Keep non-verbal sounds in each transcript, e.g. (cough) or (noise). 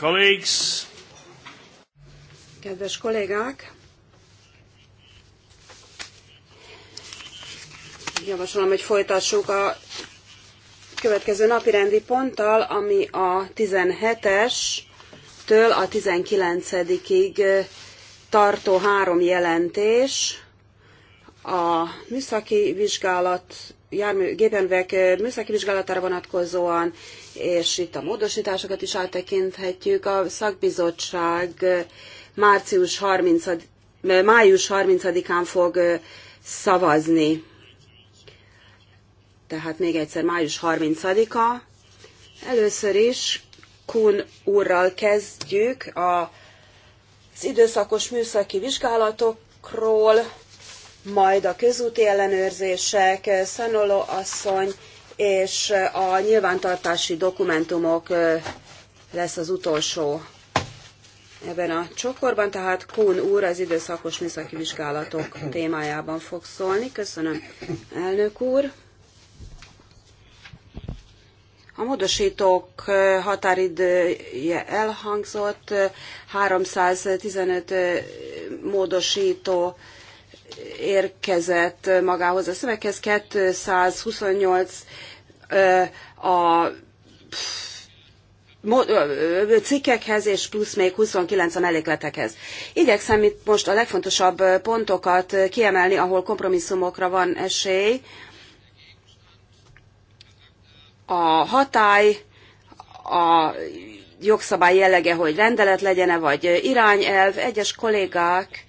colleagues. Kedves kollégák! Javasolom, hogy folytassuk a következő napi rendi ponttal, ami a 17-estől a 19-ig eh, tartó három jelentés, a műszaki vizsgálat jármű, gépjárművek eh, műszaki vizsgálatára vonatkozóan, és itt a módosításokat is áttekinthetjük. A szakbizottság eh, március 30 eh, május 30-án fog szavazni. Tehát még egyszer május 30-a. Először is Kun úrral kezdjük a, az időszakos műszaki vizsgálatokról majd a közúti ellenőrzések, Szanoló asszony és a nyilvántartási dokumentumok lesz az utolsó ebben a csokorban, tehát Kuhn úr az időszakos műszaki vizsgálatok témájában fog szólni. Köszönöm, elnök úr. A módosítók határidője elhangzott, 315 módosító érkezett magához a szöveghez, 228 a cikkekhez, és plusz még 29 a mellékletekhez. Igyekszem itt most a legfontosabb pontokat kiemelni, ahol kompromisszumokra van esély. A hatály, a jogszabály jellege, hogy rendelet legyen-e, vagy irányelv. Egyes kollégák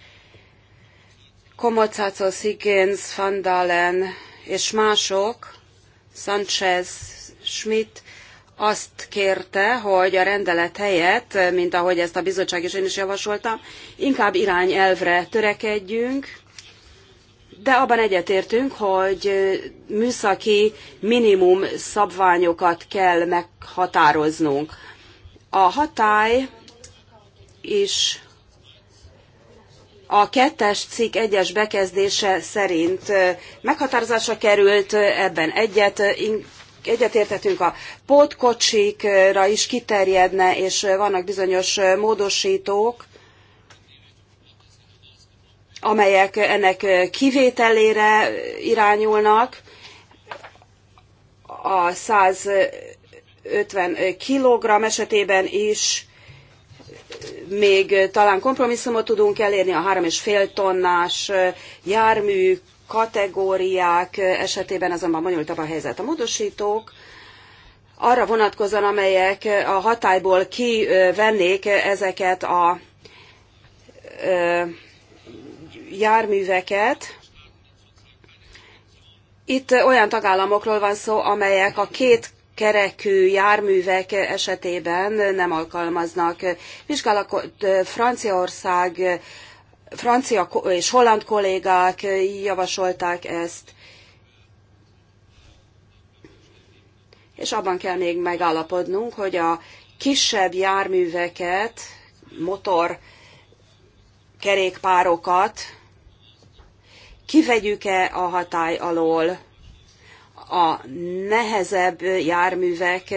Komocácos, Higgins, Van Dalen és mások, Sanchez, Schmidt azt kérte, hogy a rendelet helyett, mint ahogy ezt a bizottság is én is javasoltam, inkább irányelvre törekedjünk, de abban egyetértünk, hogy műszaki minimum szabványokat kell meghatároznunk. A hatály is a kettes cikk egyes bekezdése szerint meghatározásra került, ebben egyet, egyetértetünk a pótkocsikra is kiterjedne, és vannak bizonyos módosítók, amelyek ennek kivételére irányulnak. A 150 kg esetében is még talán kompromisszumot tudunk elérni a 3,5 tonnás jármű kategóriák esetében azonban bonyolultabb a helyzet. A módosítók arra vonatkozóan, amelyek a hatályból kivennék ezeket a járműveket. Itt olyan tagállamokról van szó, amelyek a két kerekű járművek esetében nem alkalmaznak vizsgálatot. Franciaország, francia és holland kollégák javasolták ezt, és abban kell még megállapodnunk, hogy a kisebb járműveket, motor kerékpárokat kivegyük-e a hatály alól a nehezebb járművek,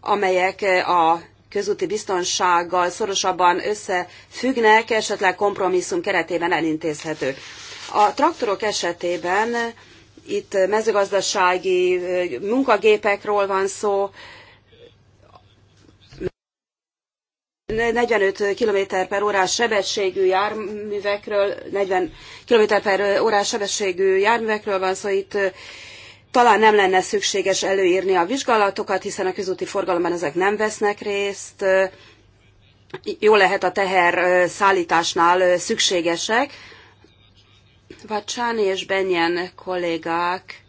amelyek a közúti biztonsággal szorosabban összefüggnek, esetleg kompromisszum keretében elintézhető. A traktorok esetében itt mezőgazdasági munkagépekről van szó, 45 km per órás sebességű járművekről, 40 km per órás sebességű járművekről van szó, szóval itt talán nem lenne szükséges előírni a vizsgálatokat, hiszen a közúti forgalomban ezek nem vesznek részt, jó lehet a teher szállításnál szükségesek. Vacsáni és Benyen kollégák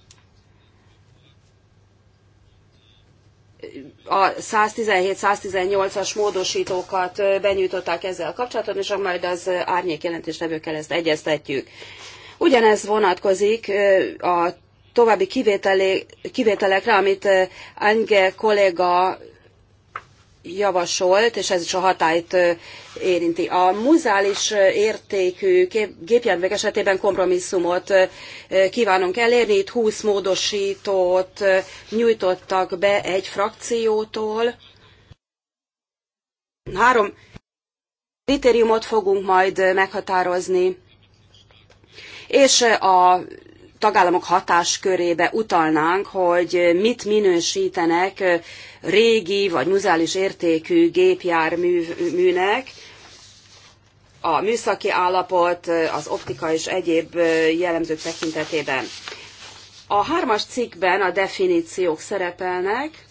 a 117-118-as módosítókat benyújtották ezzel kapcsolatban, és majd az árnyék jelentéstevőkkel ezt egyeztetjük. Ugyanez vonatkozik a további kivételekre, amit Ange kolléga javasolt, és ez is a hatályt érinti. A muzális értékű gépjárművek esetében kompromisszumot kívánunk elérni. Itt 20 módosítót nyújtottak be egy frakciótól. Három kritériumot fogunk majd meghatározni, és a tagállamok hatáskörébe utalnánk, hogy mit minősítenek régi vagy muzeális értékű gépjárműnek, a műszaki állapot, az optika és egyéb jellemzők tekintetében. A hármas cikkben a definíciók szerepelnek,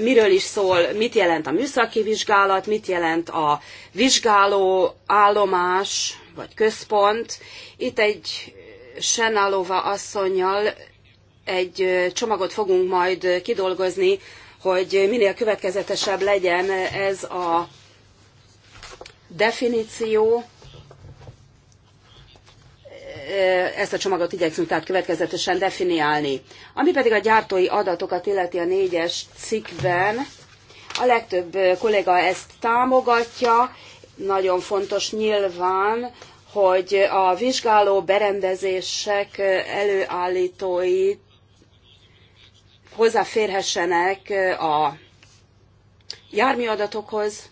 miről is szól, mit jelent a műszaki vizsgálat, mit jelent a vizsgáló állomás vagy központ. Itt egy Senálova asszonynal egy csomagot fogunk majd kidolgozni, hogy minél következetesebb legyen ez a definíció. Ezt a csomagot igyekszünk tehát következetesen definiálni. Ami pedig a gyártói adatokat illeti a négyes cikkben, a legtöbb kolléga ezt támogatja, nagyon fontos nyilván, hogy a vizsgáló berendezések előállítói hozzáférhessenek a járműadatokhoz,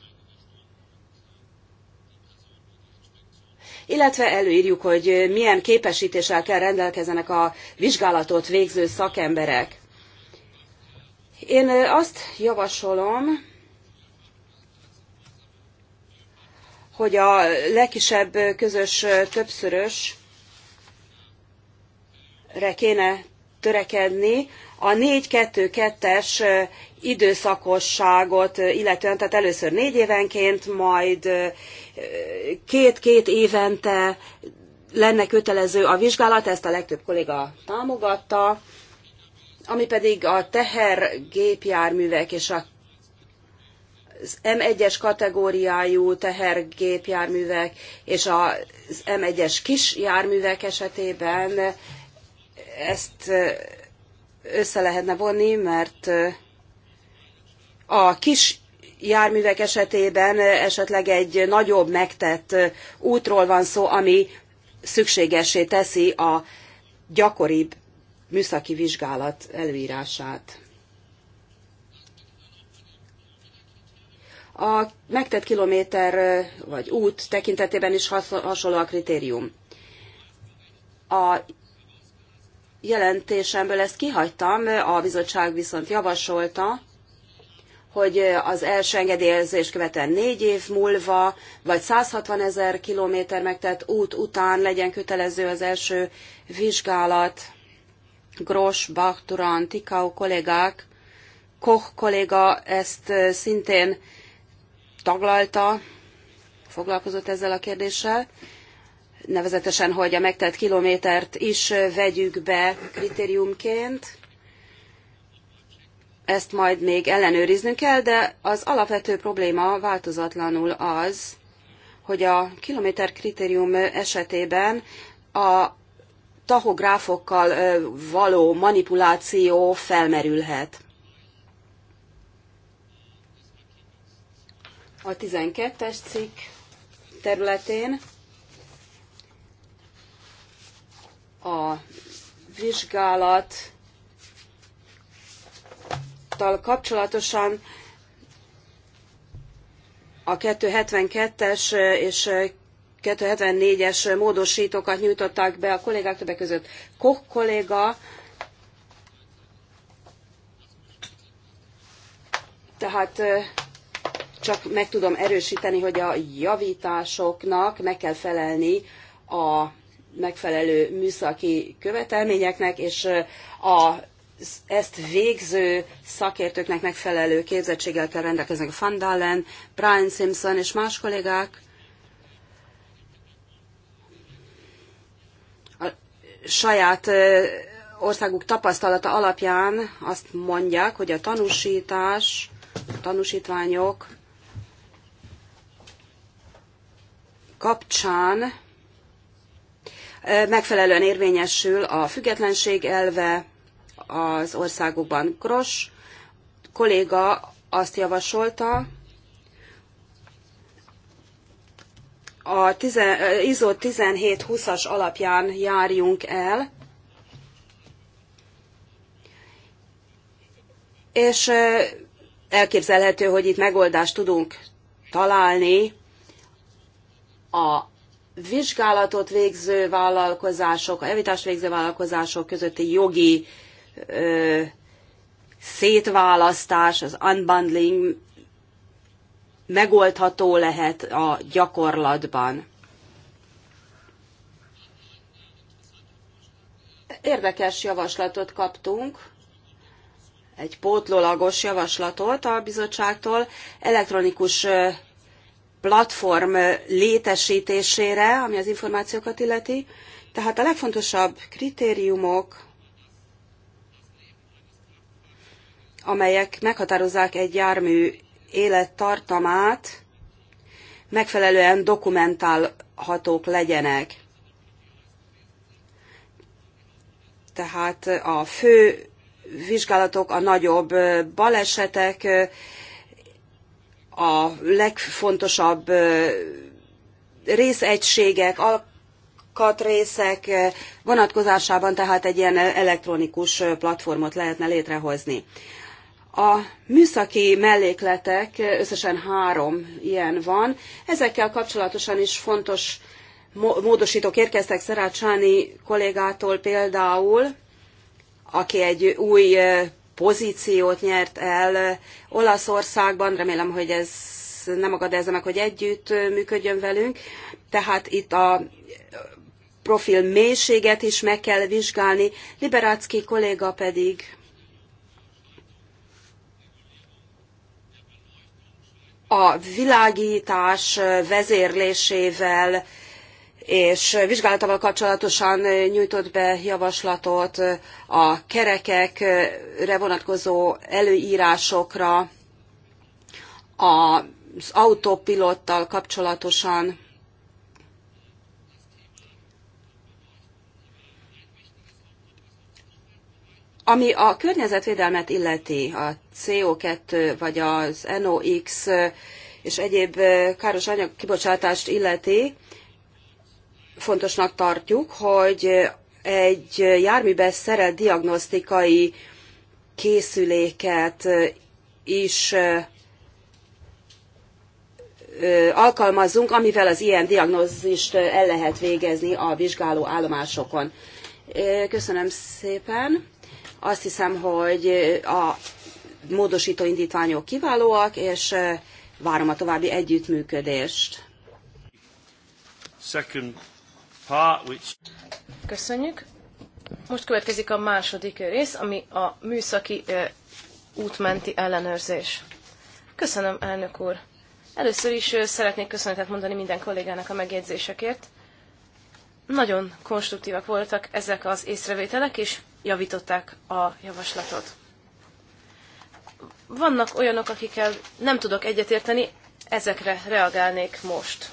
illetve előírjuk, hogy milyen képesítéssel kell rendelkezenek a vizsgálatot végző szakemberek. Én azt javasolom, hogy a legkisebb közös többszörösre kéne törekedni, a 4-2-2-es időszakosságot illetően, tehát először négy évenként, majd két-két évente lenne kötelező a vizsgálat, ezt a legtöbb kolléga támogatta, ami pedig a tehergépjárművek és a az M1-es kategóriájú tehergépjárművek és az M1-es kis járművek esetében ezt össze lehetne vonni, mert a kis járművek esetében esetleg egy nagyobb megtett útról van szó, ami szükségessé teszi a gyakoribb műszaki vizsgálat előírását. A megtett kilométer vagy út tekintetében is hasonló a kritérium. A jelentésemből ezt kihagytam, a bizottság viszont javasolta, hogy az első engedélyezés követően négy év múlva, vagy 160 ezer kilométer megtett út után legyen kötelező az első vizsgálat. Gros, Bach, Turan, Tikau kollégák, Koch kolléga ezt szintén taglalta, foglalkozott ezzel a kérdéssel, nevezetesen, hogy a megtett kilométert is vegyük be kritériumként. Ezt majd még ellenőriznünk kell, de az alapvető probléma változatlanul az, hogy a kilométer kritérium esetében a tahográfokkal való manipuláció felmerülhet. a 12-es cikk területén a vizsgálattal kapcsolatosan a 272-es és 274-es módosítókat nyújtották be a kollégák többek között Koch kolléga, tehát csak meg tudom erősíteni, hogy a javításoknak meg kell felelni a megfelelő műszaki követelményeknek, és a ezt végző szakértőknek megfelelő képzettséggel kell rendelkeznek. Van Dalen, Brian Simpson és más kollégák a saját országuk tapasztalata alapján azt mondják, hogy a tanúsítás, a tanúsítványok kapcsán megfelelően érvényesül a függetlenség elve az országokban. Gros kolléga azt javasolta, a 10, ISO 1720-as alapján járjunk el, és elképzelhető, hogy itt megoldást tudunk találni a vizsgálatot végző vállalkozások, a javítás végző vállalkozások közötti jogi ö, szétválasztás, az unbundling megoldható lehet a gyakorlatban. Érdekes javaslatot kaptunk, egy pótlólagos javaslatot a bizottságtól, elektronikus platform létesítésére, ami az információkat illeti. Tehát a legfontosabb kritériumok, amelyek meghatározzák egy jármű élettartamát, megfelelően dokumentálhatók legyenek. Tehát a fő vizsgálatok, a nagyobb balesetek, a legfontosabb részegységek, alkatrészek vonatkozásában tehát egy ilyen elektronikus platformot lehetne létrehozni. A műszaki mellékletek, összesen három ilyen van, ezekkel kapcsolatosan is fontos módosítók érkeztek Szerácsáni kollégától például, aki egy új pozíciót nyert el Olaszországban, remélem, hogy ez nem akadályoz meg, hogy együtt működjön velünk. Tehát itt a profil mélységet is meg kell vizsgálni. Liberácki kolléga pedig a világítás vezérlésével és vizsgálatával kapcsolatosan nyújtott be javaslatot a kerekekre vonatkozó előírásokra, az autopilottal kapcsolatosan, Ami a környezetvédelmet illeti, a CO2 vagy az NOx és egyéb káros anyag kibocsátást illeti, fontosnak tartjuk, hogy egy járműbe szerelt diagnosztikai készüléket is alkalmazzunk, amivel az ilyen diagnózist el lehet végezni a vizsgáló állomásokon. Köszönöm szépen. Azt hiszem, hogy a módosító indítványok kiválóak, és várom a további együttműködést. Second. Köszönjük. Most következik a második rész, ami a műszaki útmenti ellenőrzés. Köszönöm, elnök úr. Először is szeretnék köszönetet mondani minden kollégának a megjegyzésekért. Nagyon konstruktívak voltak ezek az észrevételek, és javították a javaslatot. Vannak olyanok, akikkel nem tudok egyetérteni, ezekre reagálnék most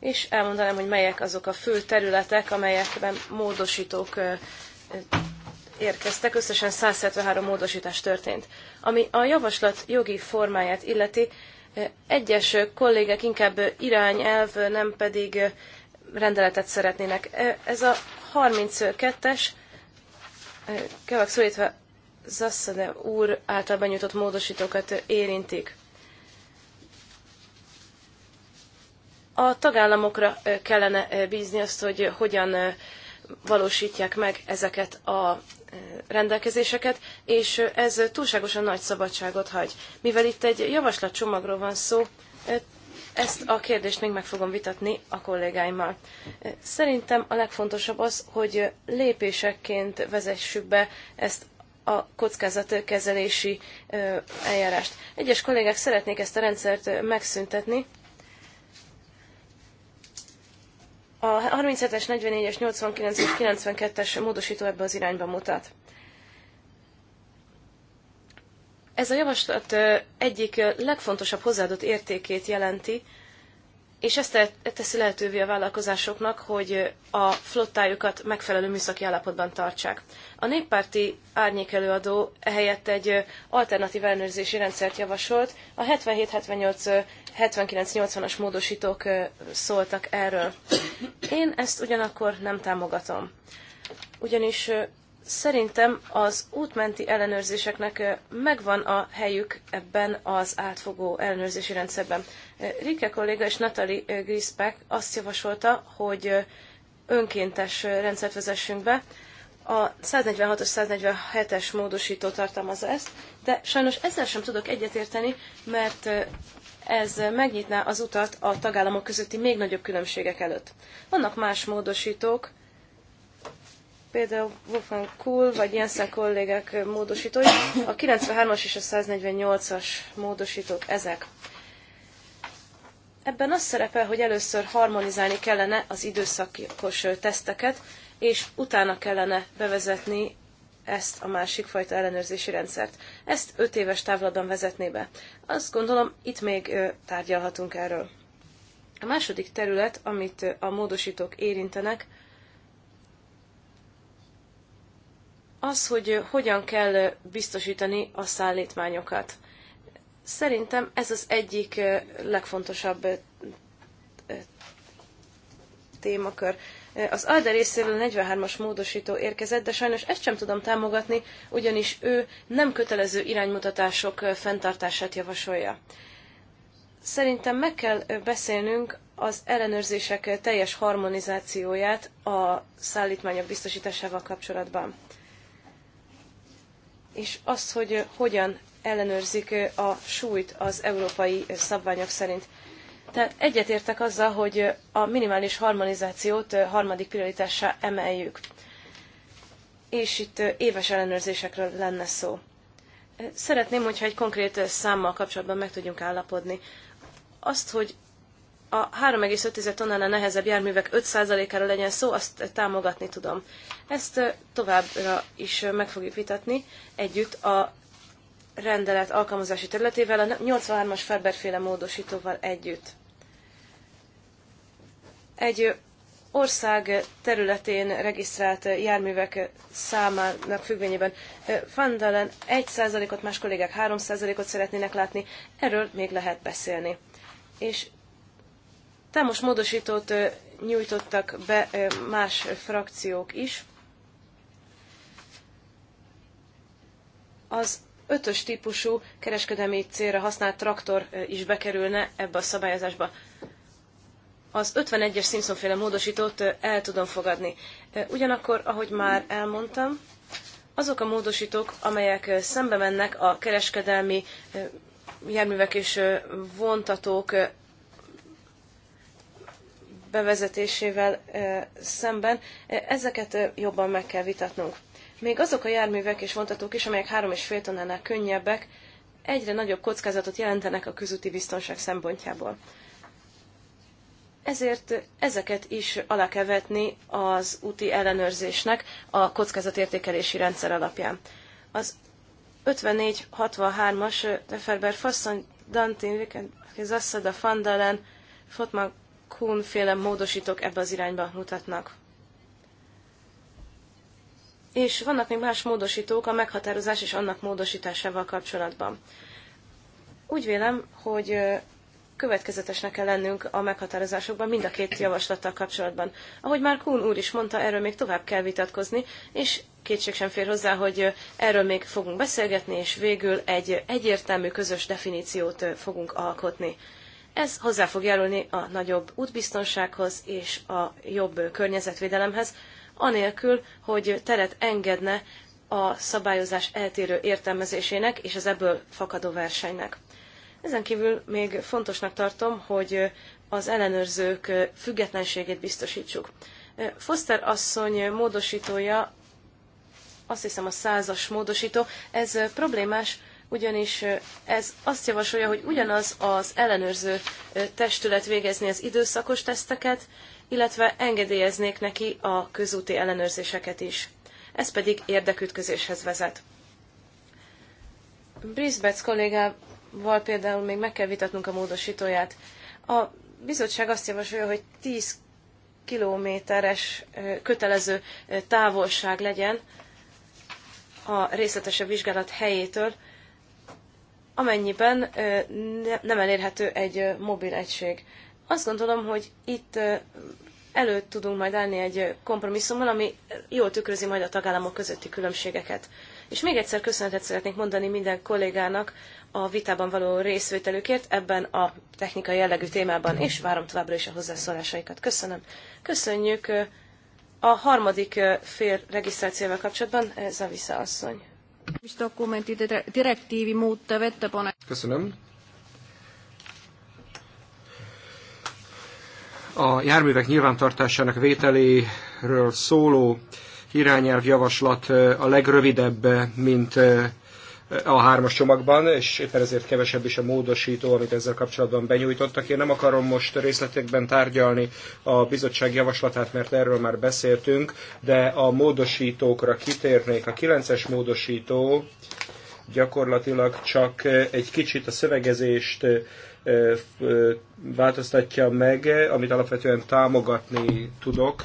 és elmondanám, hogy melyek azok a fő területek, amelyekben módosítók érkeztek, összesen 173 módosítás történt. Ami a javaslat jogi formáját illeti, egyes kollégek inkább irányelv, nem pedig rendeletet szeretnének. Ez a 32-es, kevek szólítva Zasszade úr által benyújtott módosítókat érintik. A tagállamokra kellene bízni azt, hogy hogyan valósítják meg ezeket a rendelkezéseket, és ez túlságosan nagy szabadságot hagy. Mivel itt egy javaslatcsomagról van szó, ezt a kérdést még meg fogom vitatni a kollégáimmal. Szerintem a legfontosabb az, hogy lépésekként vezessük be ezt a kockázatkezelési eljárást. Egyes kollégák szeretnék ezt a rendszert megszüntetni, A 37-es, 44-es, 89 es 92-es módosító ebbe az irányba mutat. Ez a javaslat egyik legfontosabb hozzáadott értékét jelenti, és ezt e teszi lehetővé a vállalkozásoknak, hogy a flottájukat megfelelő műszaki állapotban tartsák. A néppárti árnyékelőadó ehelyett egy alternatív ellenőrzési rendszert javasolt. A 77, 78, 79, 80-as módosítók szóltak erről. Én ezt ugyanakkor nem támogatom. Ugyanis szerintem az útmenti ellenőrzéseknek megvan a helyük ebben az átfogó ellenőrzési rendszerben. Rike kolléga és Natalie Grispek azt javasolta, hogy önkéntes rendszert vezessünk be. A 146-os, 147-es módosító tartalmazza ezt, de sajnos ezzel sem tudok egyetérteni, mert ez megnyitná az utat a tagállamok közötti még nagyobb különbségek előtt. Vannak más módosítók, például Wolfgang Kuhl vagy Jensen kollégák módosítói, a 93-as és a 148-as módosítók ezek. Ebben az szerepel, hogy először harmonizálni kellene az időszakos teszteket, és utána kellene bevezetni ezt a másik fajta ellenőrzési rendszert. Ezt öt éves távlatban vezetné be. Azt gondolom, itt még tárgyalhatunk erről. A második terület, amit a módosítók érintenek, az, hogy hogyan kell biztosítani a szállítmányokat. Szerintem ez az egyik legfontosabb témakör. Az ALDE részéről 43-as módosító érkezett, de sajnos ezt sem tudom támogatni, ugyanis ő nem kötelező iránymutatások fenntartását javasolja. Szerintem meg kell beszélnünk az ellenőrzések teljes harmonizációját a szállítmányok biztosításával kapcsolatban. És azt, hogy hogyan ellenőrzik a súlyt az európai szabványok szerint. Tehát egyetértek azzal, hogy a minimális harmonizációt harmadik prioritássá emeljük. És itt éves ellenőrzésekről lenne szó. Szeretném, hogyha egy konkrét számmal kapcsolatban meg tudjunk állapodni. Azt, hogy a 3,5 tonnánál nehezebb járművek 5%-ára legyen szó, azt támogatni tudom. Ezt továbbra is meg fogjuk vitatni együtt a rendelet alkalmazási területével a 83-as Ferberféle módosítóval együtt. Egy ország területén regisztrált járművek számának függvényében Fandalen eh, 1%-ot, más kollégák 3%-ot szeretnének látni, erről még lehet beszélni. És támos módosítót eh, nyújtottak be eh, más frakciók is. Az ötös típusú kereskedelmi célra használt traktor is bekerülne ebbe a szabályozásba. Az 51-es Simpson-féle módosítót el tudom fogadni. Ugyanakkor, ahogy már elmondtam, azok a módosítók, amelyek szembe mennek a kereskedelmi járművek és vontatók bevezetésével szemben, ezeket jobban meg kell vitatnunk. Még azok a járművek és vontatók is, amelyek 3,5 tonnánál könnyebbek, egyre nagyobb kockázatot jelentenek a közúti biztonság szempontjából. Ezért ezeket is alá kell vetni az úti ellenőrzésnek a kockázatértékelési rendszer alapján. Az 54-63-as Referber Fasson Dantin Zasszada Fandalen Fotman Kuhn féle módosítók ebbe az irányba mutatnak és vannak még más módosítók a meghatározás és annak módosításával kapcsolatban. Úgy vélem, hogy következetesnek kell lennünk a meghatározásokban mind a két javaslattal kapcsolatban. Ahogy már Kuhn úr is mondta, erről még tovább kell vitatkozni, és kétség sem fér hozzá, hogy erről még fogunk beszélgetni, és végül egy egyértelmű közös definíciót fogunk alkotni. Ez hozzá fog járulni a nagyobb útbiztonsághoz és a jobb környezetvédelemhez, anélkül, hogy teret engedne a szabályozás eltérő értelmezésének és az ebből fakadó versenynek. Ezen kívül még fontosnak tartom, hogy az ellenőrzők függetlenségét biztosítsuk. Foster asszony módosítója, azt hiszem a százas módosító, ez problémás, ugyanis ez azt javasolja, hogy ugyanaz az ellenőrző testület végezni az időszakos teszteket, illetve engedélyeznék neki a közúti ellenőrzéseket is. Ez pedig érdekütközéshez vezet. Brisbetz kollégával például még meg kell vitatnunk a módosítóját. A bizottság azt javasolja, hogy 10 kilométeres kötelező távolság legyen a részletesebb vizsgálat helyétől, amennyiben nem elérhető egy mobil egység. Azt gondolom, hogy itt előtt tudunk majd állni egy kompromisszummal, ami jól tükrözi majd a tagállamok közötti különbségeket. És még egyszer köszönetet szeretnék mondani minden kollégának a vitában való részvételükért ebben a technikai jellegű témában, és várom továbbra is a hozzászólásaikat. Köszönöm. Köszönjük a harmadik fél regisztrációval kapcsolatban, Zavisza asszony. Köszönöm. a járművek nyilvántartásának vételéről szóló irányelvjavaslat javaslat a legrövidebb, mint a hármas csomagban, és éppen ezért kevesebb is a módosító, amit ezzel kapcsolatban benyújtottak. Én nem akarom most részletekben tárgyalni a bizottság javaslatát, mert erről már beszéltünk, de a módosítókra kitérnék. A 9-es módosító gyakorlatilag csak egy kicsit a szövegezést változtatja meg, amit alapvetően támogatni tudok.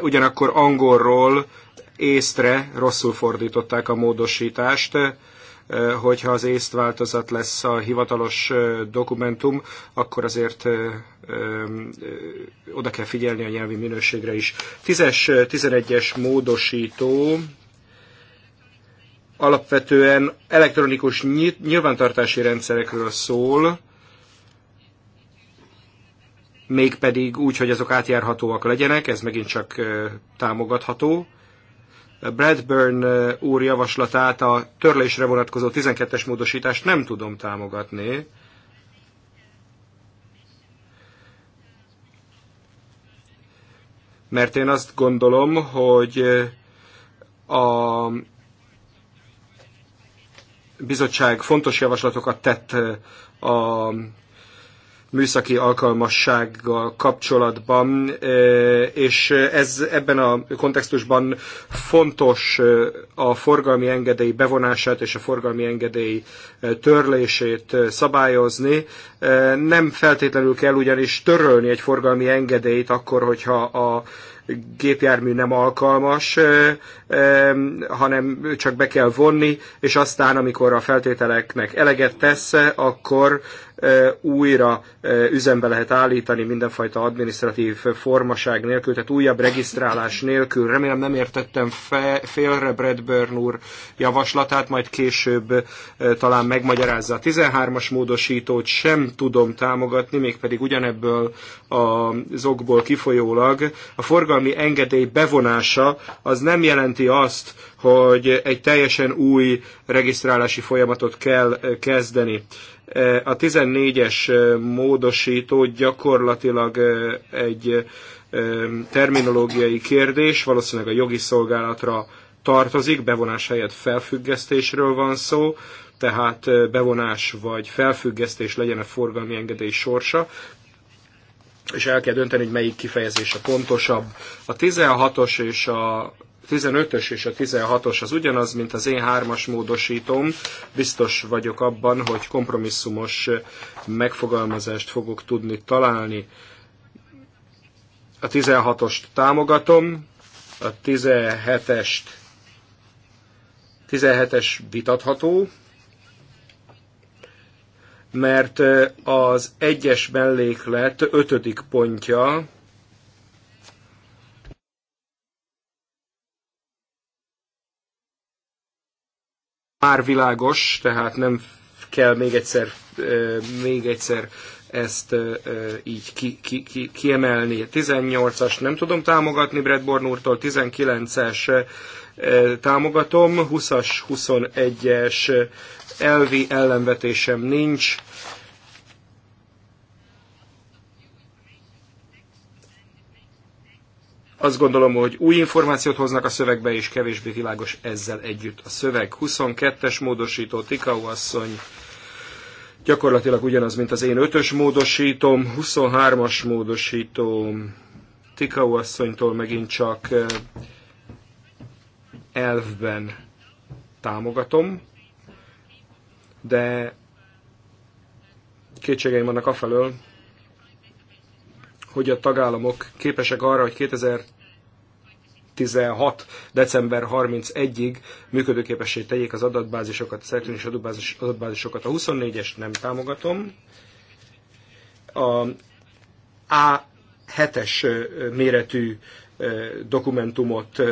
Ugyanakkor angolról észre rosszul fordították a módosítást, hogyha az észt változat lesz a hivatalos dokumentum, akkor azért oda kell figyelni a nyelvi minőségre is. 10-es, 11-es módosító alapvetően elektronikus nyilvántartási rendszerekről szól, mégpedig úgy, hogy azok átjárhatóak legyenek, ez megint csak támogatható. Bradburn úr javaslatát, a törlésre vonatkozó 12-es módosítást nem tudom támogatni. Mert én azt gondolom, hogy a bizottság fontos javaslatokat tett a műszaki alkalmassággal kapcsolatban, és ez ebben a kontextusban fontos a forgalmi engedély bevonását és a forgalmi engedély törlését szabályozni. Nem feltétlenül kell ugyanis törölni egy forgalmi engedélyt akkor, hogyha a gépjármű nem alkalmas, hanem csak be kell vonni, és aztán, amikor a feltételeknek eleget tesz, akkor újra üzembe lehet állítani mindenfajta adminisztratív formaság nélkül, tehát újabb regisztrálás nélkül. Remélem nem értettem fe, félre Bradburn úr javaslatát, majd később talán megmagyarázza. A 13-as módosítót sem tudom támogatni, mégpedig ugyanebből az okból kifolyólag. A forgalmi engedély bevonása az nem jelenti azt, hogy egy teljesen új regisztrálási folyamatot kell kezdeni. A 14-es módosító gyakorlatilag egy terminológiai kérdés, valószínűleg a jogi szolgálatra tartozik, bevonás helyett felfüggesztésről van szó, tehát bevonás vagy felfüggesztés legyen a forgalmi engedély sorsa, és el kell dönteni, hogy melyik kifejezés a pontosabb. A 16-os és a 15-ös és a 16-os az ugyanaz, mint az én hármas módosítom. Biztos vagyok abban, hogy kompromisszumos megfogalmazást fogok tudni találni. A 16-ost támogatom, a 17-est 17-es vitatható, mert az egyes melléklet ötödik pontja már világos, tehát nem kell még egyszer, még egyszer ezt így ki, ki, ki, kiemelni. 18-as nem tudom támogatni Brad Bornúrtól, 19-es támogatom, 20-as, 21-es elvi ellenvetésem nincs, Azt gondolom, hogy új információt hoznak a szövegbe, és kevésbé világos ezzel együtt a szöveg. 22-es módosító, Tikau asszony, gyakorlatilag ugyanaz, mint az én 5-ös módosítom, 23-as módosító, Tikau asszonytól megint csak eh, elvben támogatom, de kétségeim vannak afelől, hogy a tagállamok képesek arra, hogy 2016. december 31-ig működőképessé tegyék az adatbázisokat, az elektronikus adatbázis, adatbázisokat. A 24-es nem támogatom. A A7-es méretű dokumentumot,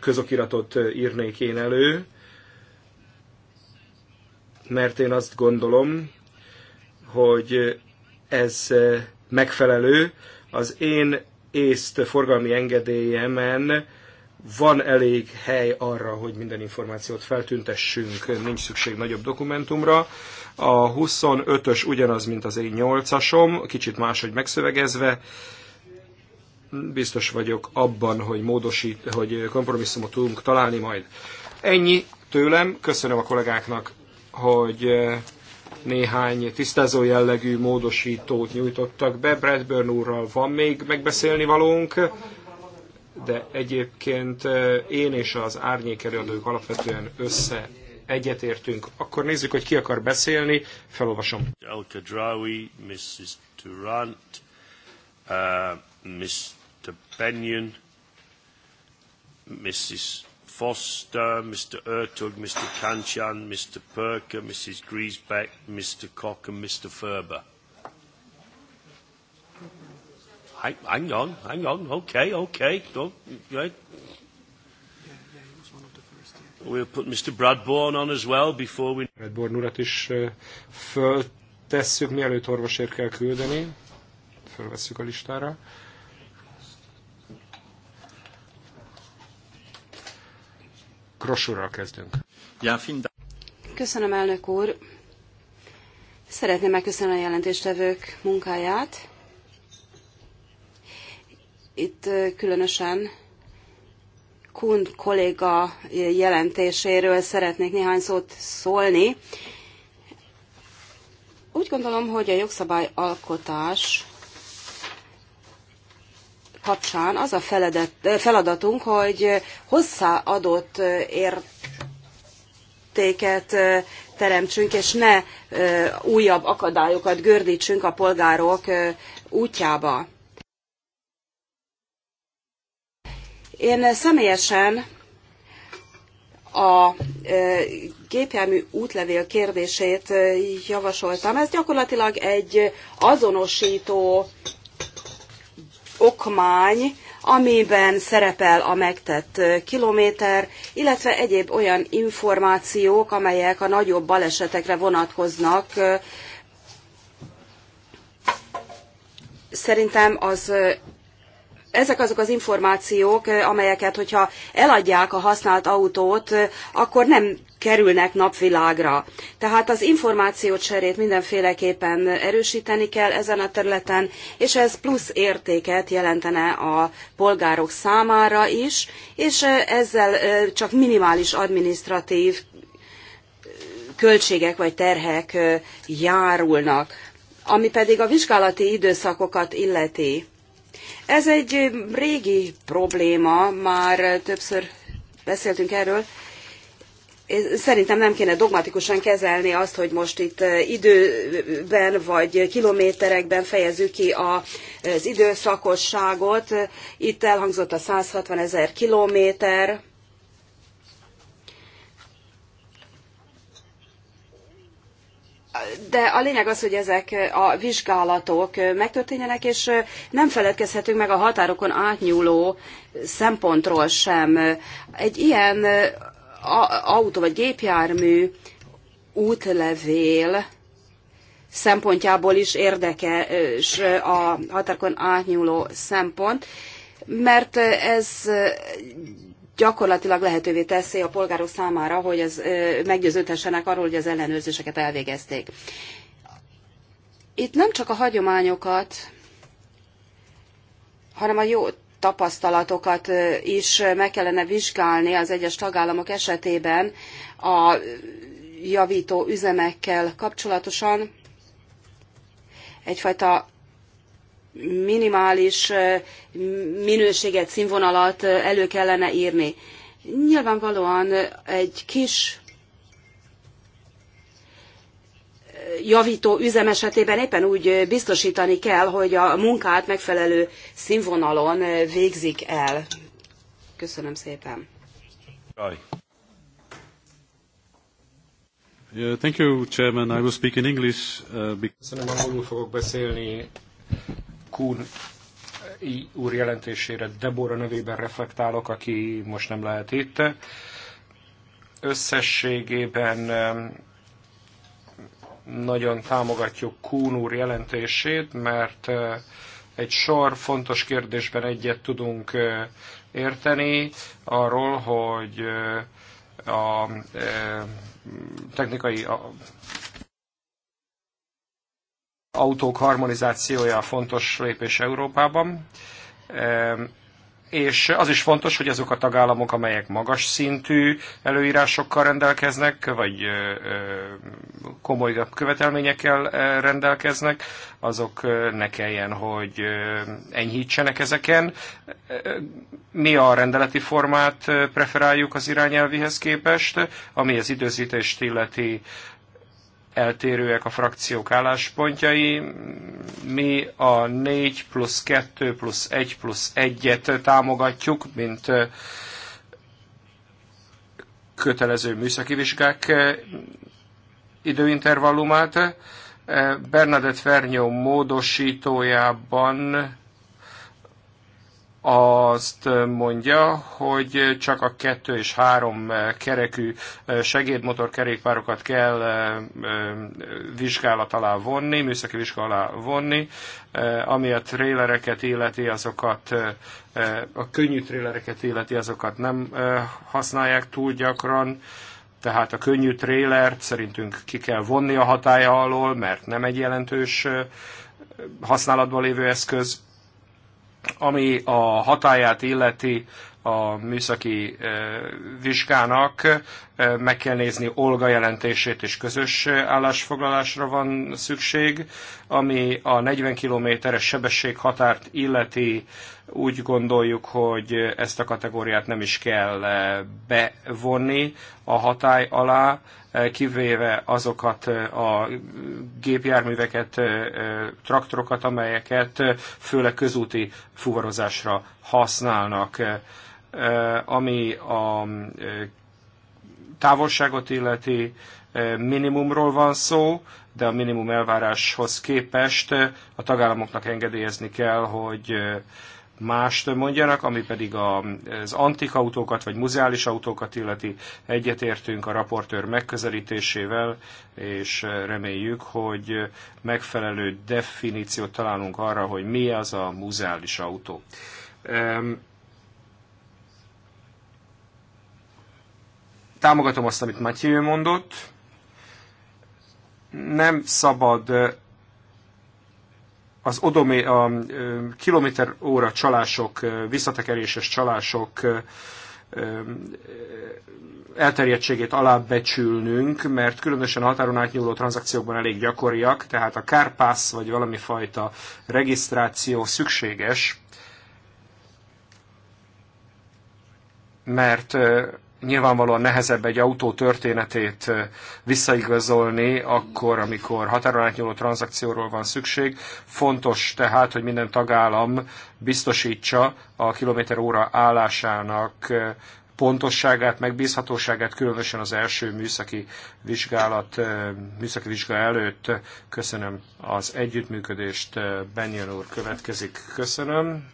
közokiratot írnék én elő, mert én azt gondolom, hogy ez megfelelő. Az én észt forgalmi engedélyemen van elég hely arra, hogy minden információt feltüntessünk, nincs szükség nagyobb dokumentumra. A 25-ös ugyanaz, mint az én 8-asom, kicsit máshogy megszövegezve. Biztos vagyok abban, hogy, módosít, hogy kompromisszumot tudunk találni majd. Ennyi tőlem, köszönöm a kollégáknak, hogy néhány tisztázó jellegű módosítót nyújtottak be. Bradburn úrral van még megbeszélni valónk, de egyébként én és az árnyék előadók alapvetően össze egyetértünk. Akkor nézzük, hogy ki akar beszélni. Felolvasom. El Kadrawi, Mrs. Durant, uh, Mr. Benyon, Mrs. Foster, Mr Ertug, Mr Kanchan, Mr Perker, Mrs Griesbeck, Mr Cock and Mr Ferber. Hang, hang on, hang on. Okay, okay. Don't, right. We'll put Mr Bradbourne on as well before we... Bradbourne urat is föltesszük, mielőtt orvosért kell küldeni. Fölvesszük a listára. Uh, kezdünk. Köszönöm, elnök úr. Szeretném megköszönni a jelentéstevők munkáját. Itt különösen Kun kolléga jelentéséről szeretnék néhány szót szólni. Úgy gondolom, hogy a jogszabályalkotás kapcsán az a feledet, feladatunk, hogy hozzáadott értéket teremtsünk, és ne újabb akadályokat gördítsünk a polgárok útjába. Én személyesen a gépjármű útlevél kérdését javasoltam. Ez gyakorlatilag egy azonosító okmány, amiben szerepel a megtett kilométer, illetve egyéb olyan információk, amelyek a nagyobb balesetekre vonatkoznak. Szerintem az ezek azok az információk, amelyeket, hogyha eladják a használt autót, akkor nem kerülnek napvilágra. Tehát az információcserét mindenféleképpen erősíteni kell ezen a területen, és ez plusz értéket jelentene a polgárok számára is, és ezzel csak minimális administratív költségek vagy terhek járulnak. Ami pedig a vizsgálati időszakokat illeti. Ez egy régi probléma, már többször beszéltünk erről, szerintem nem kéne dogmatikusan kezelni azt, hogy most itt időben vagy kilométerekben fejezzük ki az időszakosságot. Itt elhangzott a 160 ezer kilométer. De a lényeg az, hogy ezek a vizsgálatok megtörténjenek, és nem feledkezhetünk meg a határokon átnyúló szempontról sem. Egy ilyen autó vagy gépjármű útlevél szempontjából is érdekes a határkon átnyúló szempont, mert ez gyakorlatilag lehetővé teszi a polgárok számára, hogy ez meggyőződhessenek arról, hogy az ellenőrzéseket elvégezték. Itt nem csak a hagyományokat, hanem a jó tapasztalatokat is meg kellene vizsgálni az egyes tagállamok esetében a javító üzemekkel kapcsolatosan. Egyfajta minimális minőséget, színvonalat elő kellene írni. Nyilvánvalóan egy kis javító üzem esetében éppen úgy biztosítani kell, hogy a munkát megfelelő színvonalon végzik el. Köszönöm szépen. Aj. Yeah, thank you, Chairman. I will speak in English. Uh, because... Köszönöm, angolul fogok beszélni. Kuhn eh, úr jelentésére Debora nevében reflektálok, aki most nem lehet itt. Összességében nagyon támogatjuk Kún úr jelentését, mert egy sor fontos kérdésben egyet tudunk érteni arról, hogy a technikai autók harmonizációja fontos lépés Európában és az is fontos, hogy azok a tagállamok, amelyek magas szintű előírásokkal rendelkeznek, vagy komoly követelményekkel rendelkeznek, azok ne kelljen, hogy enyhítsenek ezeken. Mi a rendeleti formát preferáljuk az irányelvihez képest, ami az időzítést illeti eltérőek a frakciók álláspontjai. Mi a 4 plusz 2 plusz 1 plusz 1-et támogatjuk, mint kötelező műszaki vizsgák időintervallumát. Bernadett Fernyó módosítójában azt mondja, hogy csak a kettő és három kerekű segédmotorkerékpárokat kell vizsgálat alá vonni, műszaki vizsgálat alá vonni, ami a trélereket illeti, azokat a könnyű trélereket illeti, azokat nem használják túl gyakran, tehát a könnyű trélert szerintünk ki kell vonni a hatája alól, mert nem egy jelentős használatban lévő eszköz ami a hatáját illeti a műszaki vizsgának, meg kell nézni Olga jelentését és közös állásfoglalásra van szükség, ami a 40 kilométeres sebesség határt illeti úgy gondoljuk, hogy ezt a kategóriát nem is kell eh, bevonni a hatály alá, eh, kivéve azokat eh, a gépjárműveket, traktorokat, amelyeket főleg közúti fuvarozásra használnak, ami a távolságot illeti, minimumról van szó, de a minimum elváráshoz képest a tagállamoknak engedélyezni kell, hogy mást mondjanak, ami pedig az antik autókat vagy muzeális autókat illeti. Egyetértünk a raportőr megközelítésével, és reméljük, hogy megfelelő definíciót találunk arra, hogy mi az a muzeális autó. Támogatom azt, amit Matyő mondott. Nem szabad az odomé, a kilométer óra csalások, visszatekeréses csalások elterjedtségét alábecsülnünk, mert különösen a határon átnyúló tranzakciókban elég gyakoriak, tehát a kárpász vagy valami fajta regisztráció szükséges, mert nyilvánvalóan nehezebb egy autó történetét visszaigazolni, akkor, amikor határon átnyúló tranzakcióról van szükség. Fontos tehát, hogy minden tagállam biztosítsa a kilométer óra állásának pontosságát, megbízhatóságát, különösen az első műszaki vizsgálat, műszaki vizsga előtt. Köszönöm az együttműködést, Benyon úr következik. Köszönöm.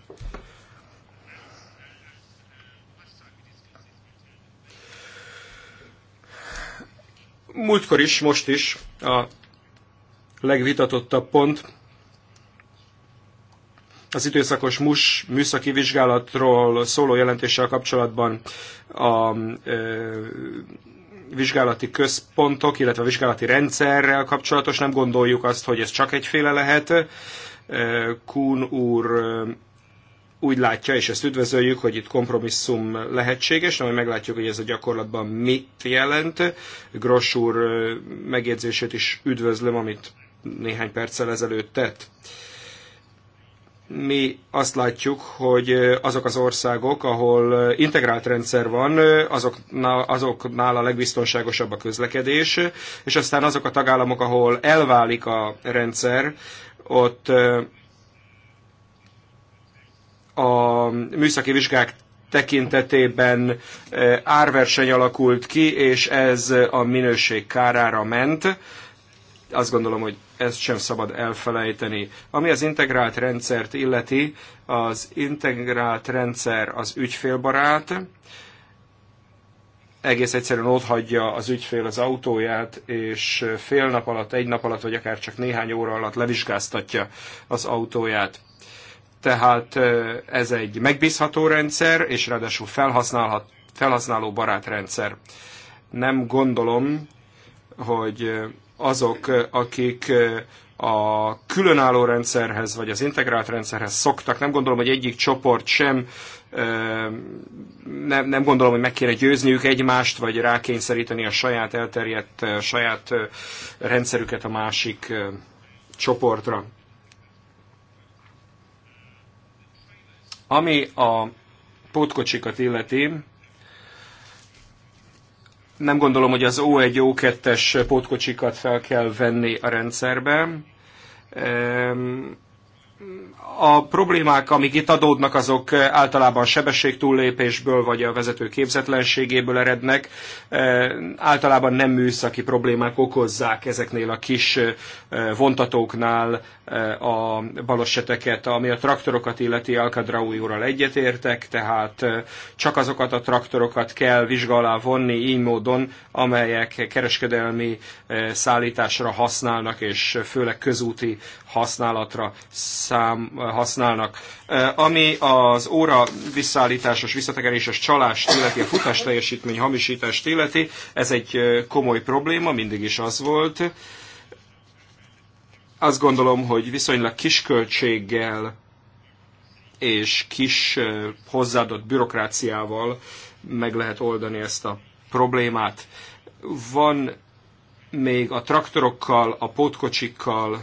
múltkor is, most is a legvitatottabb pont az időszakos MUS műszaki vizsgálatról szóló jelentéssel kapcsolatban a ö, vizsgálati központok, illetve a vizsgálati rendszerrel kapcsolatos. Nem gondoljuk azt, hogy ez csak egyféle lehet. Kún úr úgy látja, és ezt üdvözöljük, hogy itt kompromisszum lehetséges, de majd meglátjuk, hogy ez a gyakorlatban mit jelent. Gross úr megjegyzését is üdvözlöm, amit néhány perccel ezelőtt tett. Mi azt látjuk, hogy azok az országok, ahol integrált rendszer van, azoknál, azoknál a legbiztonságosabb a közlekedés, és aztán azok a tagállamok, ahol elválik a rendszer, ott a műszaki vizsgák tekintetében e, árverseny alakult ki, és ez a minőség kárára ment. Azt gondolom, hogy ezt sem szabad elfelejteni. Ami az integrált rendszert illeti, az integrált rendszer az ügyfélbarát, egész egyszerűen ott hagyja az ügyfél az autóját, és fél nap alatt, egy nap alatt, vagy akár csak néhány óra alatt levizsgáztatja az autóját tehát ez egy megbízható rendszer, és ráadásul felhasználhat, felhasználó barát rendszer. Nem gondolom, hogy azok, akik a különálló rendszerhez, vagy az integrált rendszerhez szoktak. Nem gondolom, hogy egyik csoport sem, nem, nem gondolom, hogy meg kéne győzniük egymást, vagy rákényszeríteni a saját elterjedt, a saját rendszerüket a másik csoportra. Ami a pótkocsikat illeti, nem gondolom, hogy az O1, O2-es pótkocsikat fel kell venni a rendszerbe a problémák, amik itt adódnak, azok eh, általában sebességtúllépésből vagy a vezető képzetlenségéből erednek. Eh, általában nem műszaki problémák okozzák ezeknél a kis eh, vontatóknál a baloseteket, ami a traktorokat illeti Alkadraui úrral egyetértek, tehát csak azokat a traktorokat kell vizsgálá vonni így módon, amelyek kereskedelmi szállításra használnak, és főleg közúti használatra szám használnak. Ami az óra visszaállításos, visszategeréses csalást illeti, a futás teljesítmény hamisítást illeti, ez egy komoly probléma, mindig is az volt. Azt gondolom, hogy viszonylag kis költséggel és kis hozzáadott bürokráciával meg lehet oldani ezt a problémát. Van még a traktorokkal, a pótkocsikkal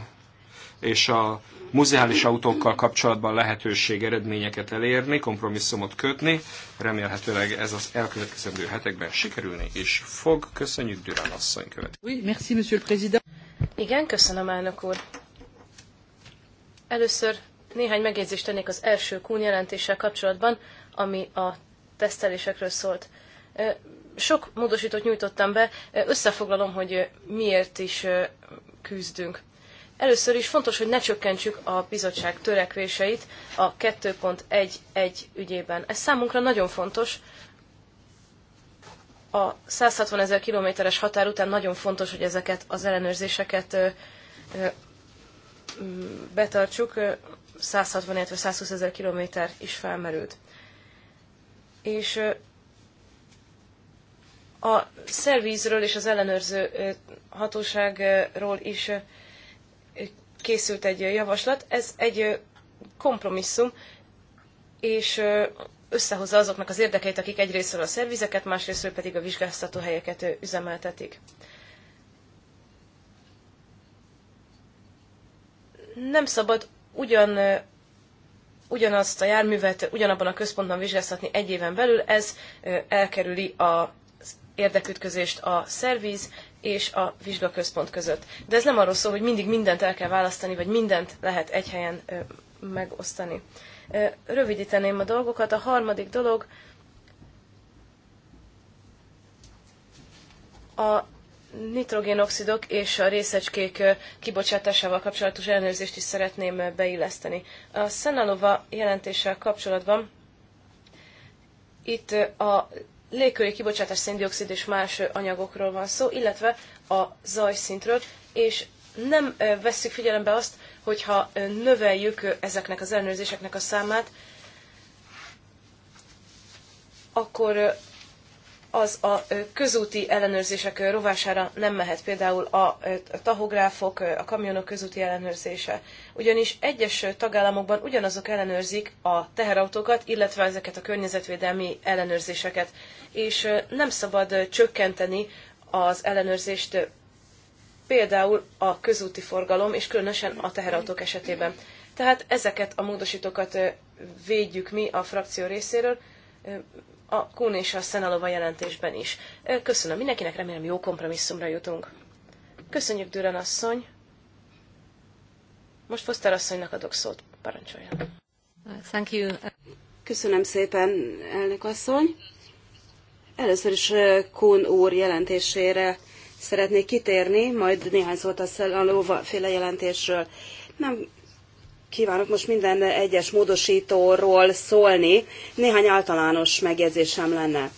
és a muzeális autókkal kapcsolatban lehetőség eredményeket elérni, kompromisszumot kötni. Remélhetőleg ez az elkövetkezendő hetekben sikerülni is fog. Köszönjük, Durán asszony követ. Oui, merci, monsieur le président. Igen, köszönöm, elnök úr. Először néhány megjegyzést tennék az első kún jelentéssel kapcsolatban, ami a tesztelésekről szólt. Sok módosítót nyújtottam be, összefoglalom, hogy miért is küzdünk. Először is fontos, hogy ne csökkentsük a bizottság törekvéseit a 2.1.1 ügyében. Ez számunkra nagyon fontos. A 160 ezer kilométeres határ után nagyon fontos, hogy ezeket az ellenőrzéseket betartsuk. 160, illetve 120 ezer kilométer is felmerült. És a szervízről és az ellenőrző hatóságról is készült egy javaslat, ez egy kompromisszum, és összehozza azoknak az érdekeit, akik egyrészt a szervizeket, másrészt pedig a vizsgáztatóhelyeket üzemeltetik. Nem szabad ugyan ugyanazt a járművet ugyanabban a központban vizsgáztatni egy éven belül, ez elkerüli az érdekütközést a szerviz és a vizsgaközpont között. De ez nem arról szól, hogy mindig mindent el kell választani, vagy mindent lehet egy helyen megosztani. Rövidíteném a dolgokat. A harmadik dolog a nitrogénoxidok és a részecskék kibocsátásával kapcsolatos ellenőrzést is szeretném beilleszteni. A Szenalova jelentéssel kapcsolatban itt a légköri kibocsátás széndiokszid és más anyagokról van szó, illetve a zajszintről, és nem vesszük figyelembe azt, hogyha növeljük ezeknek az ellenőrzéseknek a számát, akkor az a közúti ellenőrzések rovására nem mehet, például a tahográfok, a kamionok közúti ellenőrzése. Ugyanis egyes tagállamokban ugyanazok ellenőrzik a teherautókat, illetve ezeket a környezetvédelmi ellenőrzéseket, és nem szabad csökkenteni az ellenőrzést például a közúti forgalom, és különösen a teherautók esetében. Tehát ezeket a módosítókat védjük mi a frakció részéről, a Kun és a Szenalova jelentésben is. Köszönöm mindenkinek, remélem jó kompromisszumra jutunk. Köszönjük, Düren asszony! Most Foster asszonynak adok szót, parancsolja. Thank you. Köszönöm szépen, elnök asszony. Először is Kun úr jelentésére szeretnék kitérni, majd néhány szót a Szenalova féle jelentésről. Nem kívánok most minden egyes módosítóról szólni. Néhány általános megjegyzésem lenne.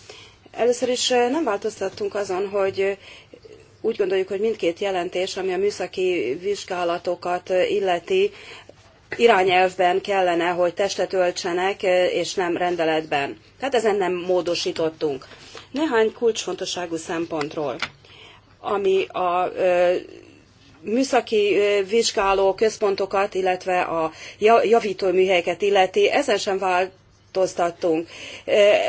Először is eh, nem változtattunk azon, hogy eh, úgy gondoljuk, hogy mindkét jelentés, ami a műszaki vizsgálatokat eh, illeti, irányelvben kellene, hogy testet öltsenek, és nem rendeletben. Tehát ezen nem módosítottunk. Néhány kulcsfontosságú szempontról, ami a műszaki vizsgáló központokat, illetve a javító műhelyeket illeti, ezen sem változtattunk.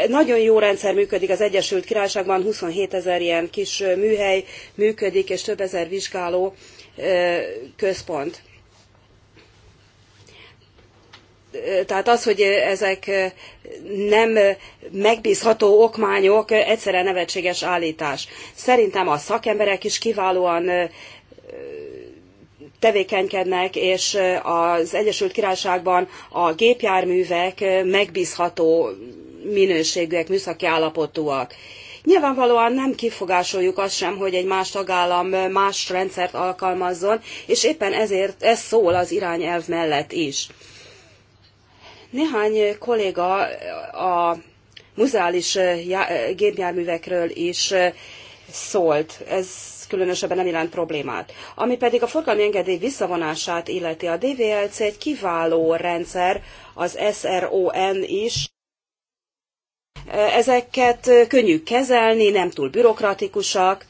Nagyon jó rendszer működik az Egyesült Királyságban, 27 ezer ilyen kis műhely működik, és több ezer vizsgáló központ. Tehát az, hogy ezek nem megbízható okmányok, egyszerűen nevetséges állítás. Szerintem a szakemberek is kiválóan tevékenykednek, és az Egyesült Királyságban a gépjárművek megbízható minőségűek, műszaki állapotúak. Nyilvánvalóan nem kifogásoljuk azt sem, hogy egy más tagállam más rendszert alkalmazzon, és éppen ezért ez szól az irányelv mellett is. Néhány kolléga a muzeális gépjárművekről is szólt. Ez különösebben nem jelent problémát. Ami pedig a forgalmi engedély visszavonását illeti, a DVLC egy kiváló rendszer, az SRON is. Ezeket könnyű kezelni, nem túl bürokratikusak,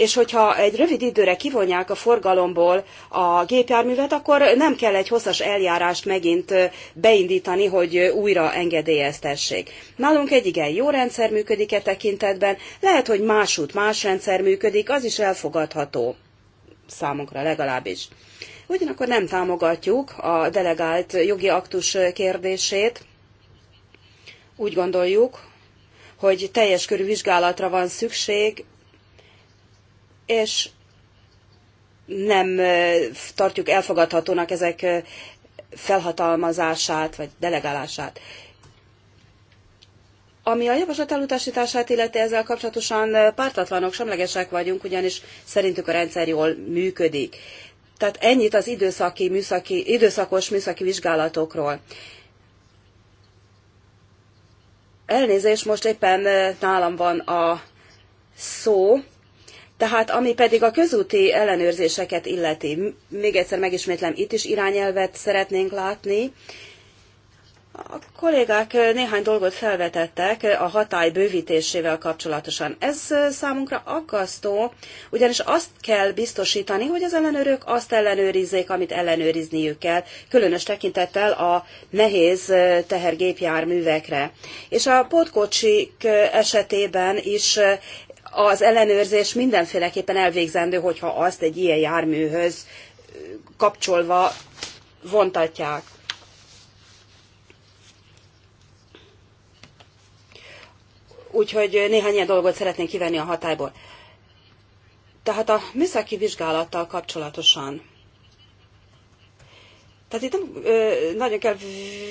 és hogyha egy rövid időre kivonják a forgalomból a gépjárművet, akkor nem kell egy hosszas eljárást megint beindítani, hogy újra engedélyeztessék. Nálunk egy igen jó rendszer működik e tekintetben, lehet, hogy másút más rendszer működik, az is elfogadható számunkra legalábbis. Ugyanakkor nem támogatjuk a delegált jogi aktus kérdését. Úgy gondoljuk, hogy teljes körű vizsgálatra van szükség, és nem tartjuk elfogadhatónak ezek felhatalmazását vagy delegálását. Ami a javaslat elutasítását illeti ezzel kapcsolatosan pártatlanok, semlegesek vagyunk, ugyanis szerintük a rendszer jól működik. Tehát ennyit az időszaki, műszaki, időszakos műszaki vizsgálatokról. Elnézést, most éppen nálam van a szó, tehát ami pedig a közúti ellenőrzéseket illeti, még egyszer megismétlem, itt is irányelvet szeretnénk látni. A kollégák néhány dolgot felvetettek a hatály bővítésével kapcsolatosan. Ez számunkra aggasztó, ugyanis azt kell biztosítani, hogy az ellenőrök azt ellenőrizzék, amit ellenőrizniük kell, különös tekintettel a nehéz tehergépjárművekre. És a pótkocsik esetében is az ellenőrzés mindenféleképpen elvégzendő, hogyha azt egy ilyen járműhöz kapcsolva vontatják. Úgyhogy néhány ilyen dolgot szeretnénk kivenni a hatályból. Tehát a műszaki vizsgálattal kapcsolatosan tehát itt nem ö, nagyon kell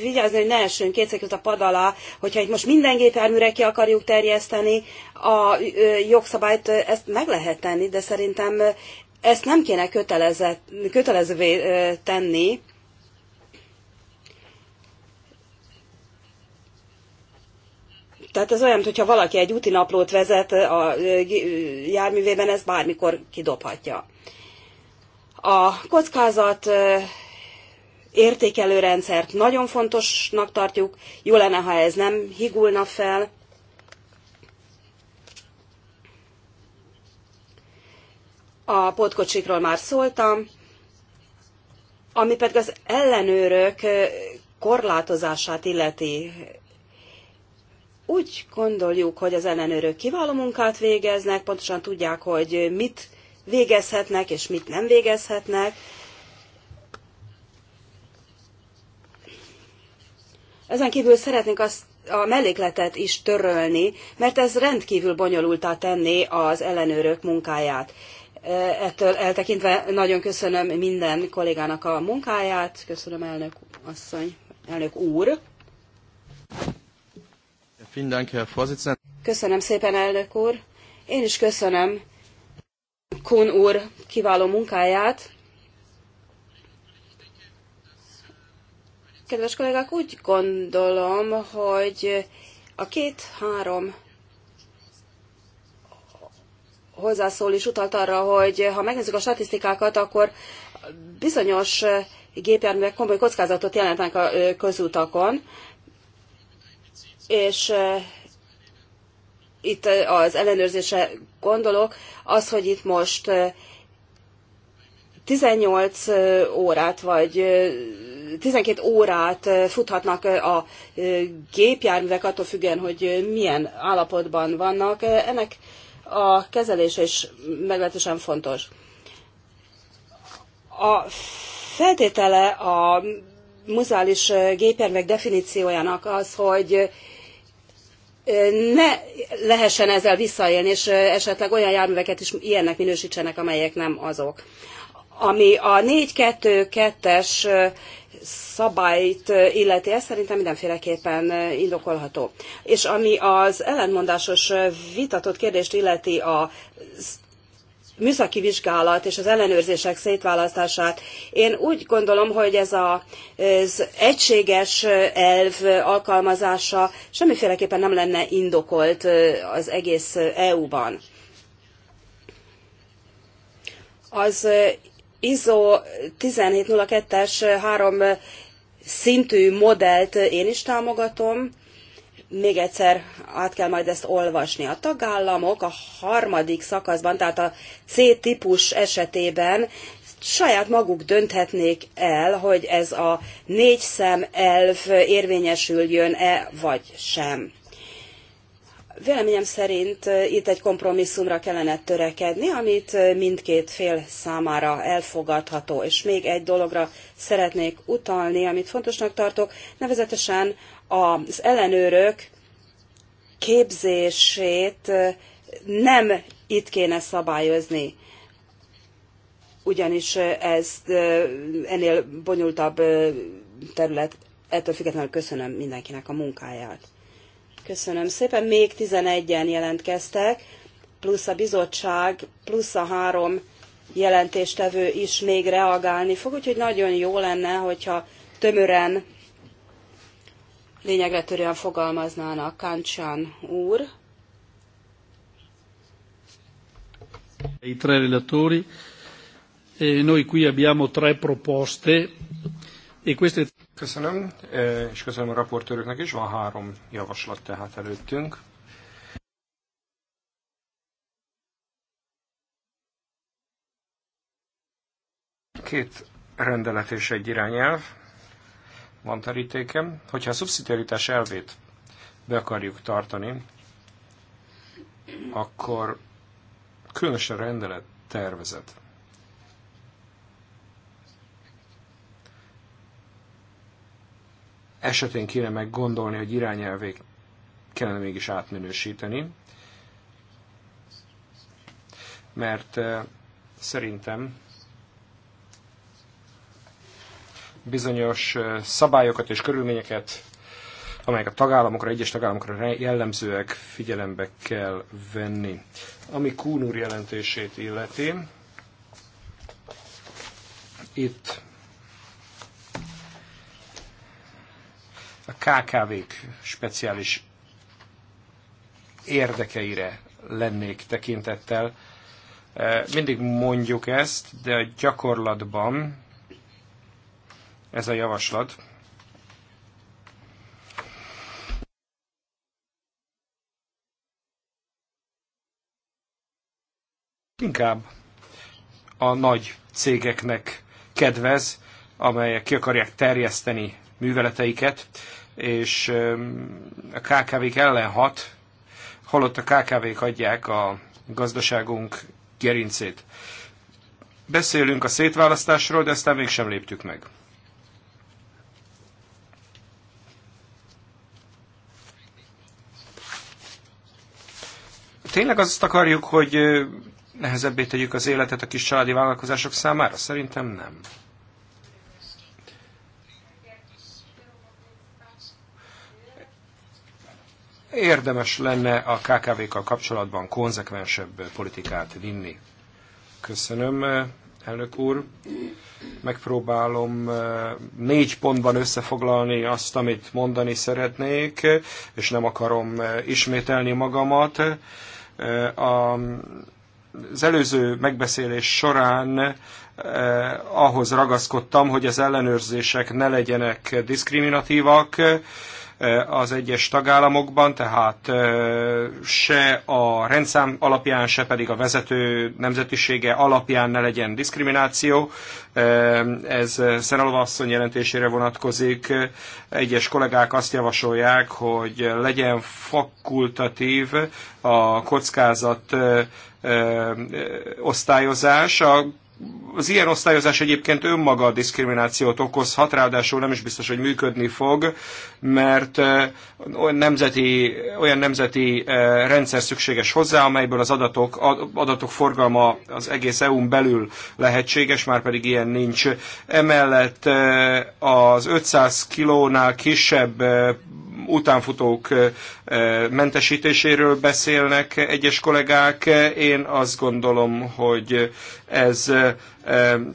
vigyázni, hogy ne essünk kétszer a pad alá, hogyha itt most minden gépjárműre ki akarjuk terjeszteni a ö, jogszabályt, ezt meg lehet tenni, de szerintem ezt nem kéne kötelezővé tenni. Tehát ez olyan, hogyha valaki egy úti naplót vezet a járművében, ez bármikor kidobhatja. A kockázat értékelő rendszert nagyon fontosnak tartjuk, jó lenne, ha ez nem higulna fel. A pótkocsikról már szóltam, ami pedig az ellenőrök korlátozását illeti. Úgy gondoljuk, hogy az ellenőrök kiváló munkát végeznek, pontosan tudják, hogy mit végezhetnek és mit nem végezhetnek, Ezen kívül szeretnénk azt a mellékletet is törölni, mert ez rendkívül bonyolultá tenné az ellenőrök munkáját. E, ettől eltekintve nagyon köszönöm minden kollégának a munkáját. Köszönöm elnök asszony, elnök úr. Köszönöm szépen, elnök úr. Én is köszönöm Kun úr kiváló munkáját. Kedves kollégák, úgy gondolom, hogy a két-három hozzászól is utalt arra, hogy ha megnézzük a statisztikákat, akkor bizonyos gépjárművek komoly kockázatot jelentenek a közutakon, és itt az ellenőrzése gondolok, az, hogy itt most 18 órát vagy 12 órát futhatnak a gépjárművek attól függően, hogy milyen állapotban vannak. Ennek a kezelése is meglehetősen fontos. A feltétele a muzeális gépjárművek definíciójának az, hogy ne lehessen ezzel visszaélni, és esetleg olyan járműveket is ilyennek minősítsenek, amelyek nem azok. Ami a 4-2-2-es szabályt illeti, ez szerintem mindenféleképpen indokolható. És ami az ellentmondásos vitatott kérdést illeti a műszaki vizsgálat és az ellenőrzések szétválasztását. Én úgy gondolom, hogy ez az egységes elv alkalmazása semmiféleképpen nem lenne indokolt az egész EU-ban. Az ISO 1702-es három szintű modellt én is támogatom, még egyszer át kell majd ezt olvasni. A tagállamok a harmadik szakaszban, tehát a C-típus esetében saját maguk dönthetnék el, hogy ez a négy szem elv érvényesüljön-e vagy sem. Véleményem szerint itt egy kompromisszumra kellene törekedni, amit mindkét fél számára elfogadható. És még egy dologra szeretnék utalni, amit fontosnak tartok, nevezetesen az ellenőrök képzését nem itt kéne szabályozni, ugyanis ez ennél bonyolultabb terület. Ettől függetlenül köszönöm mindenkinek a munkáját. Köszönöm szépen. Még 11-en jelentkeztek, plusz a bizottság, plusz a három jelentéstevő is még reagálni fog, úgyhogy nagyon jó lenne, hogyha tömören, lényegre törően fogalmaznának Kancsán úr. I tre relatori. E noi qui abbiamo tre proposte e queste Köszönöm, és köszönöm a raportőröknek is. Van három javaslat tehát előttünk. Két rendelet és egy irányelv van terítékem. Hogyha a szubszidiaritás elvét be akarjuk tartani, akkor különösen rendelet tervezet esetén kéne meg gondolni, hogy irányelvék kellene mégis átminősíteni, mert eh, szerintem bizonyos eh, szabályokat és körülményeket, amelyek a tagállamokra, egyes tagállamokra jellemzőek, figyelembe kell venni. Ami Kún úr jelentését illeti, itt a KKV-k speciális érdekeire lennék tekintettel. E, mindig mondjuk ezt, de a gyakorlatban ez a javaslat inkább a nagy cégeknek kedvez, amelyek ki akarják terjeszteni műveleteiket, és a KKV-k ellen hat, holott a KKV-k adják a gazdaságunk gerincét. Beszélünk a szétválasztásról, de aztán mégsem léptük meg. Tényleg azt akarjuk, hogy nehezebbé tegyük az életet a kis családi vállalkozások számára? Szerintem nem. érdemes lenne a KKV-kkal kapcsolatban konzekvensebb politikát vinni. Köszönöm, elnök úr. Megpróbálom eh, négy pontban összefoglalni azt, amit mondani szeretnék, és nem akarom eh, ismételni magamat. Eh, a az előző megbeszélés során ahhoz ragaszkodtam, hogy az ellenőrzések ne legyenek diszkriminatívak, Eh, az egyes tagállamokban, tehát eh, se a rendszám alapján, se pedig a vezető nemzetisége alapján ne legyen diszkrimináció. Eh, ez Szenalova asszony jelentésére vonatkozik. Egyes kollégák azt javasolják, hogy legyen fakultatív a kockázat osztályozás. A az ilyen osztályozás egyébként önmaga a diszkriminációt okozhat, ráadásul nem is biztos, hogy működni fog, mert olyan nemzeti, olyan nemzeti rendszer szükséges hozzá, amelyből az adatok, adatok forgalma az egész EU-n belül lehetséges, már pedig ilyen nincs. Emellett az 500 kilónál kisebb utánfutók mentesítéséről beszélnek egyes kollégák. Én azt gondolom, hogy ez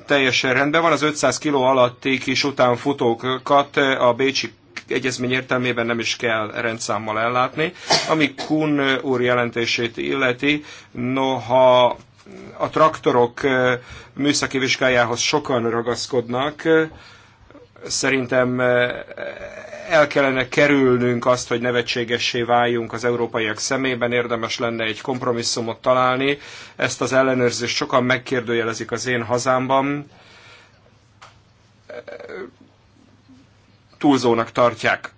teljesen rendben van. Az 500 kiló alatti kis utánfutókat a Bécsi egyezmény értelmében nem is kell rendszámmal ellátni. Ami Kun úr jelentését illeti, noha a traktorok műszaki vizsgájához sokan ragaszkodnak, Szerintem eh, el kellene kerülnünk azt, hogy nevetségessé váljunk az európaiak szemében, érdemes lenne egy kompromisszumot találni. Ezt az ellenőrzést sokan megkérdőjelezik az én hazámban. Eh, túlzónak tartják.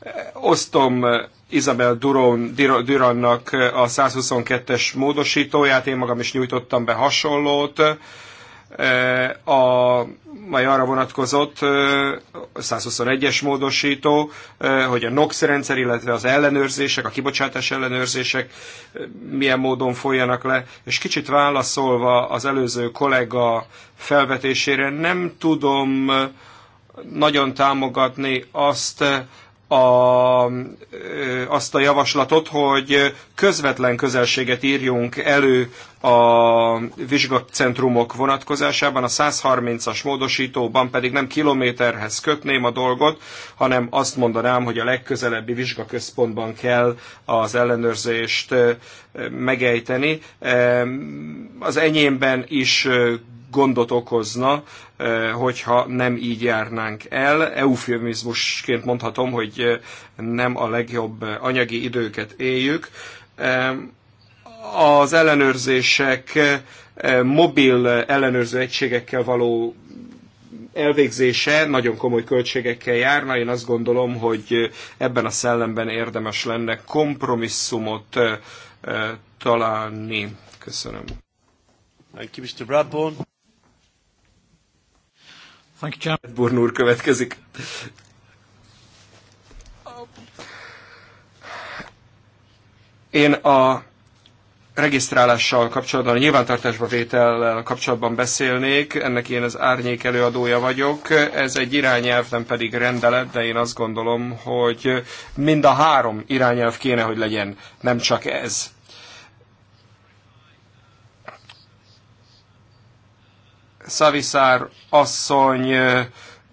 Eh, osztom Isabel Duron, Durannak a 122-es módosítóját, én magam is nyújtottam be hasonlót a, majd arra vonatkozott 121-es módosító, hogy a NOx rendszer, illetve az ellenőrzések, a kibocsátás ellenőrzések milyen módon folyanak le, és kicsit válaszolva az előző kollega felvetésére, nem tudom nagyon támogatni azt, a, azt a javaslatot, hogy közvetlen közelséget írjunk elő a vizsgacentrumok vonatkozásában, a 130-as módosítóban pedig nem kilométerhez kötném a dolgot, hanem azt mondanám, hogy a legközelebbi vizsgaközpontban kell az ellenőrzést megejteni. Az enyémben is gondot okozna Eh, hogyha nem így járnánk el. Eufemizmusként mondhatom, hogy eh, nem a legjobb eh, anyagi időket éljük. Az ellenőrzések mobil ellenőrző egységekkel való elvégzése nagyon komoly költségekkel járna. Én azt gondolom, hogy ebben a szellemben érdemes lenne kompromisszumot találni. Köszönöm. Thank you, Mr. Bradbourne. Born úr következik. Én a regisztrálással kapcsolatban, a nyilvántartásba vétellel kapcsolatban beszélnék. Ennek én az árnyék előadója vagyok. Ez egy irányelv, nem pedig rendelet, de én azt gondolom, hogy mind a három irányelv kéne, hogy legyen, nem csak ez. Szaviszár asszony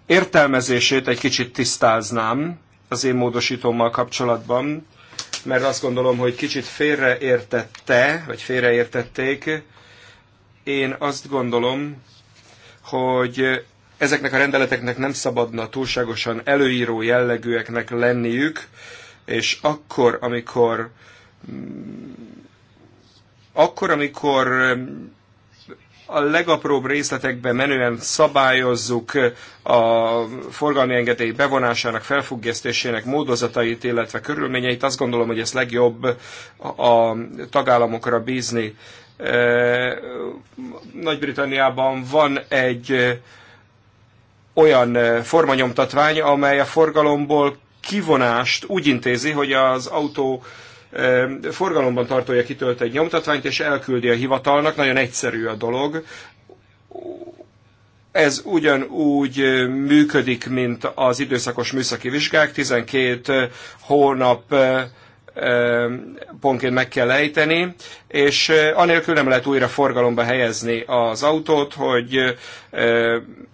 értelmezését egy kicsit tisztáznám az én módosítómmal kapcsolatban, mert azt gondolom, hogy kicsit félreértette, vagy félreértették. Én azt gondolom, hogy ezeknek a rendeleteknek nem szabadna túlságosan előíró jellegűeknek lenniük, és akkor, amikor mm, akkor, amikor mm, a legapróbb részletekbe menően szabályozzuk a forgalmi engedély bevonásának, felfüggesztésének módozatait, illetve körülményeit. Azt gondolom, hogy ezt legjobb a tagállamokra bízni. E, Nagy-Britanniában van egy olyan formanyomtatvány, amely a forgalomból kivonást úgy intézi, hogy az autó forgalomban tartója kitölt egy nyomtatványt, és elküldi a hivatalnak, nagyon egyszerű a dolog. Ez ugyanúgy működik, mint az időszakos műszaki vizsgák, 12 hónap pontként meg kell ejteni, és anélkül nem lehet újra forgalomba helyezni az autót, hogy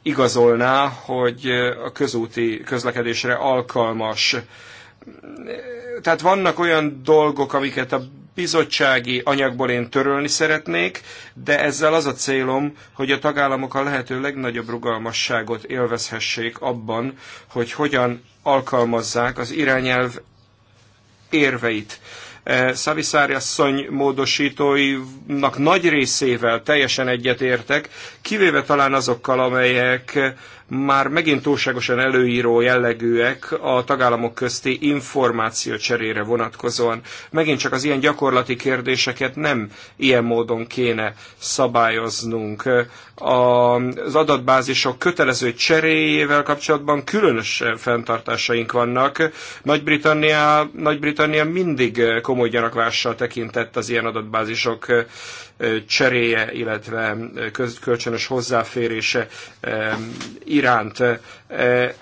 igazolná, hogy a közúti közlekedésre alkalmas tehát vannak olyan dolgok, amiket a bizottsági anyagból én törölni szeretnék, de ezzel az a célom, hogy a tagállamok a lehető legnagyobb rugalmasságot élvezhessék abban, hogy hogyan alkalmazzák az irányelv érveit. Eh, Szaviszári asszony módosítóinak nagy részével teljesen egyetértek, kivéve talán azokkal, amelyek már megint túlságosan előíró jellegűek a tagállamok közti információ cserére vonatkozóan. Megint csak az ilyen gyakorlati kérdéseket nem ilyen módon kéne szabályoznunk. Az adatbázisok kötelező cseréjével kapcsolatban különös fenntartásaink vannak. Nagy-Britannia, nagy mindig komoly gyanakvással tekintett az ilyen adatbázisok cseréje, illetve kölcsönös hozzáférése iránt.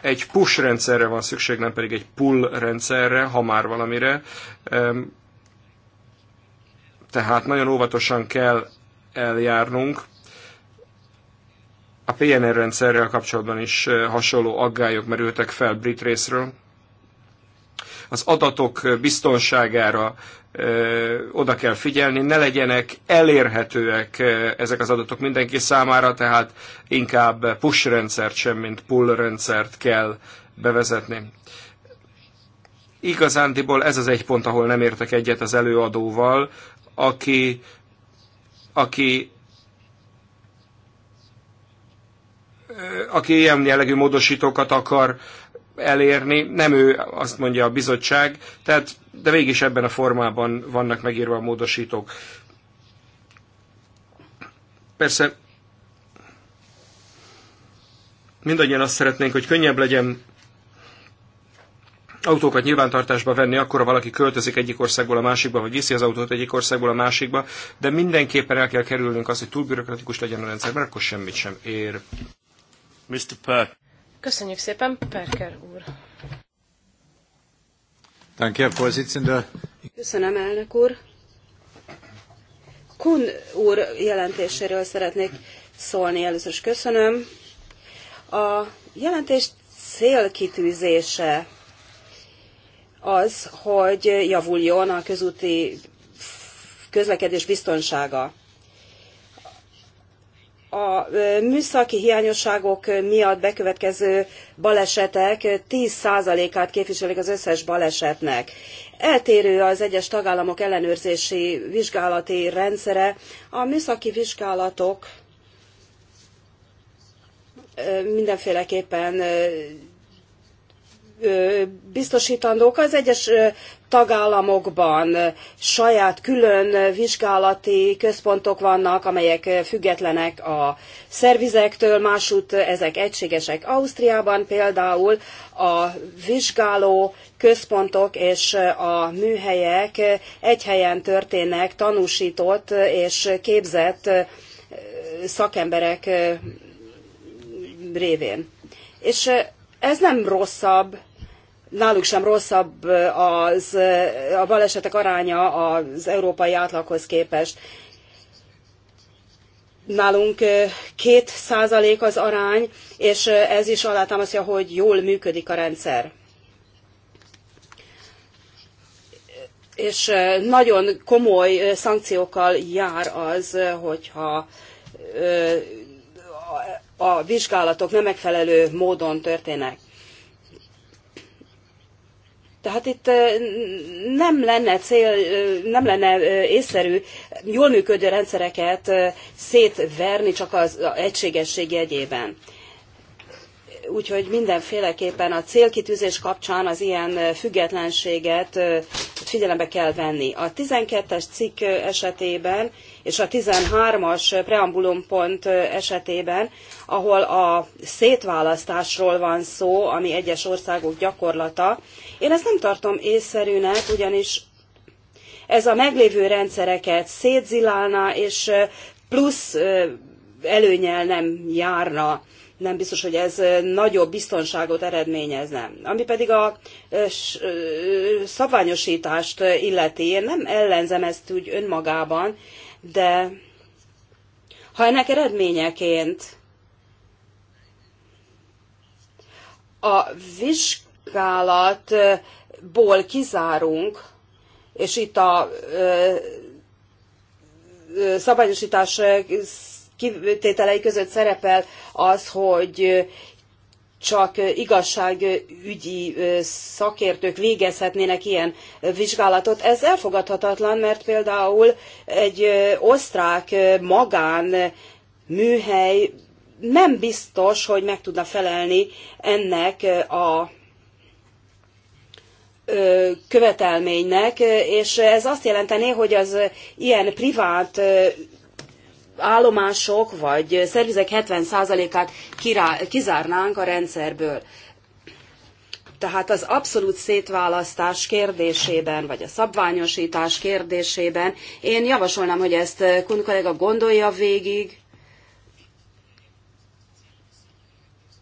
Egy push rendszerre van szükség, nem pedig egy pull rendszerre, ha már valamire. Tehát nagyon óvatosan kell eljárnunk. A PNR rendszerrel kapcsolatban is hasonló aggályok merültek fel brit részről az adatok biztonságára oda kell figyelni, ne legyenek elérhetőek ezek az adatok mindenki számára, tehát inkább push rendszert sem, mint pull rendszert kell bevezetni. Igazándiból ez az egy pont, ahol nem értek egyet az előadóval, aki, aki aki ilyen jellegű módosítókat akar elérni, nem ő, azt mondja a bizottság, tehát, de végig ebben a formában vannak megírva a módosítók. Persze mindannyian azt szeretnénk, hogy könnyebb legyen autókat nyilvántartásba venni, akkor valaki költözik egyik országból a másikba, vagy viszi az autót egyik országból a másikba, de mindenképpen el kell kerülnünk azt, hogy túl bürokratikus legyen a rendszer, mert akkor semmit sem ér. Mr. Perk. Köszönjük szépen, Perker úr. Köszönöm, elnök úr. Kun úr jelentéséről szeretnék szólni. Először is köszönöm. A jelentés célkitűzése az, hogy javuljon a közúti közlekedés biztonsága a e, műszaki hiányosságok miatt bekövetkező balesetek 10%-át képviselik az összes balesetnek. Eltérő az egyes tagállamok ellenőrzési vizsgálati rendszere. A műszaki vizsgálatok e, mindenféleképpen e, biztosítandók az egyes tagállamokban saját külön vizsgálati központok vannak, amelyek függetlenek a szervizektől, másút ezek egységesek. Ausztriában például a vizsgáló központok és a műhelyek egy helyen történnek tanúsított és képzett szakemberek révén. És ez nem rosszabb, náluk sem rosszabb az, a balesetek aránya az európai átlaghoz képest. Nálunk két százalék az arány, és ez is alátámasztja, hogy jól működik a rendszer. És nagyon komoly szankciókkal jár az, hogyha a vizsgálatok nem megfelelő módon történnek. Tehát itt nem lenne cél, nem lenne észszerű jól működő rendszereket szétverni csak az egységesség jegyében. Úgyhogy mindenféleképpen a célkitűzés kapcsán az ilyen függetlenséget figyelembe kell venni. A 12-es cikk esetében és a 13-as preambulum pont esetében, ahol a szétválasztásról van szó, ami egyes országok gyakorlata. Én ezt nem tartom észszerűnek, ugyanis ez a meglévő rendszereket szétzilálná, és plusz előnyel nem járna. Nem biztos, hogy ez nagyobb biztonságot eredményezne. Ami pedig a szabványosítást illeti, én nem ellenzem ezt úgy önmagában, de ha ennek eredményeként a vizsgálatból kizárunk, és itt a szabályosítás kitételei között szerepel az, hogy csak igazságügyi szakértők végezhetnének ilyen vizsgálatot. Ez elfogadhatatlan, mert például egy osztrák magán műhely nem biztos, hogy meg tudna felelni ennek a követelménynek, és ez azt jelentené, hogy az ilyen privát állomások vagy szervizek 70%-át kizárnánk a rendszerből. Tehát az abszolút szétválasztás kérdésében, vagy a szabványosítás kérdésében én javasolnám, hogy ezt eh, Kun kollega gondolja végig.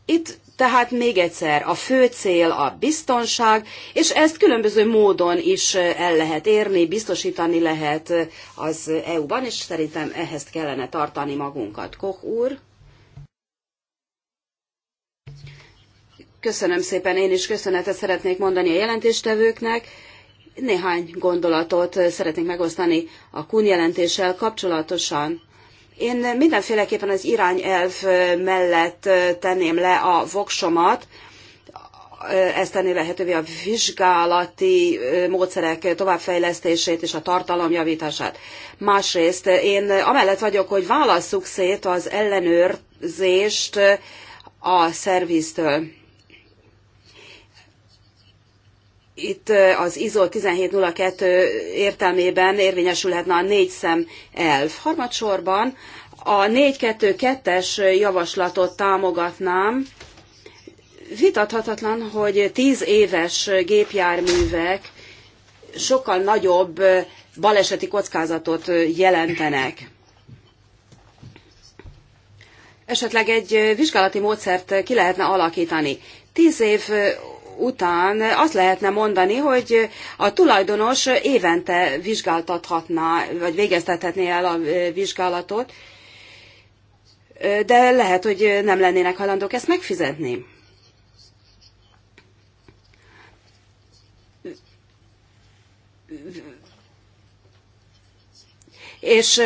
Itt tehát még egyszer, a fő cél a biztonság, és ezt különböző módon is el lehet érni, biztosítani lehet az EU-ban, és szerintem ehhez kellene tartani magunkat. Koch úr? Köszönöm szépen, én is köszönetet szeretnék mondani a jelentéstevőknek. Néhány gondolatot szeretnék megosztani a KUN jelentéssel kapcsolatosan. Én mindenféleképpen az irányelv mellett tenném le a voksomat, Ezt tenni lehetővé a vizsgálati módszerek továbbfejlesztését és a tartalom javítását. Másrészt én amellett vagyok, hogy válasszuk szét az ellenőrzést a szerviztől. itt az ISO 1702 értelmében érvényesülhetne a négy szem elv. Harmadsorban a 422-es javaslatot támogatnám. Vitathatatlan, hogy 10 éves gépjárművek sokkal nagyobb baleseti kockázatot jelentenek. Esetleg egy vizsgálati módszert ki lehetne alakítani. Tíz év után azt lehetne mondani, hogy a tulajdonos évente vizsgáltathatná, vagy végeztethetné el a vizsgálatot, de lehet, hogy nem lennének hajlandók ezt megfizetni. és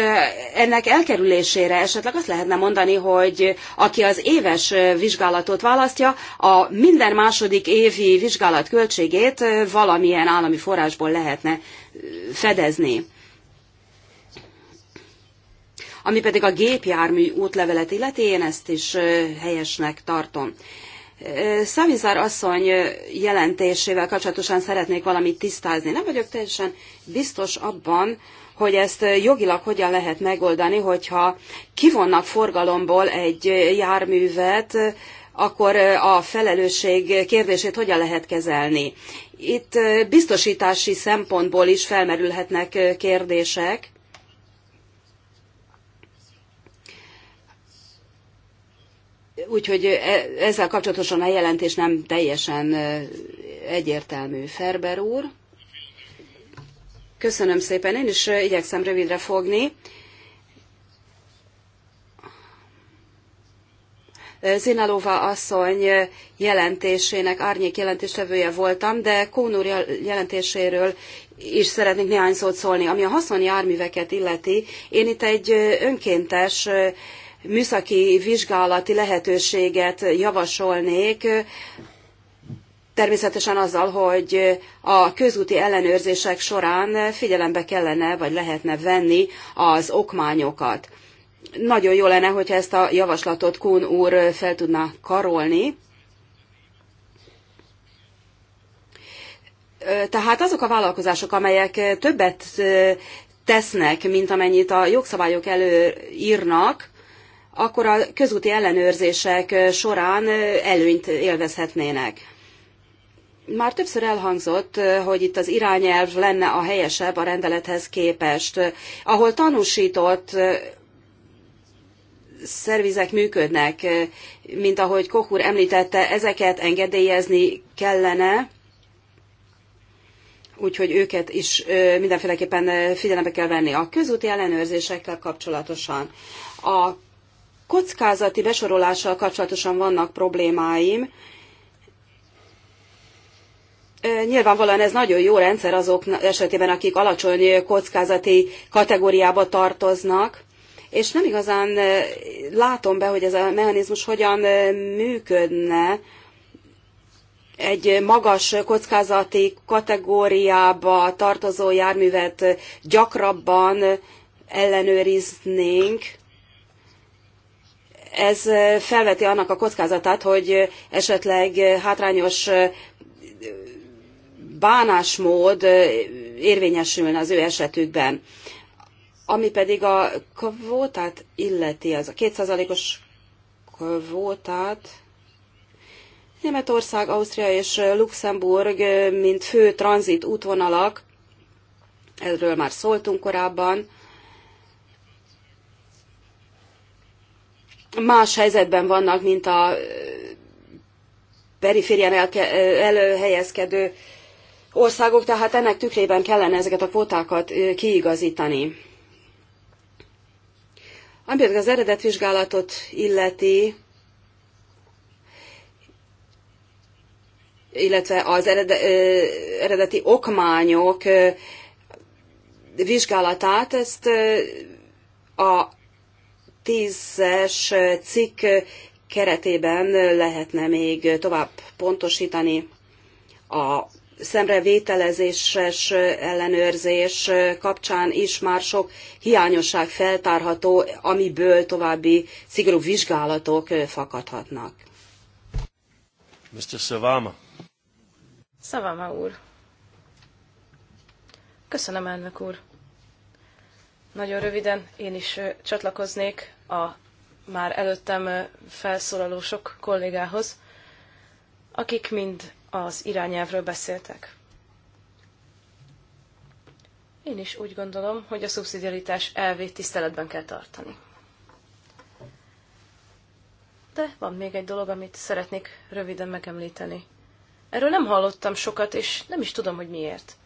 ennek elkerülésére esetleg azt lehetne mondani, hogy aki az éves vizsgálatot választja, a minden második évi vizsgálat költségét valamilyen állami forrásból lehetne fedezni. Ami pedig a gépjármű útlevelet illeti, én ezt is helyesnek tartom. Szavizar asszony jelentésével kapcsolatosan szeretnék valamit tisztázni. Nem vagyok teljesen biztos abban, hogy ezt jogilag hogyan lehet megoldani, hogyha kivonnak forgalomból egy járművet, akkor a felelősség kérdését hogyan lehet kezelni. Itt biztosítási szempontból is felmerülhetnek kérdések. Úgyhogy e, ezzel kapcsolatosan a jelentés nem teljesen egyértelmű. Ferber úr. Köszönöm szépen, én is eh, igyekszem rövidre fogni. Eh, Zinalova asszony eh, jelentésének árnyék jelentéstevője voltam, de Kónúr jelentéséről is szeretnék néhány szót szólni. Ami a haszonjárműveket illeti, én itt egy önkéntes műszaki vizsgálati lehetőséget javasolnék Természetesen azzal, hogy a közúti ellenőrzések során figyelembe kellene vagy lehetne venni az okmányokat. Nagyon jó lenne, hogyha ezt a javaslatot Kun úr fel tudná karolni. Tehát azok a vállalkozások, amelyek többet tesznek, mint amennyit a jogszabályok előírnak, akkor a közúti ellenőrzések során előnyt élvezhetnének. Már többször elhangzott, hogy itt az irányelv lenne a helyesebb a rendelethez képest, ahol tanúsított szervizek működnek, mint ahogy Kokur említette, ezeket engedélyezni kellene, úgyhogy őket is mindenféleképpen figyelembe kell venni a közúti ellenőrzésekkel kapcsolatosan. A kockázati besorolással kapcsolatosan vannak problémáim, Nyilvánvalóan ez nagyon jó rendszer azok esetében, akik alacsony kockázati kategóriába tartoznak, és nem igazán látom be, hogy ez a mechanizmus hogyan működne egy magas kockázati kategóriába tartozó járművet gyakrabban ellenőriznénk, ez felveti annak a kockázatát, hogy esetleg hátrányos bánásmód érvényesülne az ő esetükben. Ami pedig a kvótát illeti, az a kétszázalékos kvótát, Németország, Ausztria és Luxemburg, mint fő tranzit útvonalak, erről már szóltunk korábban, más helyzetben vannak, mint a periférián elhelyezkedő országok, tehát ennek tükrében kellene ezeket a kvótákat kiigazítani. Ami az eredetvizsgálatot illeti, illetve az eredeti okmányok vizsgálatát, ezt a tízes cikk keretében lehetne még tovább pontosítani a szemrevételezéses ellenőrzés kapcsán is már sok hiányosság feltárható, amiből további szigorú vizsgálatok fakadhatnak. Mr. Savama. Savama úr. Köszönöm, elnök úr. Nagyon röviden én is csatlakoznék a már előttem felszólaló sok kollégához, akik mind az irányelvről beszéltek. Én is úgy gondolom, hogy a szubszidiaritás elvét tiszteletben kell tartani. De van még egy dolog, amit szeretnék röviden megemlíteni. Erről nem hallottam sokat, és nem is tudom, hogy miért.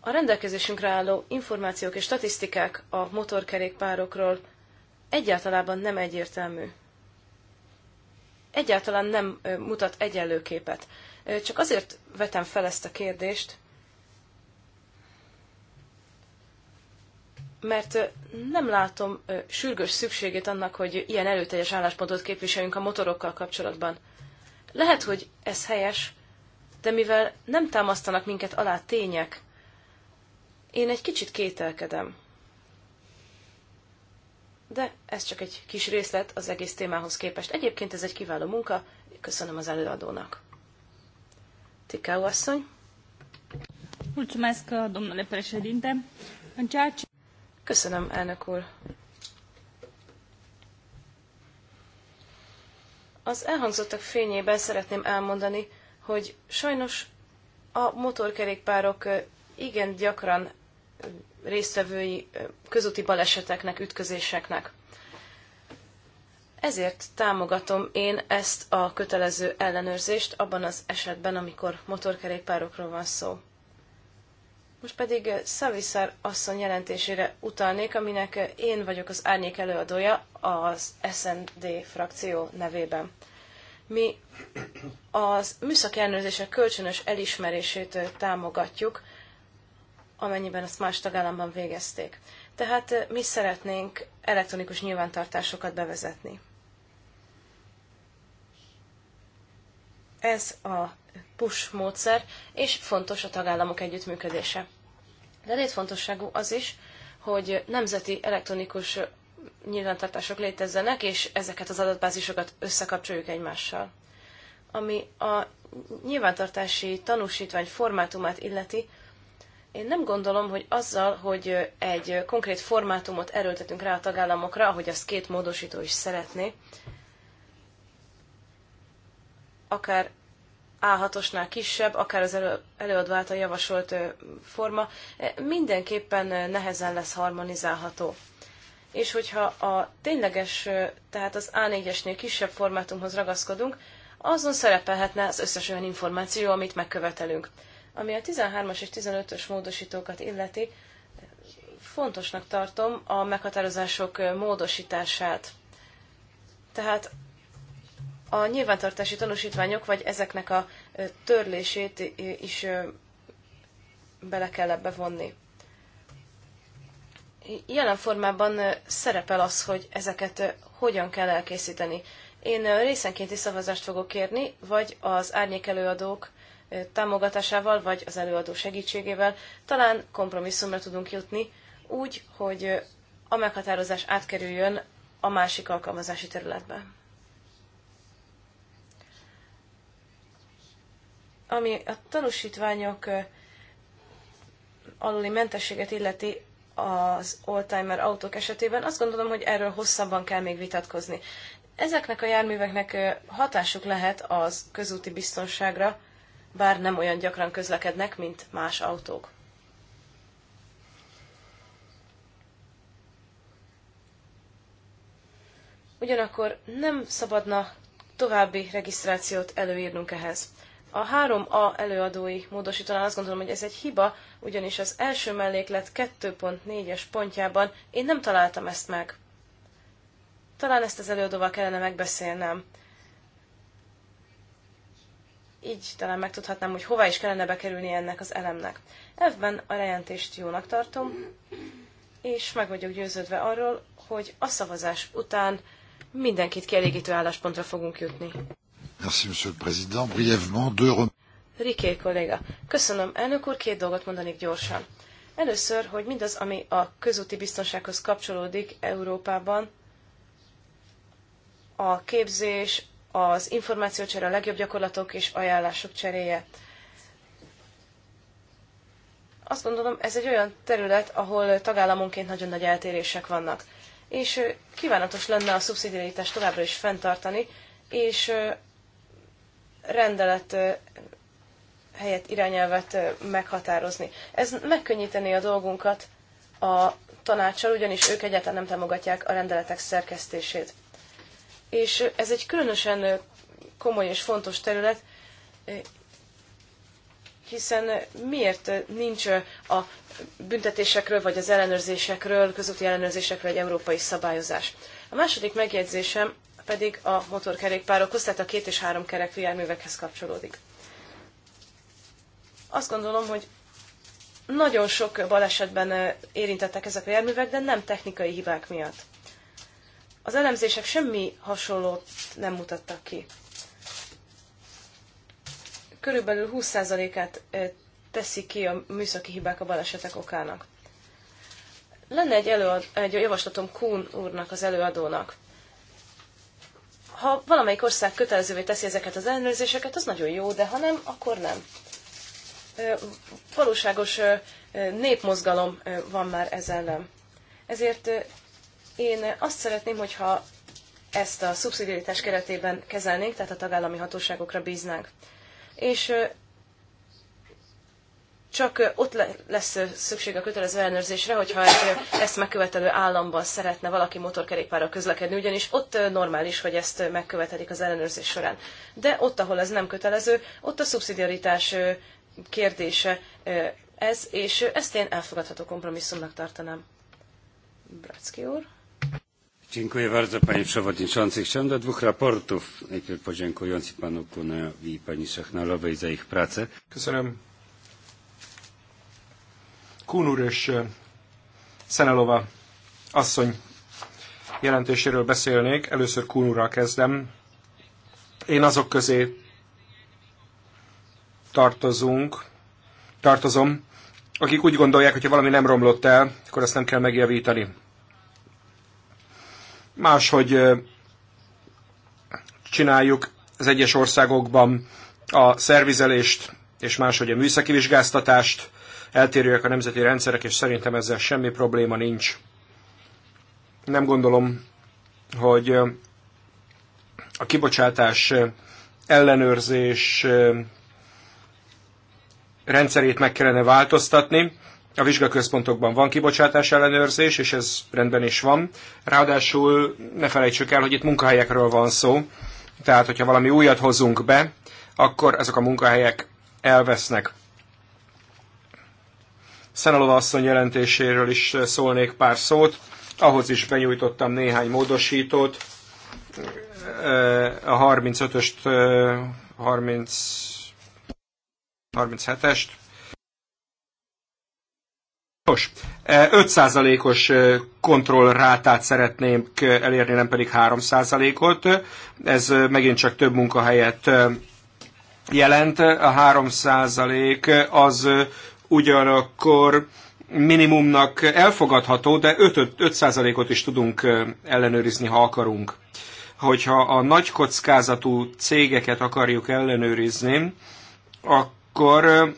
A rendelkezésünkre álló információk és statisztikák a motorkerékpárokról egyáltalában nem egyértelmű egyáltalán nem mutat egyenlő képet. Csak azért vetem fel ezt a kérdést, mert nem látom sürgős szükségét annak, hogy ilyen előteljes álláspontot képviseljünk a motorokkal kapcsolatban. Lehet, hogy ez helyes, de mivel nem támasztanak minket alá tények, én egy kicsit kételkedem de ez csak egy kis részlet az egész témához képest. Egyébként ez egy kiváló munka, köszönöm az előadónak. Tikau asszony. Mulțumesc, domnule președinte. În ceea ce... Köszönöm, elnök úr. Az elhangzottak fényében szeretném elmondani, hogy sajnos a motorkerékpárok igen gyakran résztvevői közúti baleseteknek, ütközéseknek. Ezért támogatom én ezt a kötelező ellenőrzést abban az esetben, amikor motorkerékpárokról van szó. Most pedig Szaviszár asszony jelentésére utalnék, aminek én vagyok az árnyék előadója az SND frakció nevében. Mi az műszaki ellenőrzések kölcsönös elismerését támogatjuk, amennyiben azt más tagállamban végezték. Tehát mi szeretnénk elektronikus nyilvántartásokat bevezetni. Ez a push módszer, és fontos a tagállamok együttműködése. De létfontosságú az is, hogy nemzeti elektronikus nyilvántartások létezzenek, és ezeket az adatbázisokat összekapcsoljuk egymással. Ami a nyilvántartási tanúsítvány formátumát illeti, én nem gondolom, hogy azzal, hogy egy konkrét formátumot erőltetünk rá a tagállamokra, ahogy azt két módosító is szeretné, akár A6-osnál kisebb, akár az elő, előadó által javasolt forma, mindenképpen nehezen lesz harmonizálható. És hogyha a tényleges, tehát az A4-esnél kisebb formátumhoz ragaszkodunk, azon szerepelhetne az összes olyan információ, amit megkövetelünk. Ami a 13-as és 15-ös módosítókat illeti, fontosnak tartom a meghatározások módosítását. Tehát a nyilvántartási tanúsítványok, vagy ezeknek a törlését is bele kell ebbe vonni. Jelen formában szerepel az, hogy ezeket hogyan kell elkészíteni. Én részenkénti szavazást fogok kérni, vagy az árnyék előadók támogatásával, vagy az előadó segítségével talán kompromisszumra tudunk jutni, úgy, hogy a meghatározás átkerüljön a másik alkalmazási területbe. Ami a tanúsítványok aluli mentességet illeti az oldtimer autók esetében, azt gondolom, hogy erről hosszabban kell még vitatkozni. Ezeknek a járműveknek hatásuk lehet az közúti biztonságra, bár nem olyan gyakran közlekednek, mint más autók. Ugyanakkor nem szabadna további regisztrációt előírnunk ehhez. A 3A előadói módosítónál azt gondolom, hogy ez egy hiba, ugyanis az első melléklet 2.4-es pontjában én nem találtam ezt meg. Talán ezt az előadóval kellene megbeszélnem így talán megtudhatnám, hogy hova is kellene bekerülni ennek az elemnek. Ebben a jelentést jónak tartom, és meg vagyok győződve arról, hogy a szavazás után mindenkit kielégítő álláspontra fogunk jutni. Merci, Monsieur le Président. Brièvement, deux Riké kolléga, köszönöm. Elnök úr, két dolgot mondanék gyorsan. Először, hogy mindaz, ami a közúti biztonsághoz kapcsolódik Európában, a képzés, az információcsere, a legjobb gyakorlatok és ajánlások cseréje. Azt gondolom, ez egy olyan terület, ahol tagállamonként nagyon nagy eltérések vannak. És kívánatos lenne a szubszidiaritást továbbra is fenntartani, és rendelet helyett irányelvet meghatározni. Ez megkönnyíteni a dolgunkat a tanácsal, ugyanis ők egyáltalán nem támogatják a rendeletek szerkesztését és ez egy különösen komoly és fontos terület, hiszen miért nincs a büntetésekről vagy az ellenőrzésekről, közúti ellenőrzésekről egy európai szabályozás. A második megjegyzésem pedig a motorkerékpárokhoz, tehát a két és három kerek járművekhez kapcsolódik. Azt gondolom, hogy nagyon sok balesetben érintettek ezek a járművek, de nem technikai hibák miatt. Az elemzések semmi hasonlót nem mutattak ki. Körülbelül 20%-át teszi ki a műszaki hibák a balesetek okának. Lenne egy, előad, egy javaslatom Kuhn úrnak, az előadónak. Ha valamelyik ország kötelezővé teszi ezeket az ellenőrzéseket, az nagyon jó, de ha nem, akkor nem. Valóságos népmozgalom van már ez ellen. Ezért én azt szeretném, hogyha ezt a szubszidiaritás keretében kezelnénk, tehát a tagállami hatóságokra bíznánk. És csak ott lesz szükség a kötelező ellenőrzésre, hogyha egy ezt megkövetelő államban szeretne valaki motorkerékpárral közlekedni, ugyanis ott normális, hogy ezt megkövetelik az ellenőrzés során. De ott, ahol ez nem kötelező, ott a szubszidiaritás kérdése ez, és ezt én elfogadható kompromisszumnak tartanám. Bratsky úr. Dziękuję bardzo panie przewodniczący. Chciałem do dwóch raportów, najpierw podziękując panu Kunowi i pani Szechnalowej za ich pracę. Köszönöm. Kun úr és e, Szenelova asszony jelentéséről beszélnék. Először Kun úrral kezdem. Én azok közé tartozunk, tartozom, akik úgy gondolják, hogy ha valami nem romlott el, akkor ezt nem kell megjavítani máshogy csináljuk az egyes országokban a szervizelést, és máshogy a műszaki vizsgáztatást, eltérőek a nemzeti rendszerek, és szerintem ezzel semmi probléma nincs. Nem gondolom, hogy a kibocsátás ellenőrzés rendszerét meg kellene változtatni a vizsgaközpontokban van kibocsátás ellenőrzés, és ez rendben is van. Ráadásul ne felejtsük el, hogy itt munkahelyekről van szó, tehát hogyha valami újat hozunk be, akkor ezek a munkahelyek elvesznek. Szenalova asszony jelentéséről is szólnék pár szót. Ahhoz is benyújtottam néhány módosítót. A 35-öst, 30, 37-est, Nos, 5%-os eh, eh, kontrollrátát szeretnénk elérni, nem pedig 3%-ot. Ez eh, megint csak több munkahelyet jelent. A 3% az ugyanakkor minimumnak elfogadható, de 5%-ot is tudunk ellenőrizni, ha akarunk. Hogyha a nagy kockázatú cégeket akarjuk ellenőrizni, akkor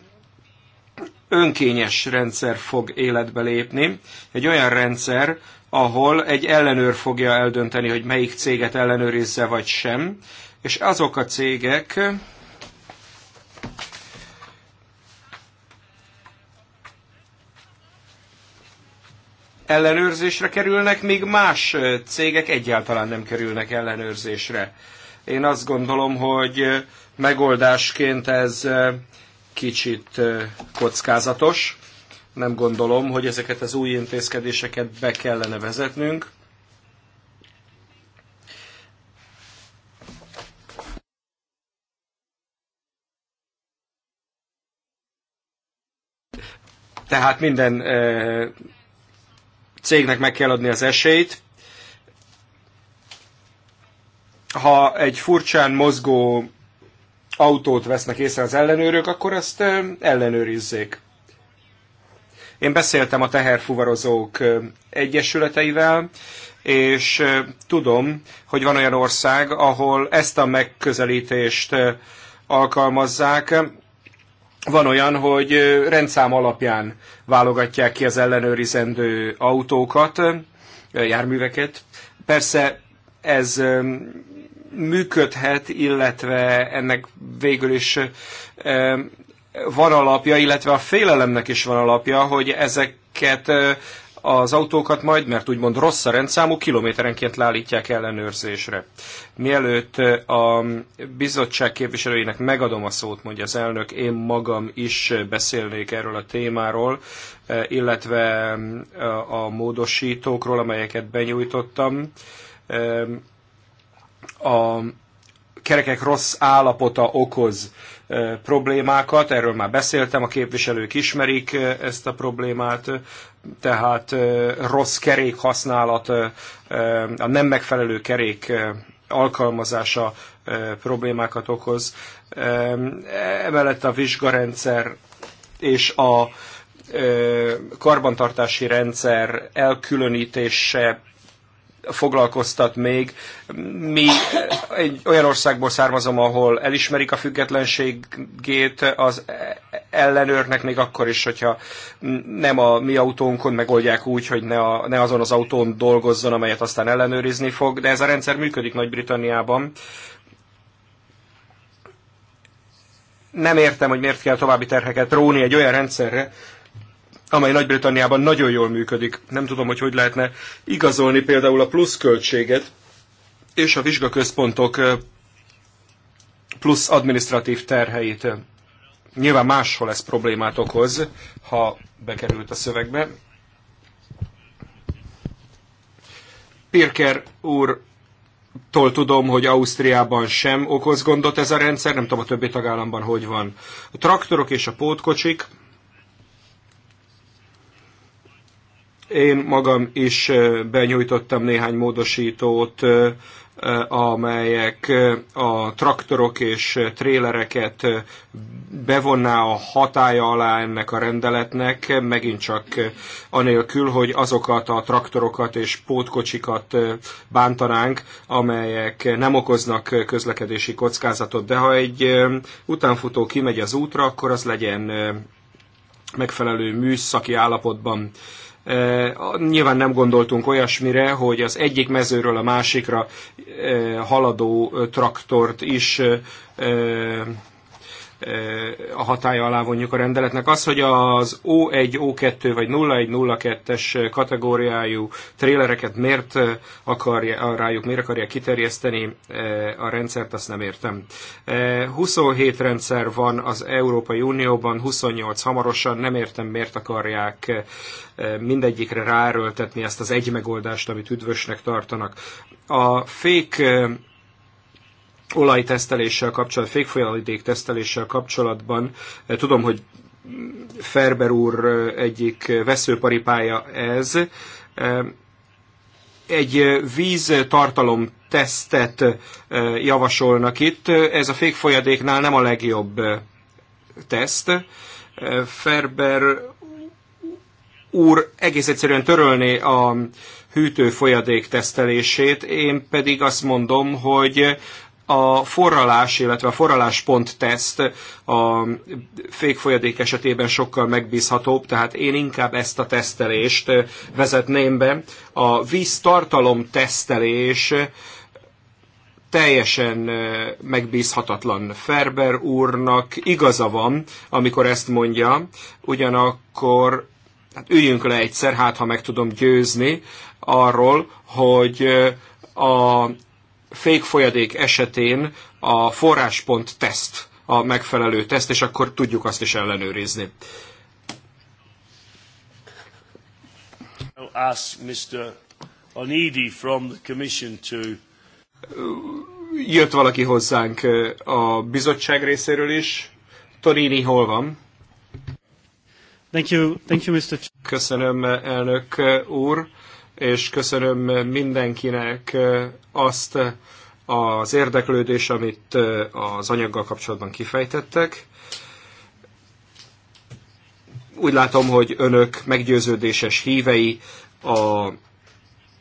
önkényes rendszer fog életbe lépni. Egy olyan rendszer, ahol egy ellenőr fogja eldönteni, hogy melyik céget ellenőrizze vagy sem, és azok a cégek, ellenőrzésre kerülnek, míg más cégek egyáltalán nem kerülnek ellenőrzésre. Én azt gondolom, hogy megoldásként ez kicsit kockázatos. Nem gondolom, hogy ezeket az új intézkedéseket be kellene vezetnünk. Tehát minden cégnek meg kell adni az esélyt. Ha egy furcsán mozgó autót vesznek észre az ellenőrök, akkor azt ellenőrizzék. Én beszéltem a teherfuvarozók egyesületeivel, és tudom, hogy van olyan ország, ahol ezt a megközelítést alkalmazzák. Van olyan, hogy rendszám alapján válogatják ki az ellenőrizendő autókat, járműveket. Persze ez működhet, illetve ennek végül is van alapja, illetve a félelemnek is van alapja, hogy ezeket az autókat majd, mert úgymond rossz a rendszámú, kilométerenként leállítják ellenőrzésre. Mielőtt a bizottság képviselőinek megadom a szót, mondja az elnök, én magam is beszélnék erről a témáról, illetve a módosítókról, amelyeket benyújtottam a kerekek rossz állapota okoz problémákat, erről már beszéltem, a képviselők ismerik ezt a problémát, tehát rossz kerék használat, a nem megfelelő kerék alkalmazása problémákat okoz. Emellett a vizsgarendszer és a karbantartási rendszer elkülönítése foglalkoztat még. Mi egy olyan országból származom, ahol elismerik a függetlenségét az ellenőrnek, még akkor is, hogyha nem a mi autónkon megoldják úgy, hogy ne, a, ne azon az autón dolgozzon, amelyet aztán ellenőrizni fog, de ez a rendszer működik Nagy-Britanniában. Nem értem, hogy miért kell további terheket róni egy olyan rendszerre, amely Nagy-Britanniában nagyon jól működik. Nem tudom, hogy hogy lehetne igazolni például a pluszköltséget és a vizsgaközpontok plusz adminisztratív terheit. Nyilván máshol ez problémát okoz, ha bekerült a szövegbe. Pirker úr Tól tudom, hogy Ausztriában sem okoz gondot ez a rendszer, nem tudom a többi tagállamban hogy van. A traktorok és a pótkocsik, Én magam is benyújtottam néhány módosítót, amelyek a traktorok és trélereket bevonná a hatája alá ennek a rendeletnek, megint csak anélkül, hogy azokat a traktorokat és pótkocsikat bántanánk, amelyek nem okoznak közlekedési kockázatot, de ha egy utánfutó kimegy az útra, akkor az legyen megfelelő műszaki állapotban Eh, nyilván nem gondoltunk olyasmire, hogy az egyik mezőről a másikra eh, haladó eh, traktort is a hatája alá vonjuk a rendeletnek. Az, hogy az O1, O2 vagy 0102-es kategóriájú trélereket miért akarja, rájuk miért akarja kiterjeszteni eh, a rendszert, azt nem értem. 27 eh, rendszer van az Európai Unióban, 28 hamarosan, nem értem miért akarják eh, mindegyikre ráerőltetni ezt az egy megoldást, amit üdvösnek tartanak. A fék olajteszteléssel kapcsolatban, fékfolyadék teszteléssel kapcsolatban. Eh, tudom, hogy Ferber úr eh, egyik veszőparipája ez. Eh, egy víztartalom tesztet javasolnak itt. Ez a fékfolyadéknál nem a legjobb teszt. Ferber úr egész egyszerűen törölné a hűtőfolyadék tesztelését, én pedig azt mondom, hogy a forralás, illetve a forraláspont teszt a fékfolyadék esetében sokkal megbízhatóbb, tehát én inkább ezt a tesztelést vezetném be. A víztartalom tesztelés teljesen megbízhatatlan Ferber úrnak igaza van, amikor ezt mondja, ugyanakkor hát üljünk le egyszer, hát ha meg tudom győzni arról, hogy a Fake folyadék esetén a forráspont teszt a megfelelő teszt, és akkor tudjuk azt is ellenőrizni. Jött valaki hozzánk a bizottság részéről is. Tonini hol van? Thank you, thank you, Mr. Köszönöm, elnök úr és köszönöm mindenkinek azt az érdeklődést, amit az anyaggal kapcsolatban kifejtettek. Úgy látom, hogy önök meggyőződéses hívei a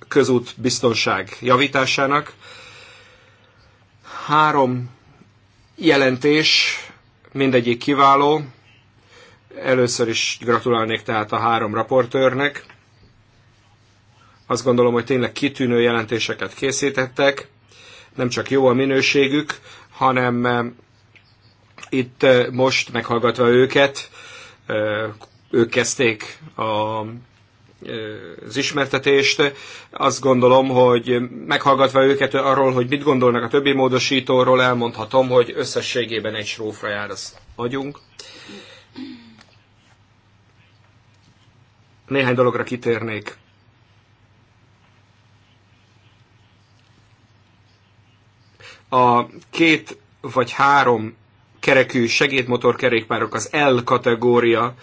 közút biztonság javításának. Három jelentés, mindegyik kiváló. Először is gratulálnék tehát a három raportőrnek. Azt gondolom, hogy tényleg kitűnő jelentéseket készítettek, nem csak jó a minőségük, hanem eh, itt eh, most meghallgatva őket, eh, ők kezdték a az ismertetést. Azt gondolom, hogy meghallgatva őket arról, hogy mit gondolnak a többi módosítóról, elmondhatom, hogy összességében egy srófra jár az agyunk. Néhány dologra kitérnék. A két vagy három kerekű segédmotorkerékpárok, az L kategória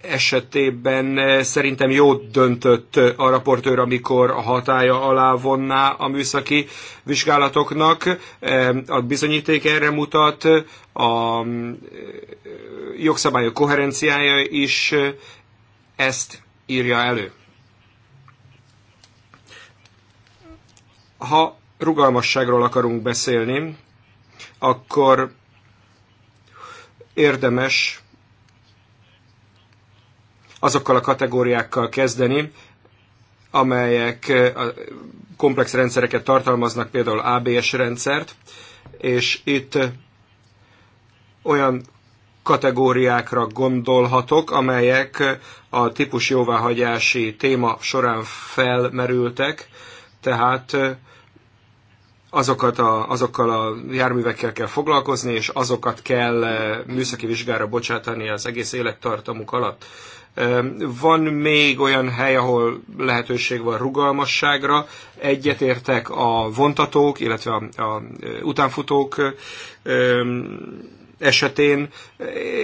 esetében eh, szerintem jó döntött a raportőr, amikor a hatája alá vonná a műszaki vizsgálatoknak. A bizonyíték erre mutat, a jogszabályok koherenciája is eh, ezt írja elő. Ha rugalmasságról akarunk beszélni, akkor érdemes azokkal a kategóriákkal kezdeni, amelyek eh, komplex rendszereket tartalmaznak, például ABS rendszert, és itt eh, olyan kategóriákra gondolhatok, amelyek eh, a típus jóváhagyási téma során felmerültek, tehát azokat a, azokkal a járművekkel kell foglalkozni, és azokat kell eh, műszaki vizsgára bocsátani az egész élettartamuk alatt. Eh, van még olyan hely, ahol lehetőség van rugalmasságra. Egyetértek a vontatók, illetve a, a eh, utánfutók esetén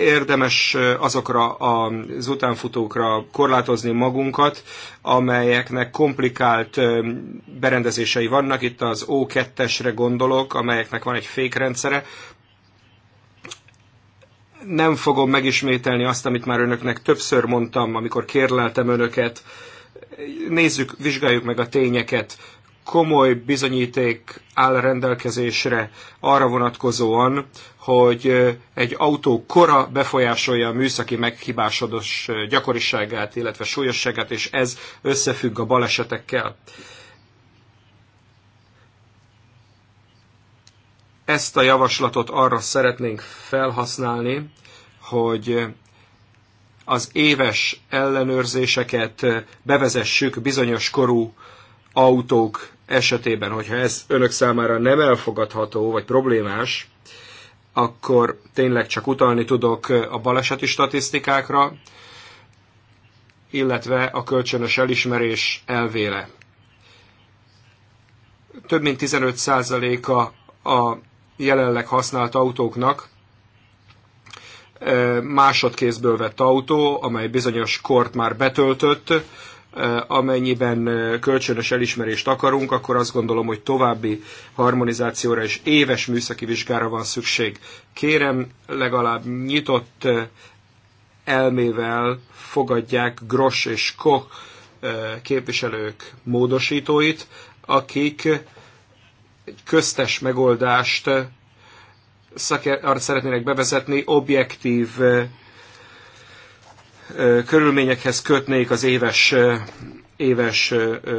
érdemes azokra az utánfutókra korlátozni magunkat, amelyeknek komplikált berendezései vannak. Itt az O2-esre gondolok, amelyeknek van egy fékrendszere. Nem fogom megismételni azt, amit már önöknek többször mondtam, amikor kérleltem önöket. Nézzük, vizsgáljuk meg a tényeket komoly bizonyíték áll rendelkezésre arra vonatkozóan, hogy egy autó kora befolyásolja a műszaki meghibásodos gyakoriságát, illetve súlyosságát, és ez összefügg a balesetekkel. Ezt a javaslatot arra szeretnénk felhasználni, hogy az éves ellenőrzéseket bevezessük bizonyos korú autók esetében, hogyha ez önök számára nem elfogadható, vagy problémás, akkor tényleg csak utalni tudok a baleseti statisztikákra, illetve a kölcsönös elismerés elvére. Több mint 15%-a a jelenleg használt autóknak másodkézből vett autó, amely bizonyos kort már betöltött, amennyiben kölcsönös elismerést akarunk, akkor azt gondolom, hogy további harmonizációra és éves műszaki vizsgára van szükség. Kérem, legalább nyitott elmével fogadják Gross és Koch képviselők módosítóit, akik egy köztes megoldást szaker, arra szeretnének bevezetni objektív körülményekhez kötnék az éves, éves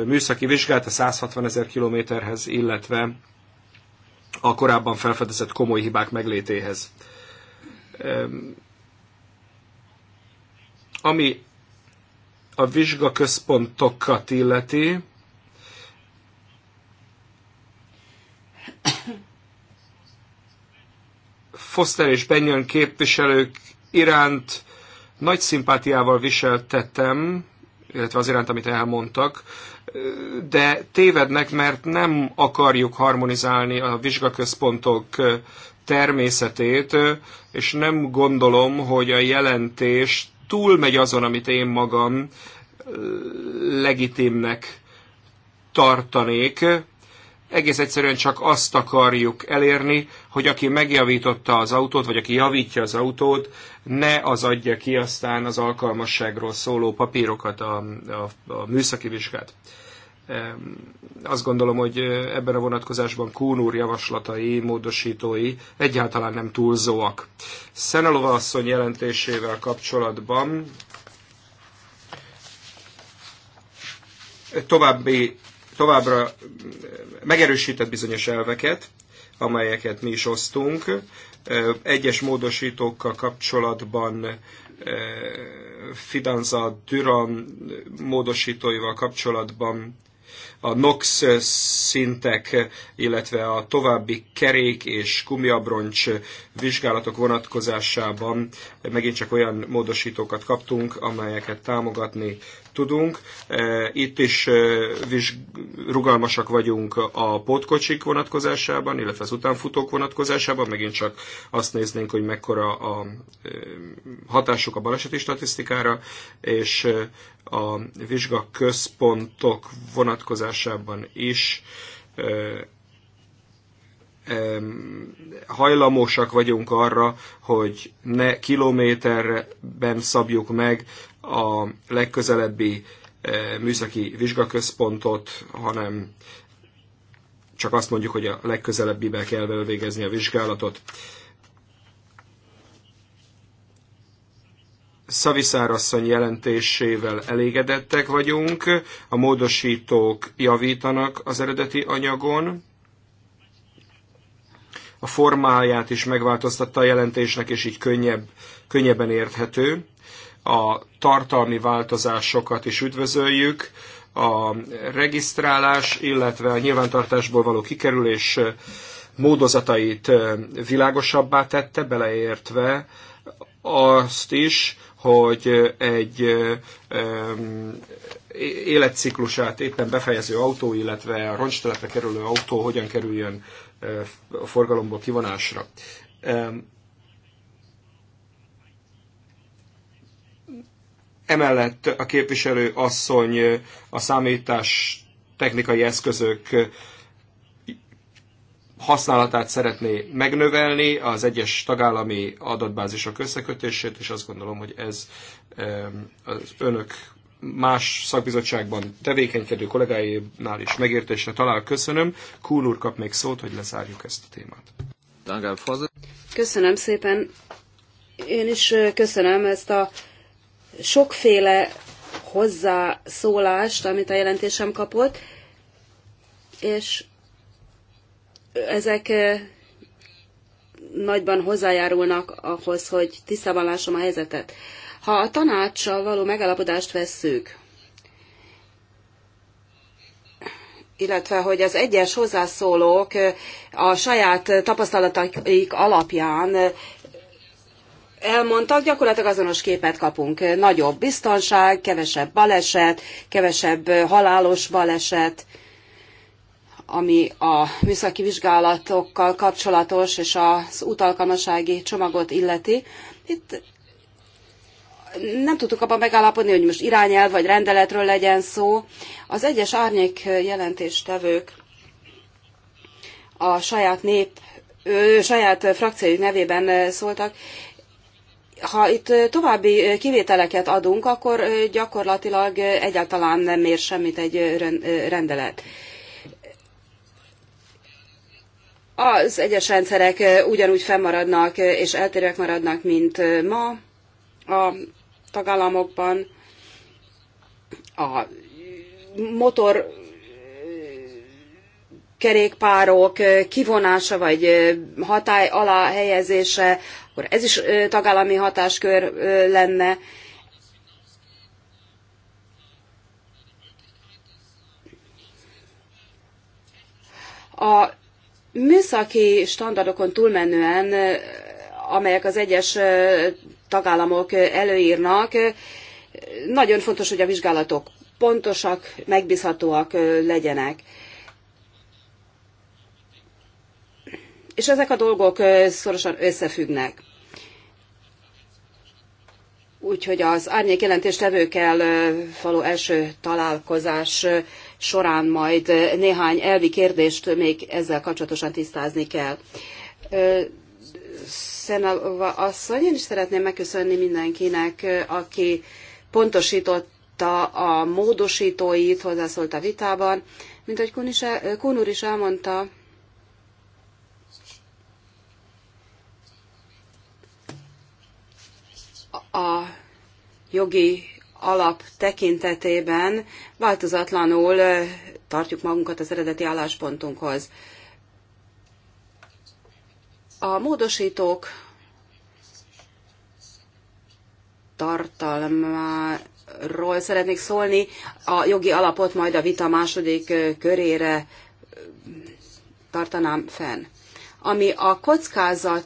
műszaki vizsgát a 160 ezer kilométerhez, illetve a korábban felfedezett komoly hibák meglétéhez. Ami a vizsgaközpontokat illeti, Foster és Benyön képviselők iránt nagy szimpátiával viseltettem, illetve az iránt, amit elmondtak, de tévednek, mert nem akarjuk harmonizálni a vizsgaközpontok természetét, és nem gondolom, hogy a jelentés túlmegy azon, amit én magam legitimnek tartanék. Egész egyszerűen csak azt akarjuk elérni, hogy aki megjavította az autót, vagy aki javítja az autót, ne az adja ki aztán az alkalmasságról szóló papírokat, a, a, a műszaki vizsgát. Azt gondolom, hogy ebben a vonatkozásban Kún úr javaslatai, módosítói egyáltalán nem túlzóak. Szenelova asszony jelentésével kapcsolatban további, továbbra megerősített bizonyos elveket, amelyeket mi is osztunk. Egyes módosítókkal kapcsolatban Fidanza Duran módosítóival kapcsolatban a NOx szintek, illetve a további kerék és kumiabroncs vizsgálatok vonatkozásában megint csak olyan módosítókat kaptunk, amelyeket támogatni tudunk. E, itt is e, rugalmasak vagyunk a pótkocsik vonatkozásában, illetve az utánfutók vonatkozásában. Megint csak azt néznénk, hogy mekkora a e, hatásuk a baleseti statisztikára, és a vizsgaközpontok vonatkozásában is hajlamosak vagyunk arra, hogy ne kilométerben szabjuk meg a legközelebbi eh, műszaki vizsgaközpontot, hanem csak azt mondjuk, hogy a legközelebbibe kell elvégezni a vizsgálatot. Szaviszárasszony jelentésével elégedettek vagyunk, a módosítók javítanak az eredeti anyagon, a formáját is megváltoztatta a jelentésnek, és így könnyebb, könnyebben érthető a tartalmi változásokat is üdvözöljük, a regisztrálás, illetve a nyilvántartásból való kikerülés módozatait világosabbá tette, beleértve azt is, hogy egy életciklusát éppen befejező autó, illetve a roncstelepre kerülő autó hogyan kerüljön a forgalomból kivonásra. Emellett a képviselő asszony a számítás technikai eszközök használatát szeretné megnövelni, az egyes tagállami adatbázisok összekötését, és azt gondolom, hogy ez az önök más szakbizottságban tevékenykedő kollégáinál is megértésre talál. Köszönöm. Kúl úr kap még szót, hogy lezárjuk ezt a témát. Köszönöm szépen. Én is köszönöm ezt a sokféle hozzászólást, amit a jelentésem kapott, és ezek eh, nagyban hozzájárulnak ahhoz, hogy tisztában lássam a helyzetet. Ha a tanácssal való megalapodást vesszük, illetve hogy az egyes hozzászólók eh, a saját tapasztalataik alapján eh, elmondtak, gyakorlatilag azonos képet kapunk. Nagyobb biztonság, kevesebb baleset, kevesebb halálos baleset, ami a műszaki vizsgálatokkal kapcsolatos és az utalkanasági csomagot illeti. Itt nem tudtuk abban megállapodni, hogy most irányelv vagy rendeletről legyen szó. Az egyes árnyék jelentéstevők a saját nép, ő, saját frakciójuk nevében szóltak, ha itt további kivételeket adunk, akkor gyakorlatilag egyáltalán nem ér semmit egy rendelet. Az egyes rendszerek ugyanúgy fennmaradnak és eltérőek maradnak, mint ma a tagállamokban. A motor kerékpárok kivonása vagy hatály alá helyezése, akkor ez is tagállami hatáskör lenne. A műszaki standardokon túlmenően, amelyek az egyes tagállamok előírnak, nagyon fontos, hogy a vizsgálatok pontosak, megbízhatóak legyenek. És ezek a dolgok szorosan összefüggnek. Úgyhogy az árnyék jelentéstevőkkel való első találkozás során majd néhány elvi kérdést még ezzel kapcsolatosan tisztázni kell. Szenava asszony, én is szeretném megköszönni mindenkinek, aki pontosította a módosítóit, hozzászólt a vitában. Mint ahogy Kun, is el, Kun úr is elmondta, a jogi alap tekintetében változatlanul tartjuk magunkat az eredeti álláspontunkhoz. A módosítók tartalmáról szeretnék szólni. A jogi alapot majd a vita második körére tartanám fenn. Ami a kockázat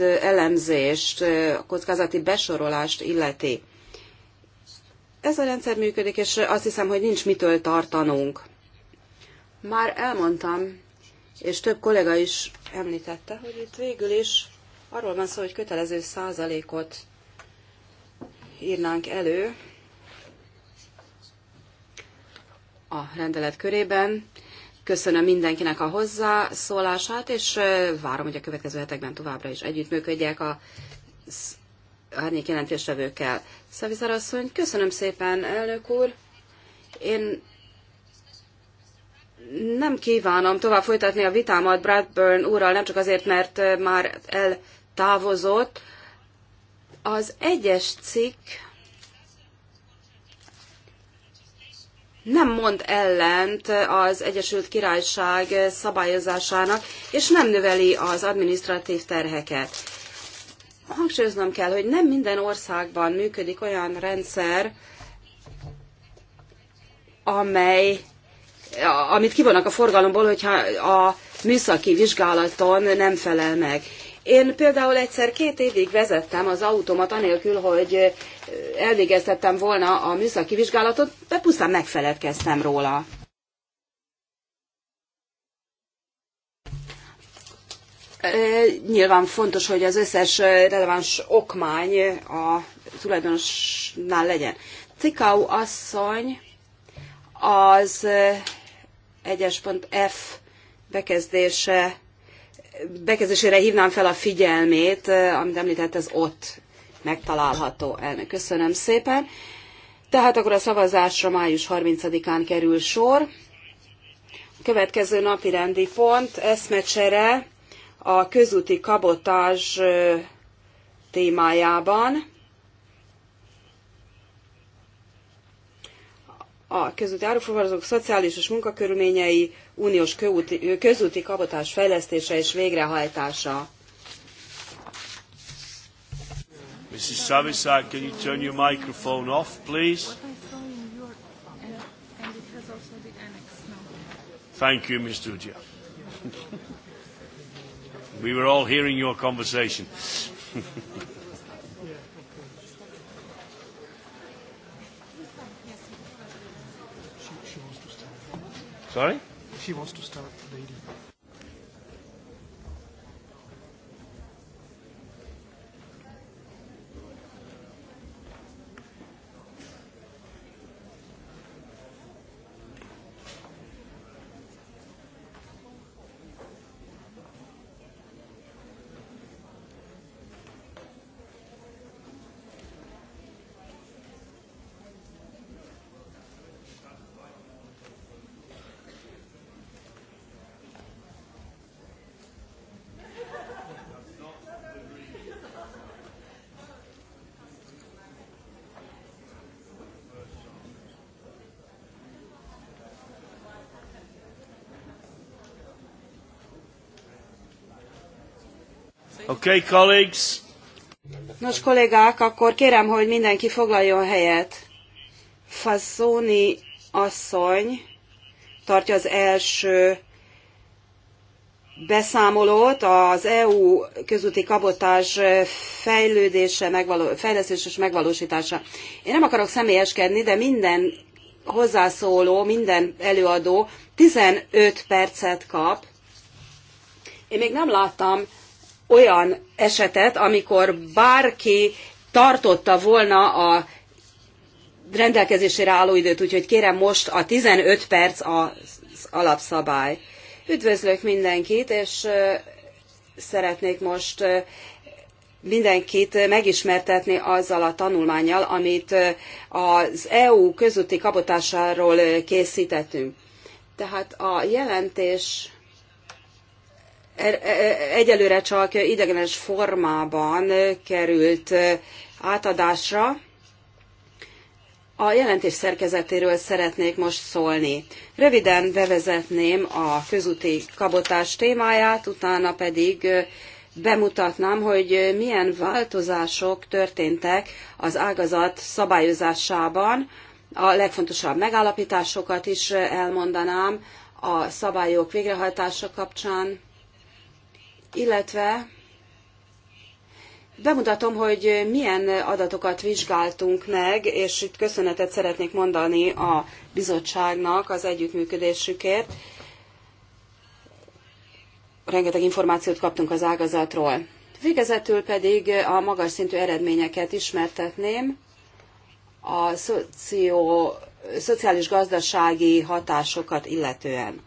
elemzést, a kockázati besorolást illeti. Ez a rendszer működik, és azt hiszem, hogy nincs mitől tartanunk. Már elmondtam, és több kollega is említette, hogy itt végül is arról van szó, hogy kötelező százalékot írnánk elő a rendelet körében. Köszönöm mindenkinek a hozzászólását, és várom, hogy a következő hetekben továbbra is együttműködjek a árnyék jelentéstevőkkel. Szavizar asszony, köszönöm szépen, elnök úr. Én nem kívánom tovább folytatni a vitámat Bradburn úrral, nem csak azért, mert már eltávozott. Az egyes cikk nem mond ellent az Egyesült Királyság szabályozásának, és nem növeli az administratív terheket. Hangsúlyoznom kell, hogy nem minden országban működik olyan rendszer, amely, amit kivonnak a forgalomból, hogyha a műszaki vizsgálaton nem felel meg. Én például egyszer két évig vezettem az automat, anélkül, hogy elvégeztettem volna a műszaki vizsgálatot, de pusztán megfeledkeztem róla. Nyilván fontos, hogy az összes releváns okmány a tulajdonosnál legyen. Cikau asszony az 1.f bekezdése bekezdésére hívnám fel a figyelmét, eh, amit említett, ez ott megtalálható. Elnök, köszönöm szépen. Tehát akkor a szavazásra május 30-án kerül sor. A következő napi rendi pont, eszmecsere a közúti kabotás eh, témájában. a közúti áruforgalmazók szociális és munkakörülményei uniós közúti, közúti kabotás fejlesztése és végrehajtása. Mrs. Savisaar, can you turn your microphone off, please? Thank you, Ms. Dudia. We were all hearing your conversation. (laughs) Sorry? She wants to start. Okay, colleagues. Nos, kollégák, akkor kérem, hogy mindenki foglaljon helyet. Fazzoni asszony tartja az első beszámolót az EU közúti kabotás fejlődése, megvaló, fejlesztés és megvalósítása. Én nem akarok személyeskedni, de minden hozzászóló, minden előadó 15 percet kap. Én még nem láttam olyan esetet, amikor bárki tartotta volna a rendelkezésére álló időt, úgyhogy kérem most a 15 perc az alapszabály. Üdvözlök mindenkit, és szeretnék most mindenkit megismertetni azzal a tanulmányjal, amit az EU közúti kabotásáról készítettünk. Tehát a jelentés Er, e, egyelőre csak idegenes formában került e, átadásra. A jelentés szerkezetéről szeretnék most szólni. Röviden bevezetném a közúti kabotás témáját, utána pedig e, bemutatnám, hogy milyen változások történtek az ágazat szabályozásában. A legfontosabb megállapításokat is elmondanám a szabályok végrehajtása kapcsán, illetve Bemutatom, hogy milyen adatokat vizsgáltunk meg, és itt köszönetet szeretnék mondani a bizottságnak az együttműködésükért. Rengeteg információt kaptunk az ágazatról. Végezetül pedig a magas szintű eredményeket ismertetném. A szociális-gazdasági hatásokat illetően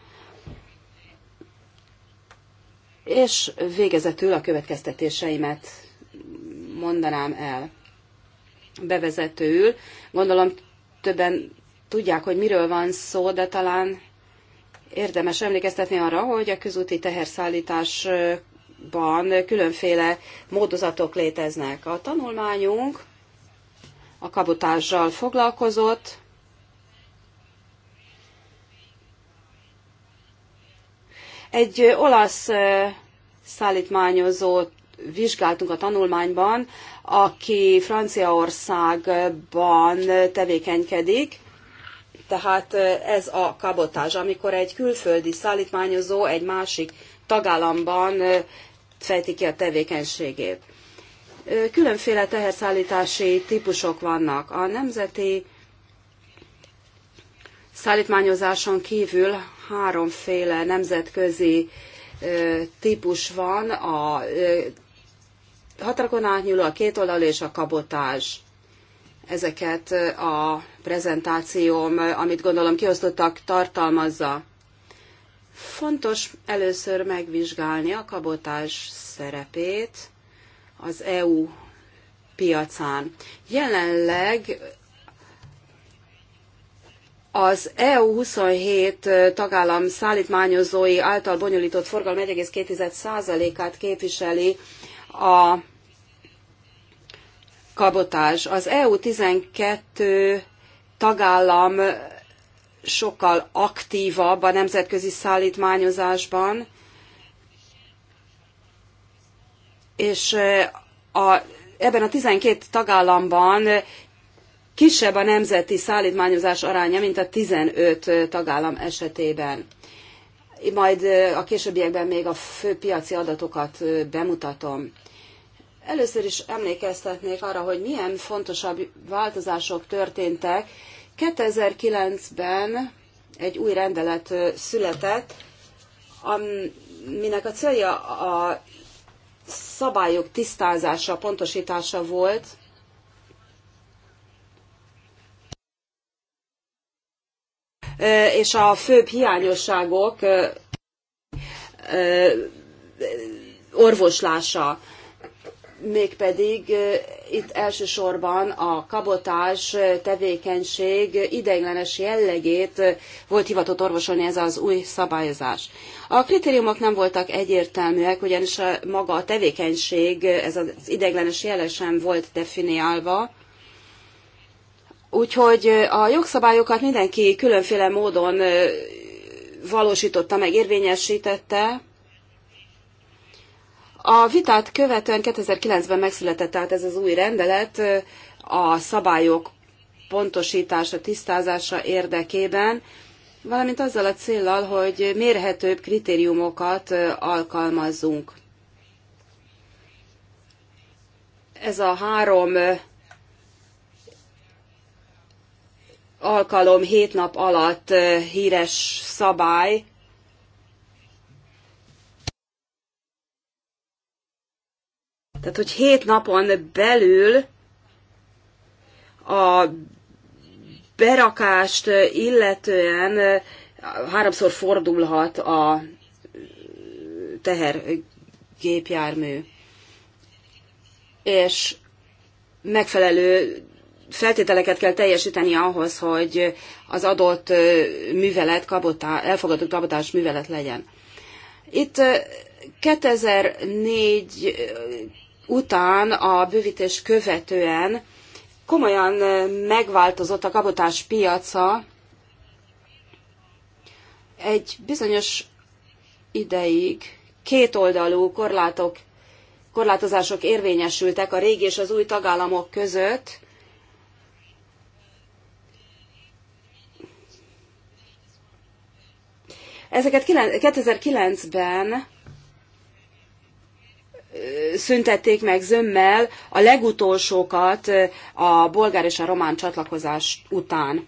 és végezetül a következtetéseimet mondanám el bevezetőül. Gondolom többen tudják, hogy miről van szó, de talán érdemes emlékeztetni arra, hogy a közúti teherszállításban különféle módozatok léteznek. A tanulmányunk a kabotással foglalkozott, Egy olasz szállítmányozót vizsgáltunk a tanulmányban, aki Franciaországban tevékenykedik, tehát ez a kabotás, amikor egy külföldi szállítmányozó egy másik tagállamban fejti ki a tevékenységét. Különféle teherszállítási típusok vannak. A nemzeti szállítmányozáson kívül háromféle nemzetközi típus van, a határokon átnyúló, a kétoldalú és a kabotás. Ezeket a prezentációm, amit gondolom kiosztottak, tartalmazza. Fontos először megvizsgálni a kabotás szerepét az EU piacán. Jelenleg az EU 27 tagállam szállítmányozói által bonyolított forgalom 1,2%-át képviseli a kabotás. Az EU 12 tagállam sokkal aktívabb a nemzetközi szállítmányozásban, és a, ebben a 12 tagállamban kisebb a nemzeti szállítmányozás aránya, mint a 15 tagállam esetében. Majd a későbbiekben még a fő piaci adatokat bemutatom. Először is emlékeztetnék arra, hogy milyen fontosabb változások történtek. 2009-ben egy új rendelet született, aminek a célja a szabályok tisztázása, pontosítása volt, és a főbb hiányosságok orvoslása. Mégpedig itt elsősorban a kabotás tevékenység ideiglenes jellegét volt hivatott orvosolni ez az új szabályozás. A kritériumok nem voltak egyértelműek, ugyanis a, maga a tevékenység, ez az ideiglenes jele sem volt definiálva, Úgyhogy a jogszabályokat mindenki különféle módon valósította meg, érvényesítette. A vitát követően 2009-ben megszületett tehát ez az új rendelet a szabályok pontosítása, tisztázása érdekében, valamint azzal a céllal, hogy mérhetőbb kritériumokat alkalmazzunk. Ez a három alkalom hét nap alatt híres szabály, Tehát, hogy hét napon belül a berakást illetően háromszor fordulhat a tehergépjármű. És megfelelő feltételeket kell teljesíteni ahhoz, hogy az adott művelet, kabotá, elfogadott kabotás művelet legyen. Itt 2004 után a bővítés követően komolyan megváltozott a kabotás piaca. Egy bizonyos ideig kétoldalú korlátok, korlátozások érvényesültek a régi és az új tagállamok között, Ezeket 2009-ben szüntették meg zömmel a legutolsókat a bolgár és a román csatlakozás után.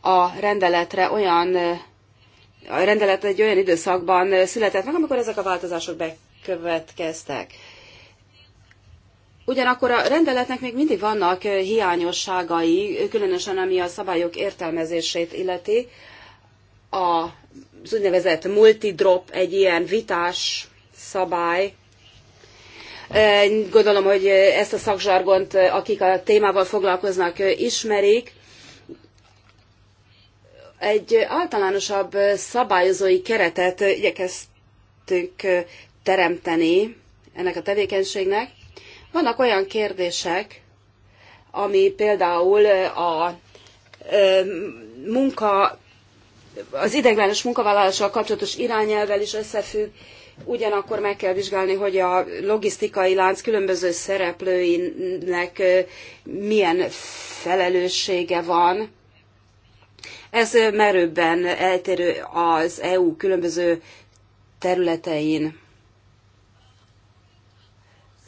A rendeletre olyan a rendelet egy olyan időszakban született meg, amikor ezek a változások bekövetkeztek. Ugyanakkor a rendeletnek még mindig vannak hiányosságai, különösen ami a szabályok értelmezését illeti, az úgynevezett multidrop egy ilyen vitás szabály, Gondolom, hogy ezt a szakzsargont, akik a témával foglalkoznak, ismerik. Egy általánosabb szabályozói keretet igyekeztünk teremteni ennek a tevékenységnek. Vannak olyan kérdések, ami például a munka az ideiglenes munkavállalással kapcsolatos irányelvel is összefügg, ugyanakkor meg kell vizsgálni, hogy a logisztikai lánc különböző szereplőinek milyen felelőssége van. Ez merőbben eltérő az EU különböző területein.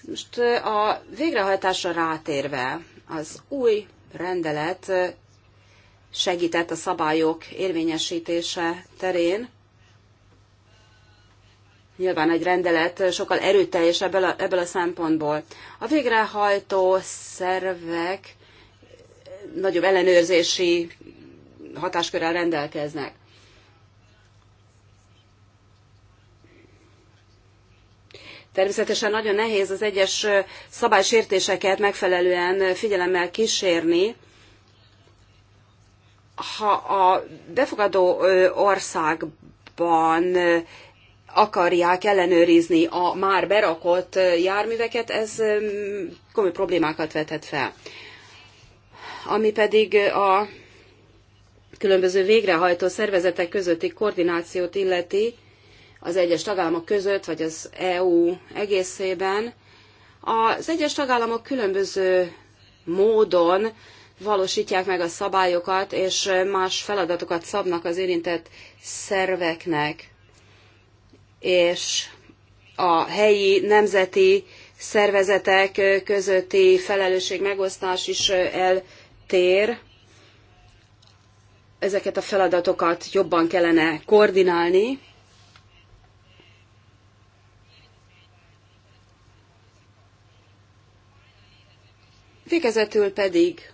Most a végrehajtásra rátérve az új rendelet segített a szabályok érvényesítése terén. Nyilván egy rendelet sokkal erőteljesebb ebből a, ebből a szempontból. A végrehajtó szervek nagyobb ellenőrzési hatáskörrel rendelkeznek. Természetesen nagyon nehéz az egyes szabálysértéseket megfelelően figyelemmel kísérni, ha a befogadó országban akarják ellenőrizni a már berakott járműveket, ez komoly problémákat vethet fel. Ami pedig a különböző végrehajtó szervezetek közötti koordinációt illeti az egyes tagállamok között, vagy az EU egészében, az egyes tagállamok különböző módon valósítják meg a szabályokat, és más feladatokat szabnak az érintett szerveknek, és a helyi nemzeti szervezetek közötti felelősség megosztás is eltér. Ezeket a feladatokat jobban kellene koordinálni. Végezetül pedig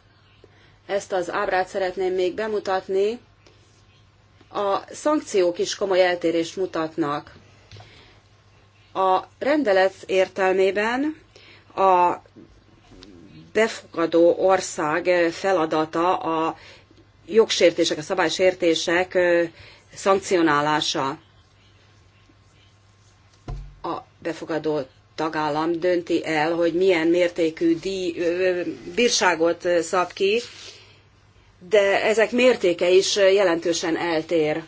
ezt az ábrát szeretném még bemutatni. A szankciók is komoly eltérést mutatnak. A rendelet értelmében a befogadó ország feladata a jogsértések, a szabálysértések szankcionálása. A befogadó tagállam dönti el, hogy milyen mértékű díj, bírságot szab ki, de ezek mértéke is jelentősen eltér.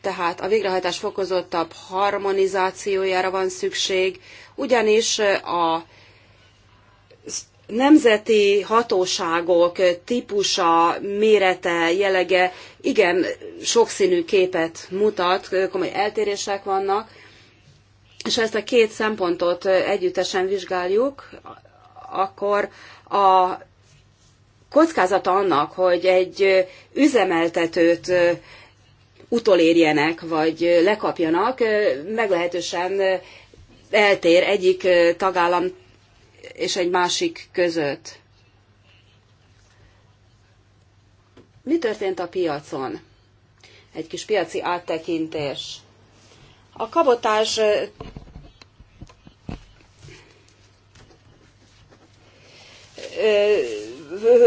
Tehát a végrehajtás fokozottabb harmonizációjára van szükség, ugyanis a nemzeti hatóságok típusa, mérete, jellege igen sokszínű képet mutat, komoly eltérések vannak, és ha ezt a két szempontot együttesen vizsgáljuk, akkor a kockázata annak, hogy egy üzemeltetőt utolérjenek, vagy lekapjanak, meglehetősen eltér egyik tagállam és egy másik között. Mi történt a piacon? Egy kis piaci áttekintés. A kabotás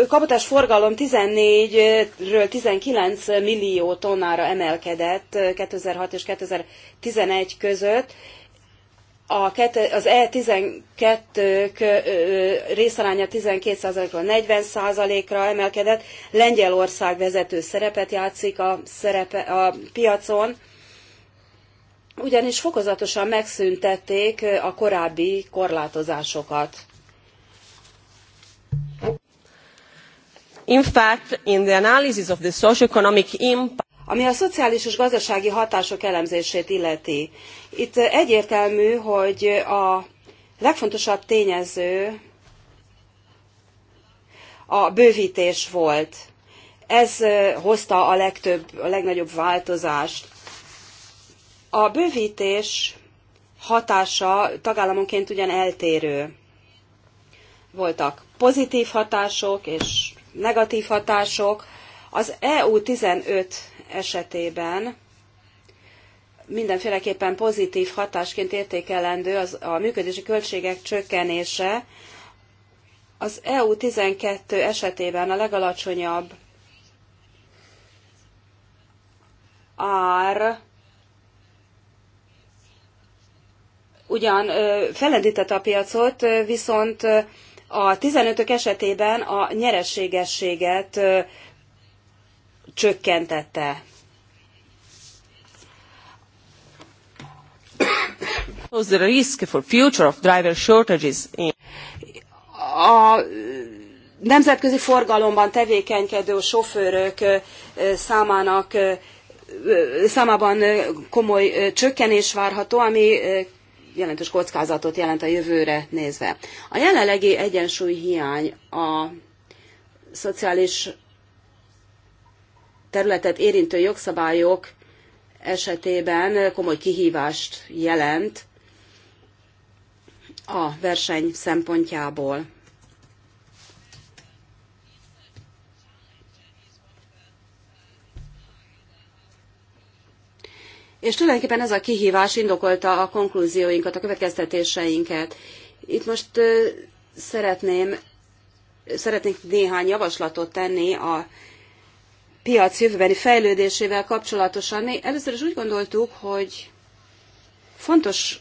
kabotás forgalom 14-ről 19 millió tonnára emelkedett 2006 és 2011 között. A, az e 12 részaránya 12%-ról 40%-ra emelkedett. Lengyelország vezető szerepet játszik a, szerepe, a piacon ugyanis fokozatosan megszüntették a korábbi korlátozásokat. In fact, in the analysis of the socio-economic impact ami a szociális és gazdasági hatások elemzését illeti. Itt egyértelmű, hogy a legfontosabb tényező a bővítés volt. Ez hozta a legtöbb, a legnagyobb változást. A bővítés hatása tagállamonként ugyan eltérő. Voltak pozitív hatások és negatív hatások. Az EU15 esetében mindenféleképpen pozitív hatásként értékelendő az a működési költségek csökkenése. Az EU12 esetében a legalacsonyabb ár ugyan felendítette a piacot, viszont a 15-ök esetében a nyerességességet csökkentette. a risk for future of driver shortages in... A nemzetközi forgalomban tevékenykedő sofőrök számának számában komoly csökkenés várható, ami jelentős kockázatot jelent a jövőre nézve. A jelenlegi egyensúly hiány a szociális területet érintő jogszabályok esetében komoly kihívást jelent a verseny szempontjából. És tulajdonképpen ez a kihívás indokolta a konklúzióinkat, a következtetéseinket. Itt most szeretném, szeretnék néhány javaslatot tenni a piac jövőbeni fejlődésével kapcsolatosan. először is úgy gondoltuk, hogy fontos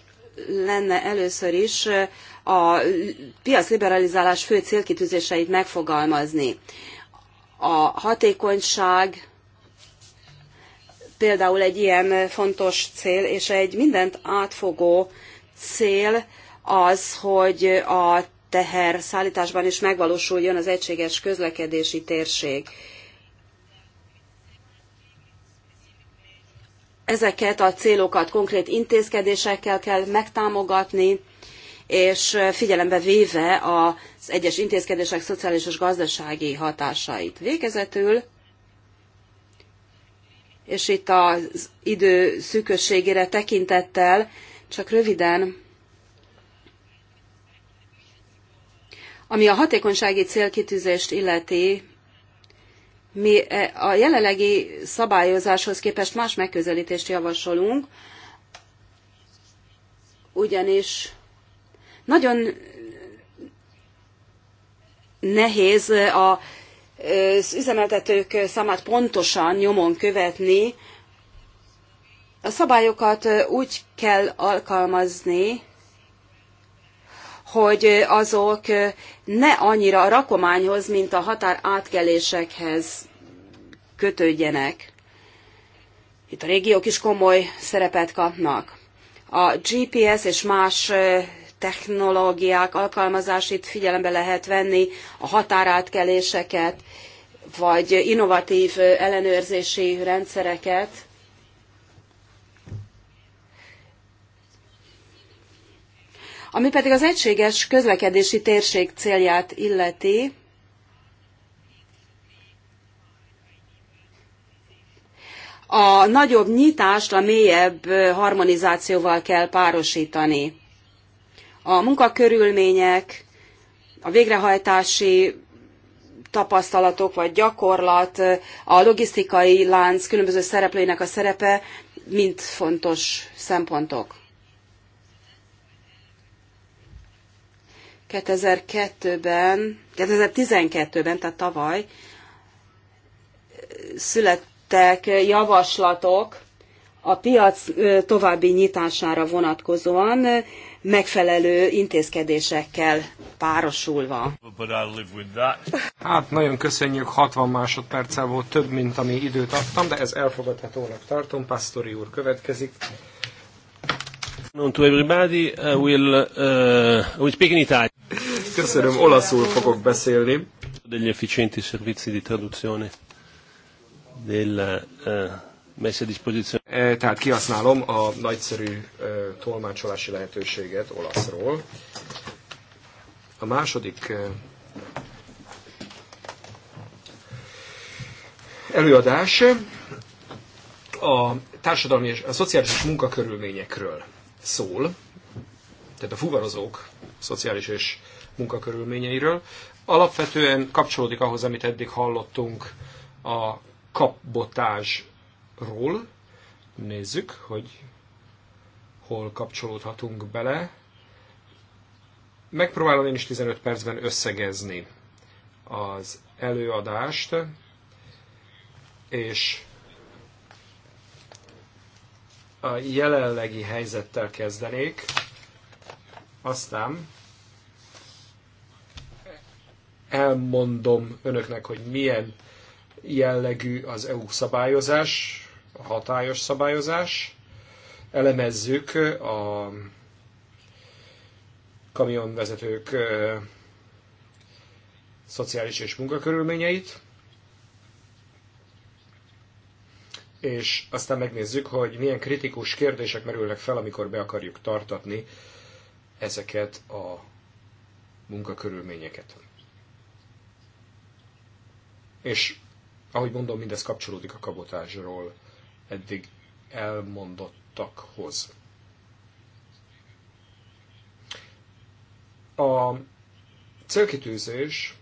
lenne először is a piac liberalizálás fő célkitűzéseit megfogalmazni. A hatékonyság, például egy ilyen fontos cél, és egy mindent átfogó cél az, hogy a teher szállításban is megvalósuljon az egységes közlekedési térség. Ezeket a célokat konkrét intézkedésekkel kell megtámogatni, és figyelembe véve az egyes intézkedések szociális és gazdasági hatásait. Végezetül és itt az idő szűkösségére tekintettel csak röviden, ami a hatékonysági célkitűzést illeti, mi e, a jelenlegi szabályozáshoz képest más megközelítést javasolunk, ugyanis nagyon nehéz a az üzemeltetők számát pontosan nyomon követni. A szabályokat úgy kell alkalmazni, hogy azok ne annyira a rakományhoz, mint a határ átkelésekhez kötődjenek. Itt a régiók is komoly szerepet kapnak. A GPS és más technológiák alkalmazását figyelembe lehet venni, a határátkeléseket, vagy innovatív ellenőrzési rendszereket. Ami pedig az egységes közlekedési térség célját illeti, a nagyobb nyitást a mélyebb harmonizációval kell párosítani a munkakörülmények, a végrehajtási tapasztalatok vagy gyakorlat, a logisztikai lánc különböző szereplőinek a szerepe mind fontos szempontok. 2002-ben, 2012-ben, tehát tavaly születtek javaslatok a piac további nyitására vonatkozóan megfelelő intézkedésekkel párosulva. Hát nagyon köszönjük, 60 másodperccel volt több, mint ami időt adtam, de ez elfogadhatónak tartom. Pastori úr következik. to everybody, will, uh, will uh, speak in Italian. Köszönöm, olaszul fogok beszélni. Degli efficienti servizi di traduzione della uh, E, tehát kihasználom a nagyszerű e, tolmácsolási lehetőséget olaszról. A második e, előadás a társadalmi és a szociális és munkakörülményekről szól, tehát a fuvarozók szociális és munkakörülményeiről. Alapvetően kapcsolódik ahhoz, amit eddig hallottunk a kapbotás ról. Nézzük, hogy hol kapcsolódhatunk bele. Megpróbálom én is 15 percben összegezni az előadást, és a jelenlegi helyzettel kezdenék, aztán elmondom önöknek, hogy milyen jellegű az EU szabályozás, hatályos szabályozás, elemezzük a kamionvezetők szociális és munkakörülményeit, és aztán megnézzük, hogy milyen kritikus kérdések merülnek fel, amikor be akarjuk tartatni ezeket a munkakörülményeket. És ahogy mondom, mindez kapcsolódik a kabotásról eddig elmondottakhoz. A célkitűzés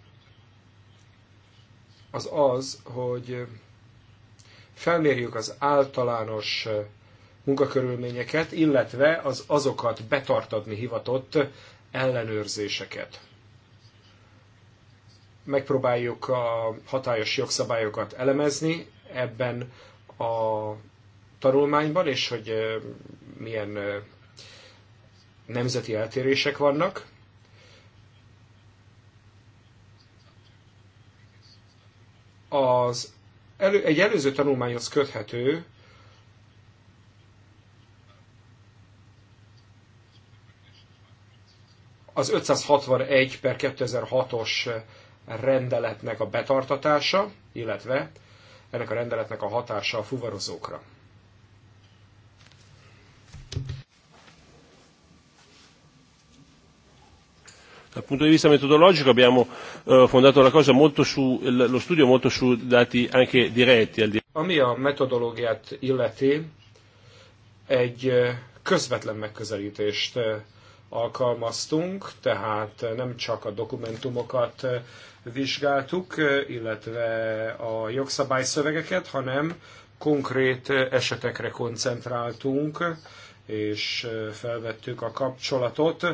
az az, hogy felmérjük az általános munkakörülményeket, illetve az azokat betartatni hivatott ellenőrzéseket. Megpróbáljuk a hatályos jogszabályokat elemezni, ebben a tanulmányban, és hogy milyen nemzeti eltérések vannak. Az elő, egy előző tanulmányhoz köthető az 561 per 2006-os rendeletnek a betartatása, illetve ennek a rendeletnek a hatása a fuvarozókra. Dal punto di vista metodologico abbiamo eh, fondato la cosa molto su, lo studio molto su dati anche diretti. Al di- Ami a metodológiát illeti, egy eh, közvetlen megközelítést eh, alkalmaztunk, tehát eh, nem csak a dokumentumokat vizsgáltuk, illetve a jogszabályszövegeket, hanem konkrét esetekre koncentráltunk, és felvettük a kapcsolatot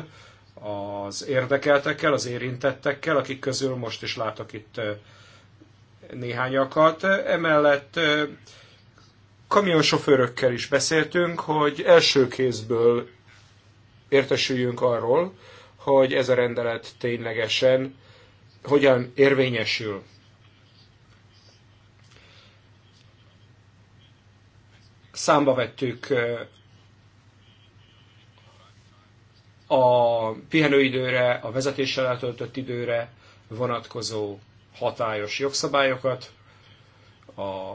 az érdekeltekkel, az érintettekkel, akik közül most is látok itt néhányakat. Emellett kamionsofőrökkel is beszéltünk, hogy első kézből értesüljünk arról, hogy ez a rendelet ténylegesen hogyan érvényesül. Számba vettük a pihenőidőre, a vezetéssel eltöltött időre vonatkozó hatályos jogszabályokat, a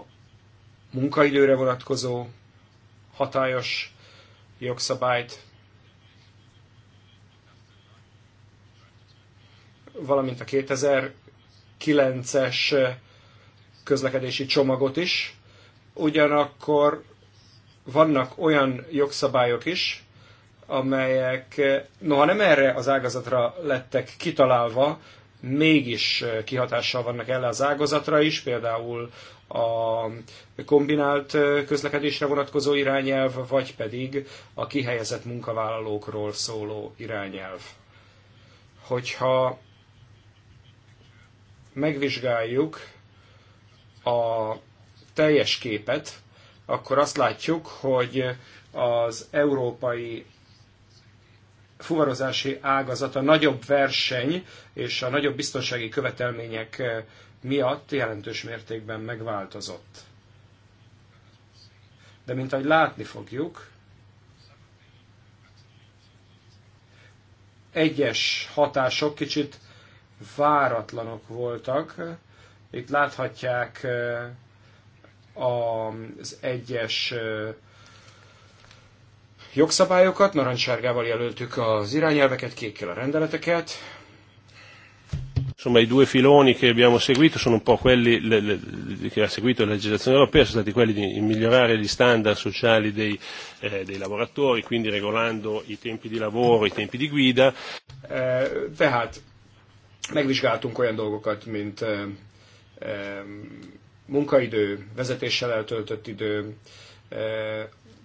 munkaidőre vonatkozó hatályos jogszabályt, valamint a 2009-es eh, közlekedési csomagot is. Ugyanakkor vannak olyan jogszabályok is, amelyek eh, noha nem erre az ágazatra lettek kitalálva, mégis eh, kihatással vannak erre az ágazatra is, például a kombinált közlekedésre vonatkozó irányelv, vagy pedig a kihelyezett munkavállalókról szóló irányelv. Hogyha megvizsgáljuk a teljes képet, akkor azt látjuk, hogy az európai fuvarozási ágazat a nagyobb verseny és a nagyobb biztonsági követelmények miatt jelentős mértékben megváltozott. De mint ahogy látni fogjuk, egyes hatások kicsit váratlanok voltak. Itt láthatják az egyes jogszabályokat, narancssárgával jelöltük az irányelveket, kékkel a rendeleteket. Insomma, i due filoni che abbiamo seguito sono un po' quelli le, le, che ha seguito la legislazione europea, sono stati quelli di migliorare gli standard sociali dei, eh, dei lavoratori, quindi regolando i tempi di lavoro, i tempi di guida. Eh, tehát Megvizsgáltunk olyan dolgokat, mint munkaidő, vezetéssel eltöltött idő,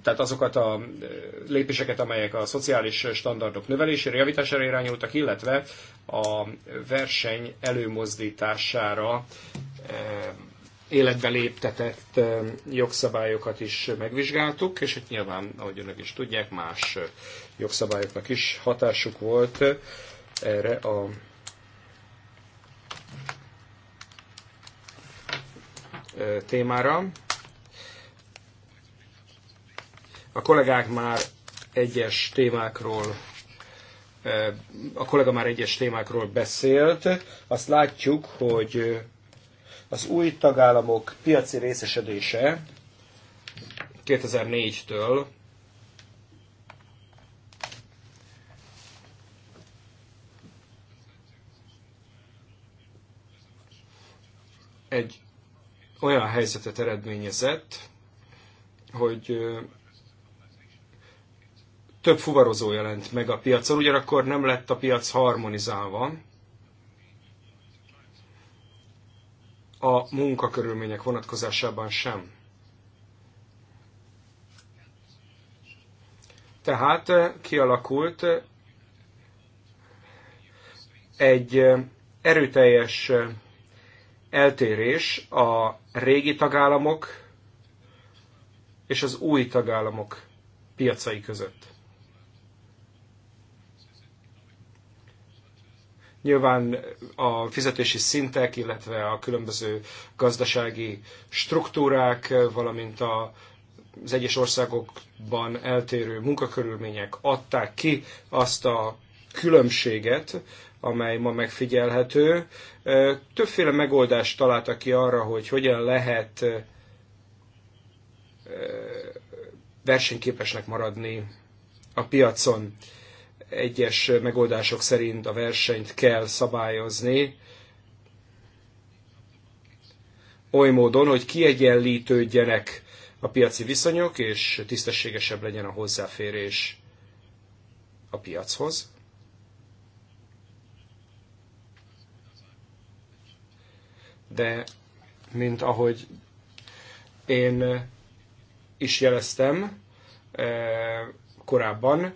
tehát azokat a lépéseket, amelyek a szociális standardok növelésére, javítására irányultak, illetve a verseny előmozdítására életbe léptetett jogszabályokat is megvizsgáltuk, és itt nyilván, ahogy önök is tudják, más jogszabályoknak is hatásuk volt erre a témára. A kollégák már egyes témákról a kollega már egyes témákról beszélt. Azt látjuk, hogy az új tagállamok piaci részesedése 2004-től egy olyan helyzetet eredményezett, hogy több fuvarozó jelent meg a piacon, ugyanakkor nem lett a piac harmonizálva. A munkakörülmények vonatkozásában sem. Tehát kialakult egy erőteljes eltérés a régi tagállamok és az új tagállamok piacai között. Nyilván a fizetési szintek, illetve a különböző gazdasági struktúrák, valamint a, az egyes országokban eltérő munkakörülmények adták ki azt a különbséget, amely ma megfigyelhető. Többféle megoldást találtak ki arra, hogy hogyan lehet versenyképesnek maradni a piacon. Egyes megoldások szerint a versenyt kell szabályozni, oly módon, hogy kiegyenlítődjenek a piaci viszonyok, és tisztességesebb legyen a hozzáférés a piachoz. de mint ahogy én is jeleztem eh, korábban,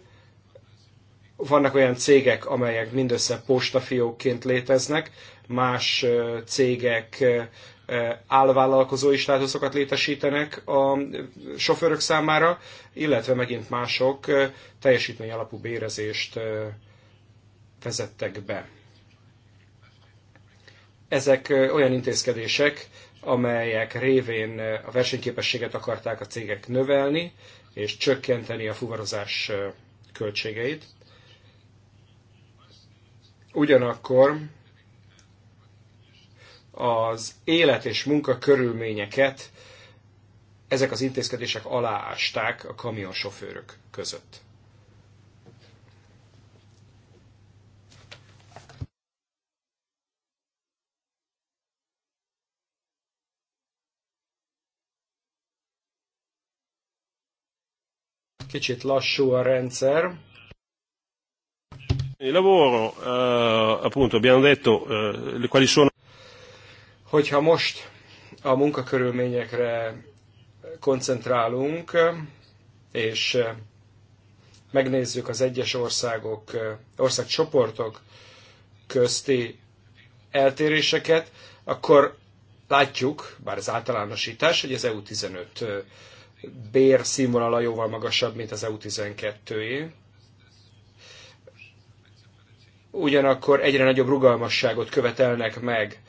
vannak olyan cégek, amelyek mindössze postafiókként léteznek, más eh, cégek eh, állvállalkozói státuszokat létesítenek a sofőrök számára, illetve megint mások teljesítmény alapú bérezést vezettek be. Ezek olyan intézkedések, amelyek révén a versenyképességet akarták a cégek növelni, és csökkenteni a fuvarozás költségeit. Ugyanakkor az élet és munka körülményeket ezek az intézkedések aláásták a kamionsofőrök között. Kicsit lassú a rendszer. Il lavoro, uh, appunto, abbiamo detto uh, quali sono. Hogyha most a munkakörülményekre koncentrálunk, és eh, megnézzük az egyes országok, országcsoportok közti eltéréseket, akkor látjuk, bár az általánosítás, hogy az EU-15 uh, színvonala jóval magasabb, mint az EU12-é. Ugyanakkor egyre nagyobb rugalmasságot követelnek meg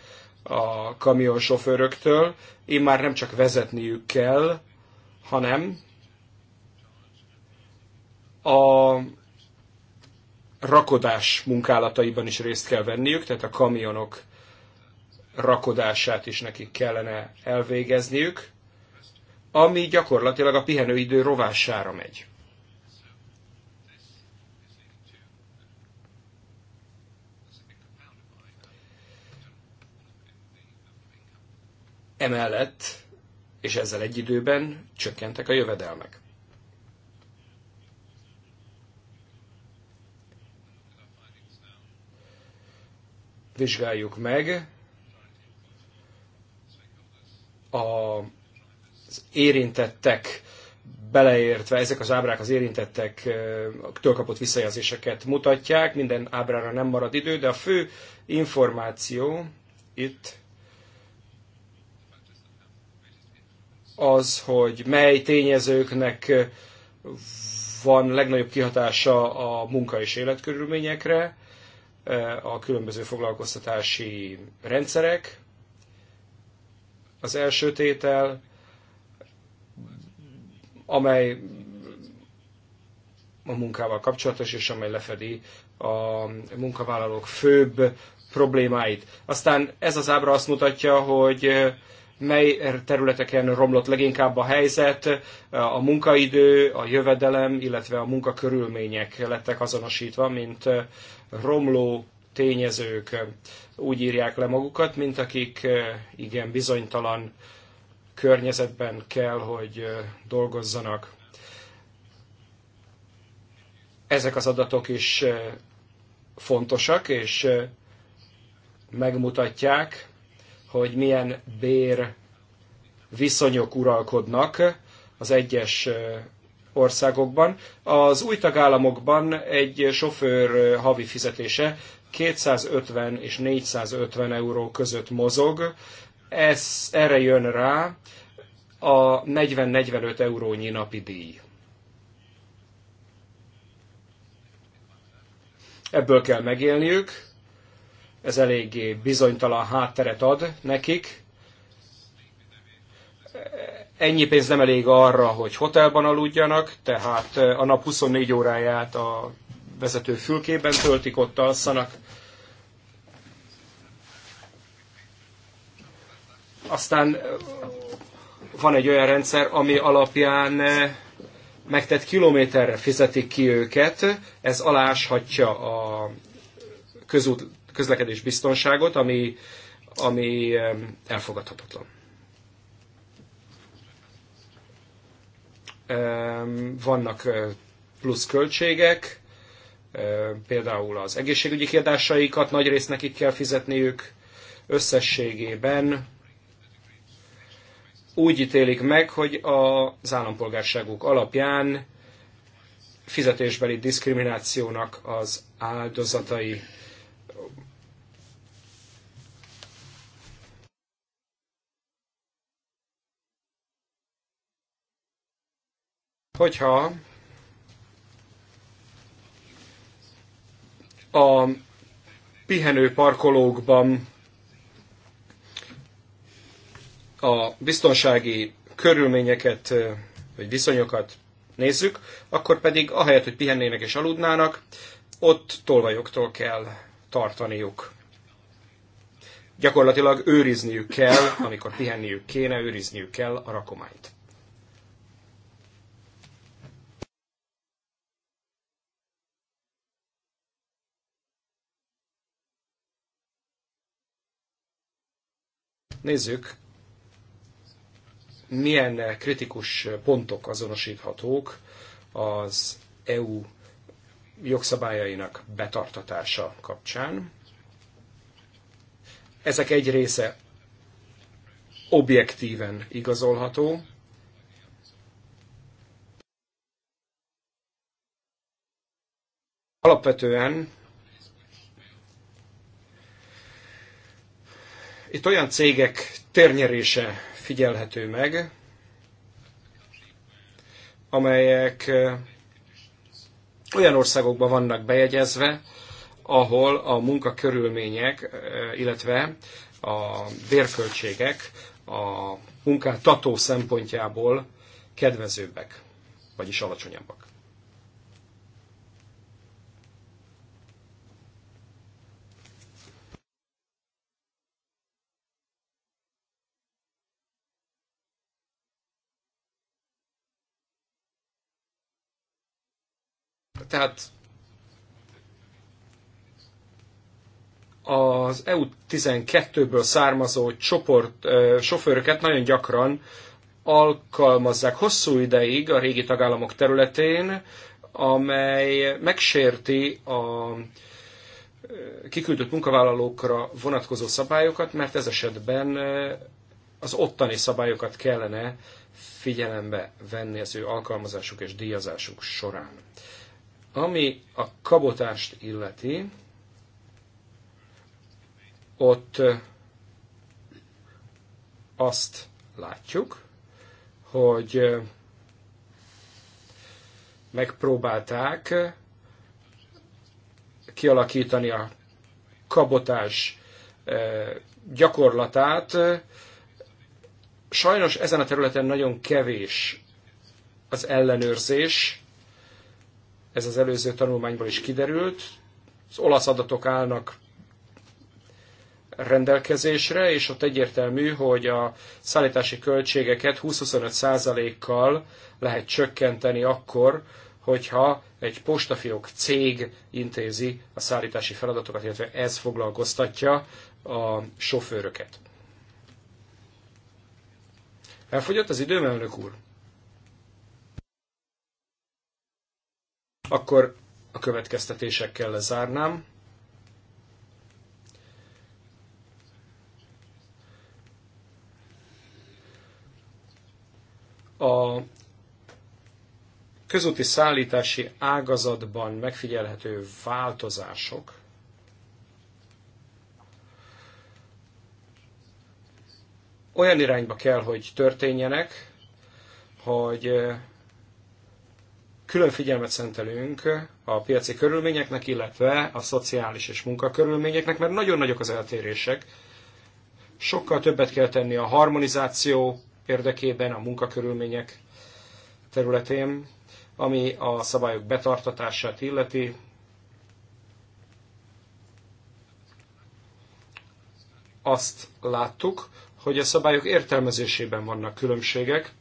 a kamionsofőröktől. Én már nem csak vezetniük kell, hanem a rakodás munkálataiban is részt kell venniük, tehát a kamionok rakodását is nekik kellene elvégezniük ami gyakorlatilag a pihenőidő rovására megy. Emellett, és ezzel egy időben csökkentek a jövedelmek. Vizsgáljuk meg a az érintettek beleértve, ezek az ábrák az érintettektől kapott visszajelzéseket mutatják, minden ábrára nem marad idő, de a fő információ itt az, hogy mely tényezőknek van legnagyobb kihatása a munka és életkörülményekre, a különböző foglalkoztatási rendszerek, az első tétel, amely a munkával kapcsolatos, és amely lefedi a munkavállalók főbb problémáit. Aztán ez az ábra azt mutatja, hogy mely területeken romlott leginkább a helyzet, a munkaidő, a jövedelem, illetve a munkakörülmények lettek azonosítva, mint romló tényezők úgy írják le magukat, mint akik igen bizonytalan környezetben kell, hogy dolgozzanak. Ezek az adatok is fontosak, és megmutatják, hogy milyen bér viszonyok uralkodnak az egyes országokban. Az új tagállamokban egy sofőr havi fizetése 250 és 450 euró között mozog, ez, erre jön rá a 40-45 eurónyi napi díj. Ebből kell megélniük, ez eléggé bizonytalan hátteret ad nekik. Ennyi pénz nem elég arra, hogy hotelban aludjanak, tehát eh, a nap 24 óráját a vezető fülkében töltik, ott alszanak, Aztán eh, van egy olyan rendszer, ami alapján eh, megtett kilométerre fizetik ki őket, ez aláshatja a közút, közlekedés biztonságot, ami, ami eh, elfogadhatatlan. Vannak plusz költségek, például az egészségügyi kiadásaikat nagy részt nekik kell fizetniük, összességében úgy ítélik meg, hogy az állampolgárságuk alapján fizetésbeli diszkriminációnak az áldozatai. Hogyha a pihenő parkolókban a biztonsági körülményeket vagy viszonyokat nézzük, akkor pedig ahelyett, hogy pihennének és aludnának, ott tolvajoktól kell tartaniuk. Gyakorlatilag őrizniük kell, amikor pihenniük kéne, őrizniük kell a rakományt. Nézzük milyen kritikus pontok azonosíthatók az EU jogszabályainak betartatása kapcsán. Ezek egy része objektíven igazolható, alapvetően itt olyan cégek térnyerése figyelhető meg, amelyek olyan országokban vannak bejegyezve, ahol a munkakörülmények, illetve a bérköltségek a munkáltató szempontjából kedvezőbbek, vagyis alacsonyabbak. Tehát az EU12-ből származó csoport sofőröket nagyon gyakran alkalmazzák hosszú ideig a régi tagállamok területén, amely megsérti a kiküldött munkavállalókra vonatkozó szabályokat, mert ez esetben az ottani szabályokat kellene figyelembe venni az ő alkalmazásuk és díjazásuk során. Ami a kabotást illeti, ott azt látjuk, hogy megpróbálták kialakítani a kabotás gyakorlatát. Sajnos ezen a területen nagyon kevés az ellenőrzés, ez az előző tanulmányból is kiderült. Az olasz adatok állnak rendelkezésre, és ott egyértelmű, hogy a szállítási költségeket 20-25%-kal lehet csökkenteni akkor, hogyha egy postafiók cég intézi a szállítási feladatokat, illetve ez foglalkoztatja a sofőröket. Elfogyott az időm, elnök úr? Akkor a következtetésekkel lezárnám. A közúti szállítási ágazatban megfigyelhető változások olyan irányba kell, hogy történjenek, hogy külön figyelmet szentelünk a piaci körülményeknek, illetve a szociális és munkakörülményeknek, mert nagyon nagyok az eltérések. Sokkal többet kell tenni a harmonizáció érdekében, a munkakörülmények területén, ami a szabályok betartatását illeti. Azt láttuk, hogy a szabályok értelmezésében vannak különbségek,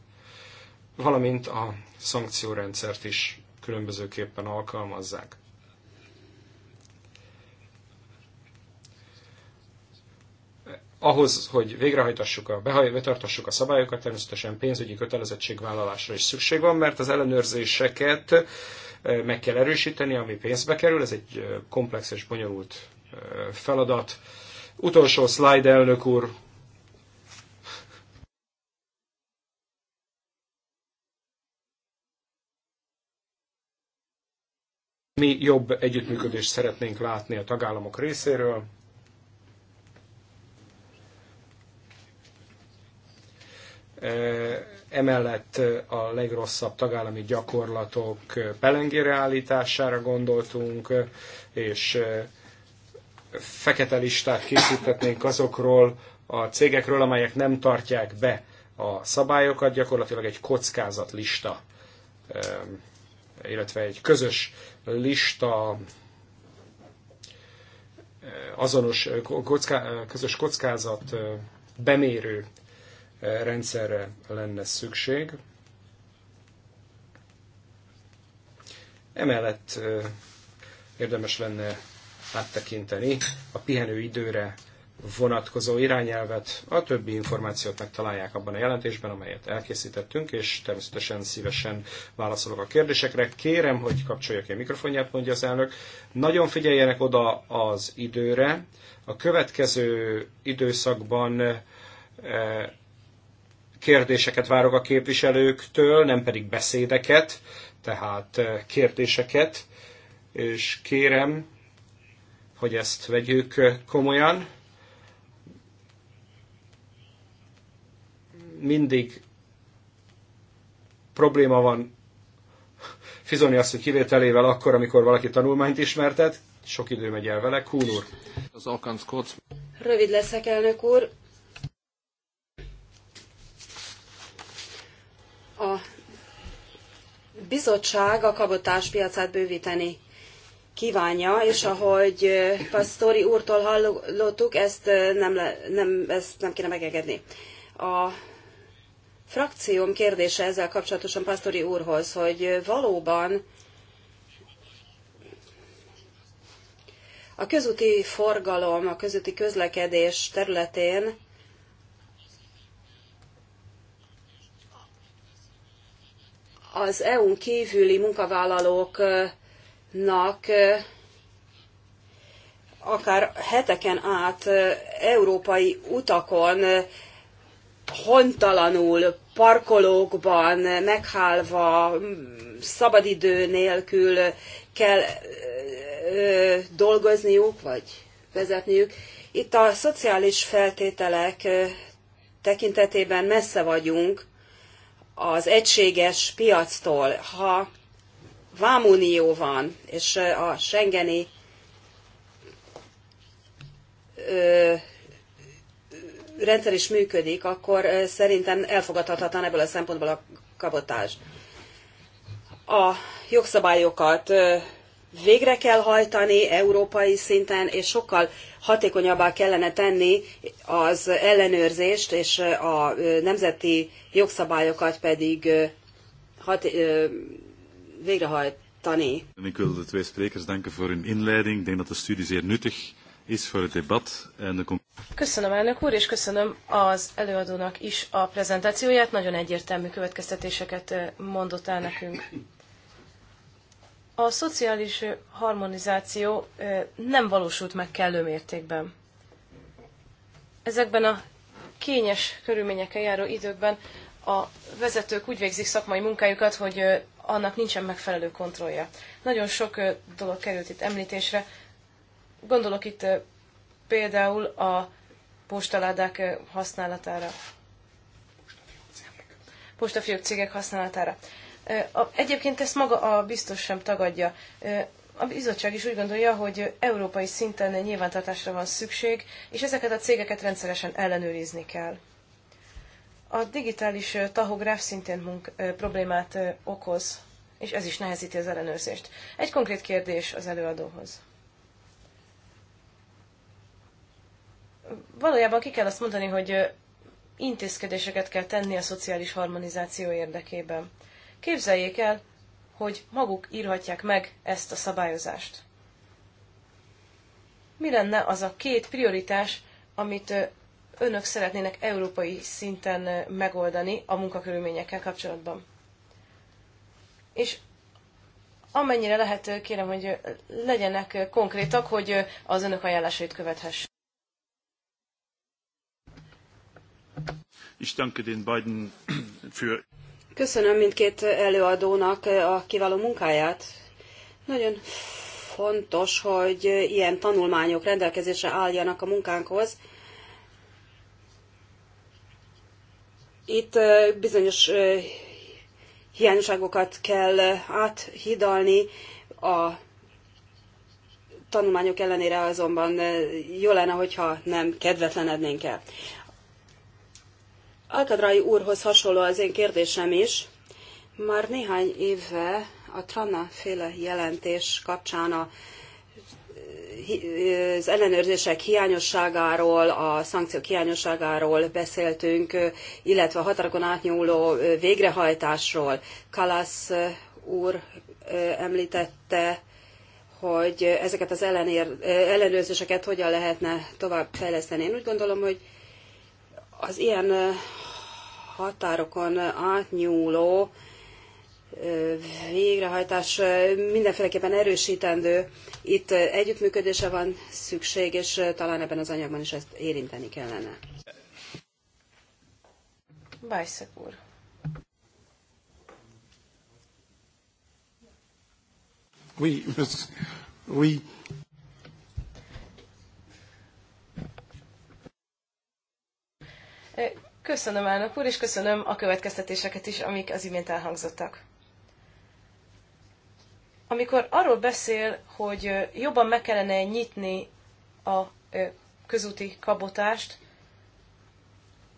valamint a szankciórendszert is különbözőképpen alkalmazzák. ahhoz, hogy végrehajtassuk a, betartassuk a szabályokat, természetesen pénzügyi kötelezettségvállalásra is szükség van, mert az ellenőrzéseket eh, meg kell erősíteni, ami pénzbe kerül, ez egy eh, komplex és bonyolult eh, feladat. Utolsó szlájd, elnök úr, Mi jobb együttműködést szeretnénk látni a tagállamok részéről. Eh, emellett a legrosszabb tagállami gyakorlatok pelengére állítására gondoltunk, és eh, fekete listát készítetnénk azokról a cégekről, amelyek nem tartják be a szabályokat, gyakorlatilag egy kockázatlista, eh, illetve egy közös lista eh, azonos eh, kocká, eh, közös kockázat bemérő rendszerre lenne szükség. Emellett érdemes lenne áttekinteni a pihenőidőre vonatkozó irányelvet. A többi információt megtalálják abban a jelentésben, amelyet elkészítettünk, és természetesen szívesen válaszolok a kérdésekre. Kérem, hogy kapcsolja ki a mikrofonját, mondja az elnök. Nagyon figyeljenek oda az időre. A következő időszakban eh, kérdéseket várok a képviselőktől, nem pedig beszédeket, tehát eh, kérdéseket, és kérem, hogy ezt vegyük eh, komolyan. mindig probléma van Fizoni hogy kivételével akkor, amikor valaki tanulmányt ismertet, sok idő megy el vele. Kuhn úr. Az Alkanz Rövid leszek, elnök úr. A bizottság a kabotás piacát bővíteni kívánja, és ahogy Pastori úrtól hallottuk, ezt nem, le, nem, ezt nem kéne megengedni. A frakcióm kérdése ezzel kapcsolatosan Pásztori úrhoz, hogy valóban a közúti forgalom, a közúti közlekedés területén az EU-n kívüli munkavállalóknak akár heteken át európai utakon hontalanul, parkolókban, meghálva, szabadidő nélkül kell ö, dolgozniuk, vagy vezetniük. Itt a szociális feltételek tekintetében messze vagyunk az egységes piactól. Ha vámunió van, és a Schengeni rendszer is működik, akkor szerintem elfogadhatatlan ebből a szempontból a kabotás. A jogszabályokat végre kell hajtani európai szinten, és sokkal hatékonyabbá kellene tenni az ellenőrzést, és a nemzeti jogszabályokat pedig hat, végrehajtani. ik wilde de twee sprekers danken voor hun inleiding. Ik denk dat de studie zeer nuttig is debat Köszönöm elnök úr, és köszönöm az előadónak is a prezentációját. Nagyon egyértelmű következtetéseket mondott el nekünk. A szociális harmonizáció nem valósult meg kellő mértékben. Ezekben a kényes körülményekkel járó időkben a vezetők úgy végzik szakmai munkájukat, hogy annak nincsen megfelelő kontrollja. Nagyon sok dolog került itt említésre, Gondolok itt például a postaládák használatára. Postafiók cégek használatára. Egyébként ezt maga a biztos sem tagadja. A bizottság is úgy gondolja, hogy európai szinten nyilvántartásra van szükség, és ezeket a cégeket rendszeresen ellenőrizni kell. A digitális tahográf szintén munk, problémát okoz, és ez is nehezíti az ellenőrzést. Egy konkrét kérdés az előadóhoz. valójában ki kell azt mondani, hogy intézkedéseket kell tenni a szociális harmonizáció érdekében. Képzeljék el, hogy maguk írhatják meg ezt a szabályozást. Mi lenne az a két prioritás, amit önök szeretnének európai szinten megoldani a munkakörülményekkel kapcsolatban? És amennyire lehet, kérem, hogy legyenek konkrétak, hogy az önök ajánlásait követhessék. Ich danke den beiden für Köszönöm mindkét előadónak a kiváló munkáját. Nagyon fontos, hogy ilyen tanulmányok rendelkezésre álljanak a munkánkhoz. Itt bizonyos hiányosságokat kell áthidalni, a tanulmányok ellenére azonban jó lenne, hogyha nem kedvetlenednénk el. Alkadrai úrhoz hasonló az én kérdésem is. Már néhány éve a Trana féle jelentés kapcsán a eh, eh, az ellenőrzések hiányosságáról, a szankciók hiányosságáról beszéltünk, eh, illetve a határokon átnyúló végrehajtásról. Kalasz úr említette, hogy ezeket az ellenőrzéseket hogyan lehetne tovább fejleszteni. Én úgy gondolom, hogy az ilyen határokon átnyúló végrehajtás mindenféleképpen erősítendő. Itt együttműködése van szükség, és talán ebben az anyagban is ezt érinteni kellene. Bajszak úr. Oui, (laughs) oui. Köszönöm, elnök úr, és köszönöm a következtetéseket is, amik az imént elhangzottak. Amikor arról beszél, hogy jobban meg kellene nyitni a közúti kabotást,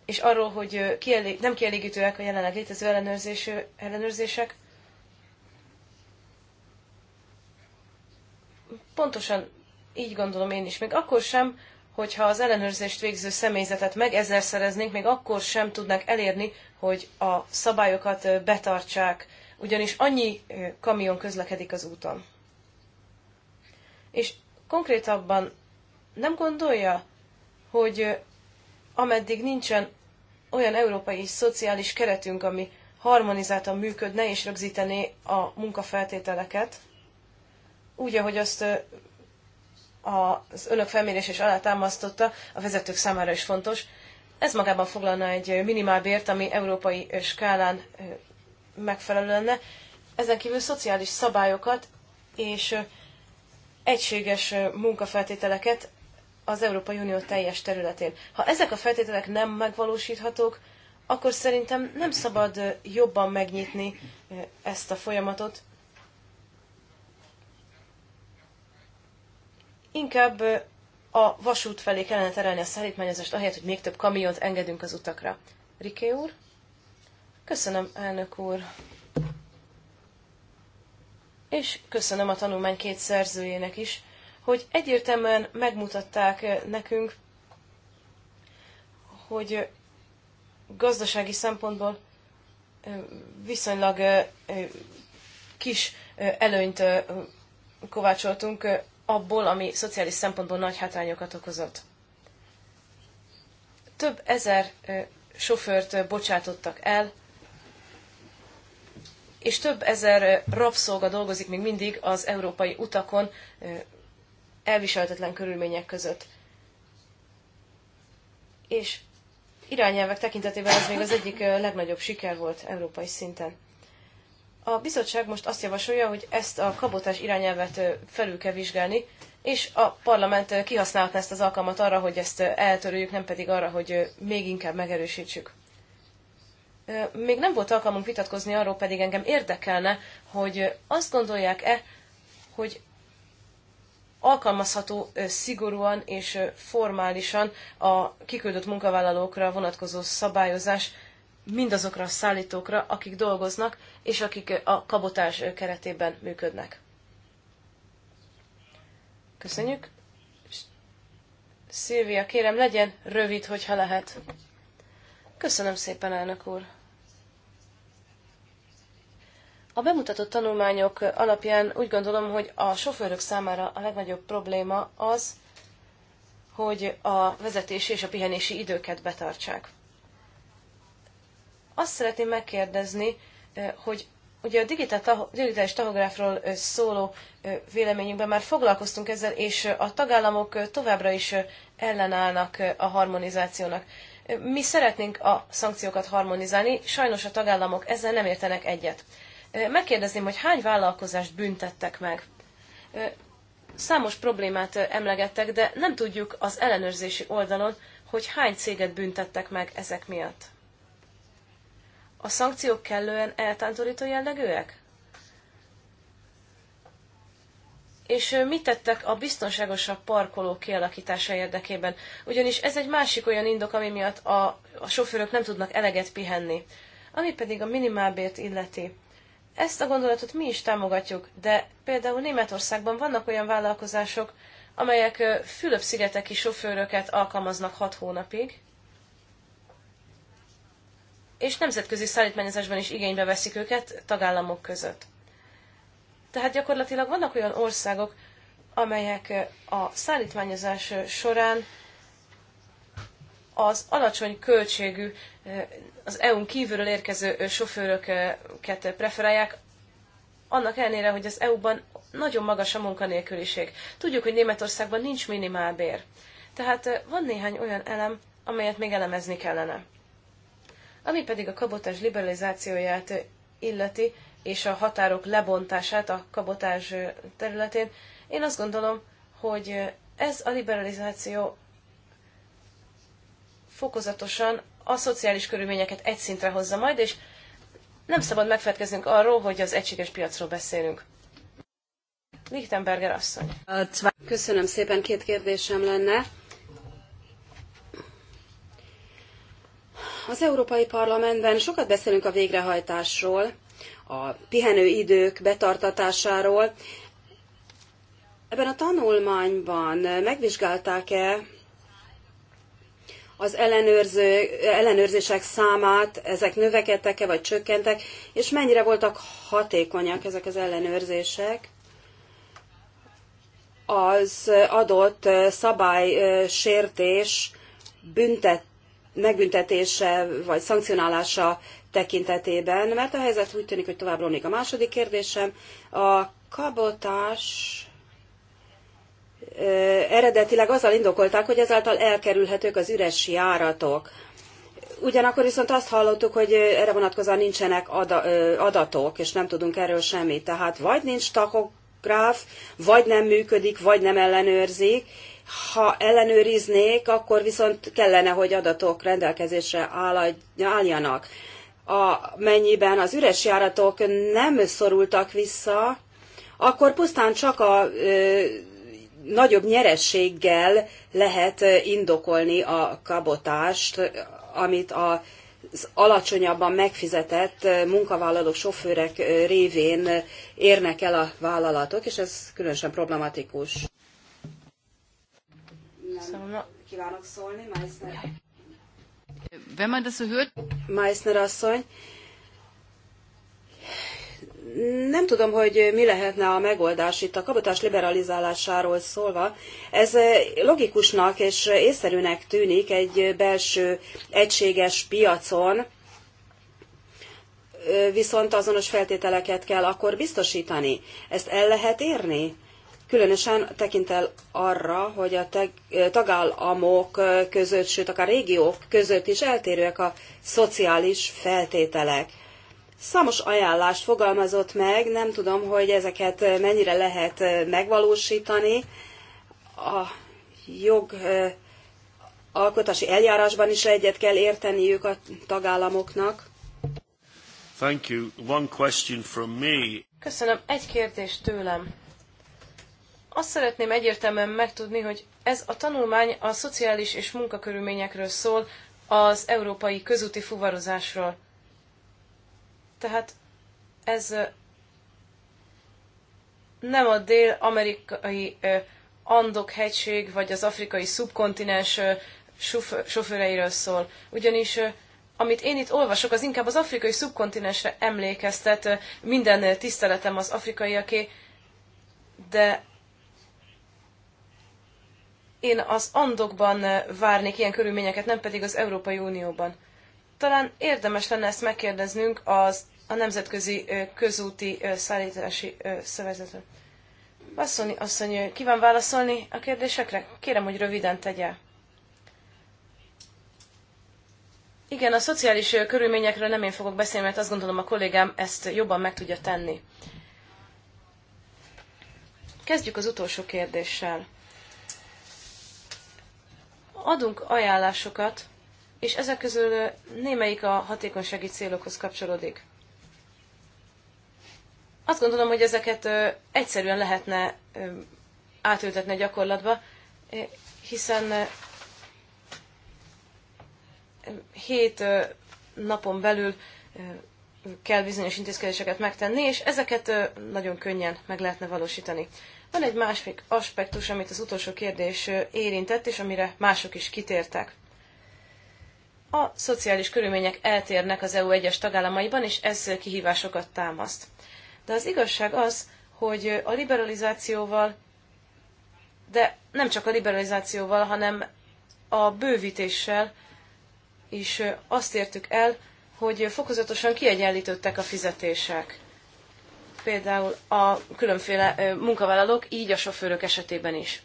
és arról, hogy kielég, nem kielégítőek a jelenleg létező ellenőrzés, ellenőrzések, pontosan így gondolom én is. Még akkor sem, hogyha az ellenőrzést végző személyzetet meg ezzel szereznénk, még akkor sem tudnánk elérni, hogy a szabályokat betartsák, ugyanis annyi kamion közlekedik az úton. És konkrétabban nem gondolja, hogy ameddig nincsen olyan európai szociális keretünk, ami harmonizáltan működne és rögzítené a munkafeltételeket, úgy, ahogy azt az önök felmérés is alátámasztotta, a vezetők számára is fontos. Ez magában foglalna egy minimálbért, ami európai skálán megfelelő lenne. Ezen kívül szociális szabályokat és egységes munkafeltételeket az Európai Unió teljes területén. Ha ezek a feltételek nem megvalósíthatók, akkor szerintem nem szabad jobban megnyitni ezt a folyamatot, inkább a vasút felé kellene terelni a szállítmányozást, ahelyett, hogy még több kamiont engedünk az utakra. Riké úr? Köszönöm, elnök úr. És köszönöm a tanulmány két szerzőjének is, hogy egyértelműen megmutatták nekünk, hogy gazdasági szempontból viszonylag kis előnyt kovácsoltunk abból, ami szociális szempontból nagy hátrányokat okozott. Több ezer sofőrt bocsátottak el, és több ezer rabszolga dolgozik még mindig az európai utakon elviselhetetlen körülmények között. És irányelvek tekintetében ez még az egyik legnagyobb siker volt európai szinten. A bizottság most azt javasolja, hogy ezt a kabotás irányelvet felül kell vizsgálni, és a parlament kihasználhatná ezt az alkalmat arra, hogy ezt eltöröljük, nem pedig arra, hogy még inkább megerősítsük. Még nem volt alkalmunk vitatkozni arról, pedig engem érdekelne, hogy azt gondolják-e, hogy alkalmazható szigorúan és formálisan a kiküldött munkavállalókra vonatkozó szabályozás mindazokra a szállítókra, akik dolgoznak, és akik a kabotás keretében működnek. Köszönjük. Szilvia, kérem, legyen rövid, hogyha lehet. Köszönöm szépen, elnök úr. A bemutatott tanulmányok alapján úgy gondolom, hogy a sofőrök számára a legnagyobb probléma az, hogy a vezetési és a pihenési időket betartsák. Azt szeretném megkérdezni, hogy ugye a digitális tahográfról szóló véleményünkben már foglalkoztunk ezzel, és a tagállamok továbbra is ellenállnak a harmonizációnak. Mi szeretnénk a szankciókat harmonizálni, sajnos a tagállamok ezzel nem értenek egyet. Megkérdezném, hogy hány vállalkozást büntettek meg? Számos problémát emlegettek, de nem tudjuk az ellenőrzési oldalon, hogy hány céget büntettek meg ezek miatt. A szankciók kellően eltántorító jellegűek? És mit tettek a biztonságosabb parkoló kialakítása érdekében? Ugyanis ez egy másik olyan indok, ami miatt a, a sofőrök nem tudnak eleget pihenni. Ami pedig a minimálbért illeti. Ezt a gondolatot mi is támogatjuk, de például Németországban vannak olyan vállalkozások, amelyek Fülöp-szigeteki sofőröket alkalmaznak 6 hónapig, és nemzetközi szállítmányozásban is igénybe veszik őket tagállamok között. Tehát gyakorlatilag vannak olyan országok, amelyek a szállítmányozás során az alacsony költségű, az EU-n kívülről érkező sofőröket preferálják, annak ellenére, hogy az EU-ban nagyon magas a munkanélküliség. Tudjuk, hogy Németországban nincs minimálbér. Tehát van néhány olyan elem, amelyet még elemezni kellene. Ami pedig a kabotás liberalizációját illeti, és a határok lebontását a kabotás területén, én azt gondolom, hogy ez a liberalizáció fokozatosan a szociális körülményeket egy szintre hozza majd, és nem szabad megfelelkeznünk arról, hogy az egységes piacról beszélünk. Lichtenberger asszony. Köszönöm szépen, két kérdésem lenne. Az Európai Parlamentben sokat beszélünk a végrehajtásról, a pihenőidők betartatásáról. Ebben a tanulmányban megvizsgálták-e az ellenőrző, ellenőrzések számát, ezek növekedtek-e vagy csökkentek, és mennyire voltak hatékonyak ezek az ellenőrzések? az adott szabálysértés büntet megbüntetése vagy szankcionálása tekintetében, mert a helyzet úgy tűnik, hogy tovább romlik. A második kérdésem, a kabotás eredetileg azzal indokolták, hogy ezáltal elkerülhetők az üres járatok. Ugyanakkor viszont azt hallottuk, hogy erre vonatkozóan nincsenek adatok, és nem tudunk erről semmit. Tehát vagy nincs takográf, vagy nem működik, vagy nem ellenőrzik, ha ellenőriznék, akkor viszont kellene, hogy adatok rendelkezésre álljanak. A, mennyiben az üres járatok nem szorultak vissza, akkor pusztán csak a ö, nagyobb nyerességgel lehet indokolni a kabotást, amit a az alacsonyabban megfizetett munkavállalók sofőrek révén érnek el a vállalatok, és ez különösen problematikus. Szóval Kívánok szólni, Meissner. Wenn man das so hört... Meissner asszony. Nem tudom, hogy mi lehetne a megoldás itt a kabotás liberalizálásáról szólva. Ez logikusnak és észszerűnek tűnik egy belső egységes piacon, viszont azonos feltételeket kell akkor biztosítani. Ezt el lehet érni? különösen tekintel arra, hogy a tagállamok között, sőt akár régiók között is eltérőek a szociális feltételek. Számos ajánlást fogalmazott meg, nem tudom, hogy ezeket mennyire lehet megvalósítani. A jogalkotási eljárásban is egyet kell érteniük a tagállamoknak. Thank you. One question from me. Köszönöm. Egy kérdés tőlem. Azt szeretném egyértelműen megtudni, hogy ez a tanulmány a szociális és munkakörülményekről szól, az európai közúti fuvarozásról. Tehát ez nem a dél-amerikai Andok hegység vagy az afrikai szubkontinens sofőreiről szól. Ugyanis amit én itt olvasok, az inkább az afrikai szubkontinensre emlékeztet, minden tiszteletem az afrikaiaké, de én az Andokban eh, várnék ilyen körülményeket, nem pedig az Európai Unióban. Talán érdemes lenne ezt megkérdeznünk az, a Nemzetközi eh, Közúti eh, Szállítási Szövezetről. Basszoni asszony, kíván válaszolni a kérdésekre? Kérem, hogy röviden tegye. Igen, a szociális körülményekről nem én fogok beszélni, mert azt gondolom a kollégám ezt jobban meg tudja tenni. Kezdjük az utolsó kérdéssel adunk ajánlásokat, és ezek közül némelyik a hatékonysági célokhoz kapcsolódik. Azt gondolom, hogy ezeket egyszerűen lehetne átültetni a gyakorlatba, hiszen hét napon belül kell bizonyos intézkedéseket megtenni, és ezeket nagyon könnyen meg lehetne valósítani. Van egy másik aspektus, amit az utolsó kérdés érintett, és amire mások is kitértek. A szociális körülmények eltérnek az EU egyes tagállamaiban, és ez kihívásokat támaszt. De az igazság az, hogy a liberalizációval, de nem csak a liberalizációval, hanem a bővítéssel is azt értük el, hogy fokozatosan kiegyenlítődtek a fizetések például a különféle munkavállalók, így a sofőrök esetében is.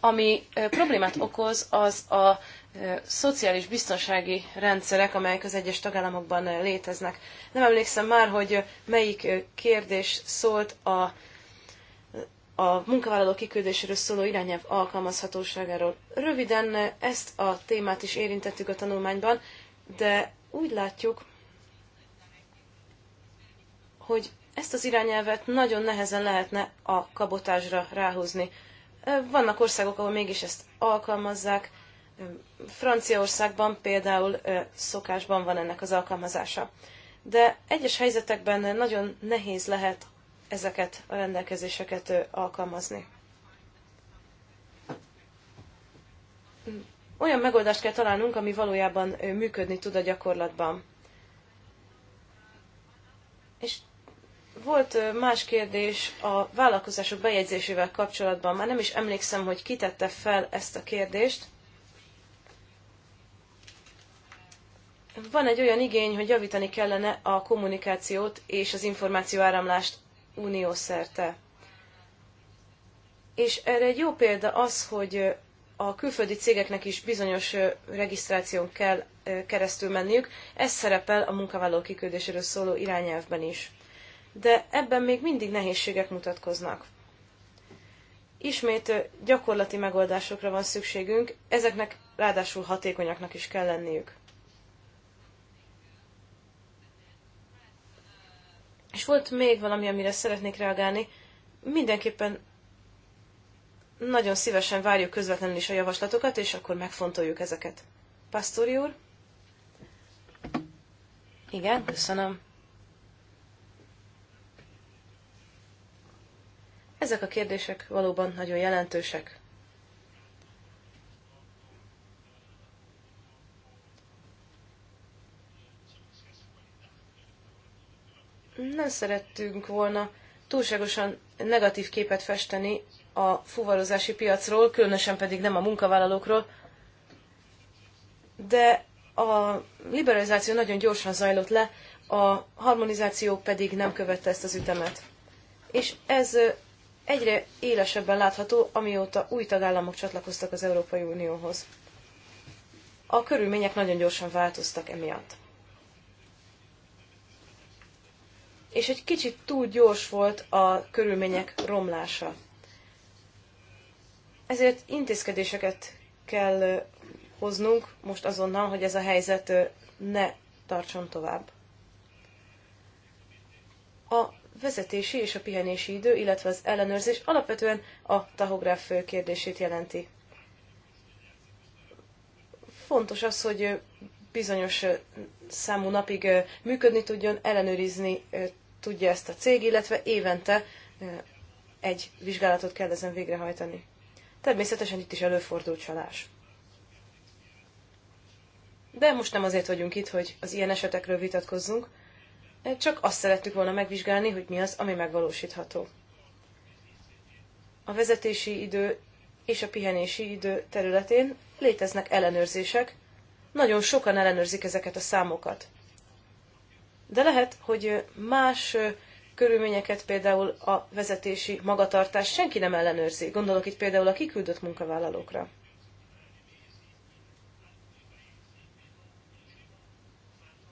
Ami problémát okoz, az a szociális biztonsági rendszerek, amelyek az egyes tagállamokban léteznek. Nem emlékszem már, hogy melyik kérdés szólt a, a munkavállalók kiküldéséről szóló irányelv alkalmazhatóságáról. Röviden ezt a témát is érintettük a tanulmányban, de úgy látjuk, hogy ezt az irányelvet nagyon nehezen lehetne a kabotásra ráhúzni. Vannak országok, ahol mégis ezt alkalmazzák. Franciaországban például szokásban van ennek az alkalmazása. De egyes helyzetekben nagyon nehéz lehet ezeket a rendelkezéseket alkalmazni. Olyan megoldást kell találnunk, ami valójában működni tud a gyakorlatban. És volt más kérdés a vállalkozások bejegyzésével kapcsolatban. Már nem is emlékszem, hogy kitette fel ezt a kérdést. Van egy olyan igény, hogy javítani kellene a kommunikációt és az információáramlást uniószerte. És erre egy jó példa az, hogy a külföldi cégeknek is bizonyos regisztráción kell keresztül menniük. Ez szerepel a munkavállaló kiküldéséről szóló irányelvben is de ebben még mindig nehézségek mutatkoznak. Ismét gyakorlati megoldásokra van szükségünk, ezeknek ráadásul hatékonyaknak is kell lenniük. És volt még valami, amire szeretnék reagálni. Mindenképpen nagyon szívesen várjuk közvetlenül is a javaslatokat, és akkor megfontoljuk ezeket. Pastori úr? Igen, köszönöm. Ezek a kérdések valóban nagyon jelentősek. Nem szerettünk volna túlságosan negatív képet festeni a fuvarozási piacról, különösen pedig nem a munkavállalókról, de a liberalizáció nagyon gyorsan zajlott le, a harmonizáció pedig nem követte ezt az ütemet. És ez egyre élesebben látható, amióta új tagállamok csatlakoztak az Európai Unióhoz. A körülmények nagyon gyorsan változtak emiatt. És egy kicsit túl gyors volt a körülmények romlása. Ezért intézkedéseket kell hoznunk most azonnal, hogy ez a helyzet ne tartson tovább. A vezetési és a pihenési idő, illetve az ellenőrzés alapvetően a tahográf kérdését jelenti. Fontos az, hogy bizonyos számú napig működni tudjon, ellenőrizni tudja ezt a cég, illetve évente egy vizsgálatot kell ezen végrehajtani. Természetesen itt is előfordul csalás. De most nem azért vagyunk itt, hogy az ilyen esetekről vitatkozzunk, csak azt szerettük volna megvizsgálni, hogy mi az, ami megvalósítható. A vezetési idő és a pihenési idő területén léteznek ellenőrzések, nagyon sokan ellenőrzik ezeket a számokat. De lehet, hogy más körülményeket, például a vezetési magatartás senki nem ellenőrzi. Gondolok itt például a kiküldött munkavállalókra.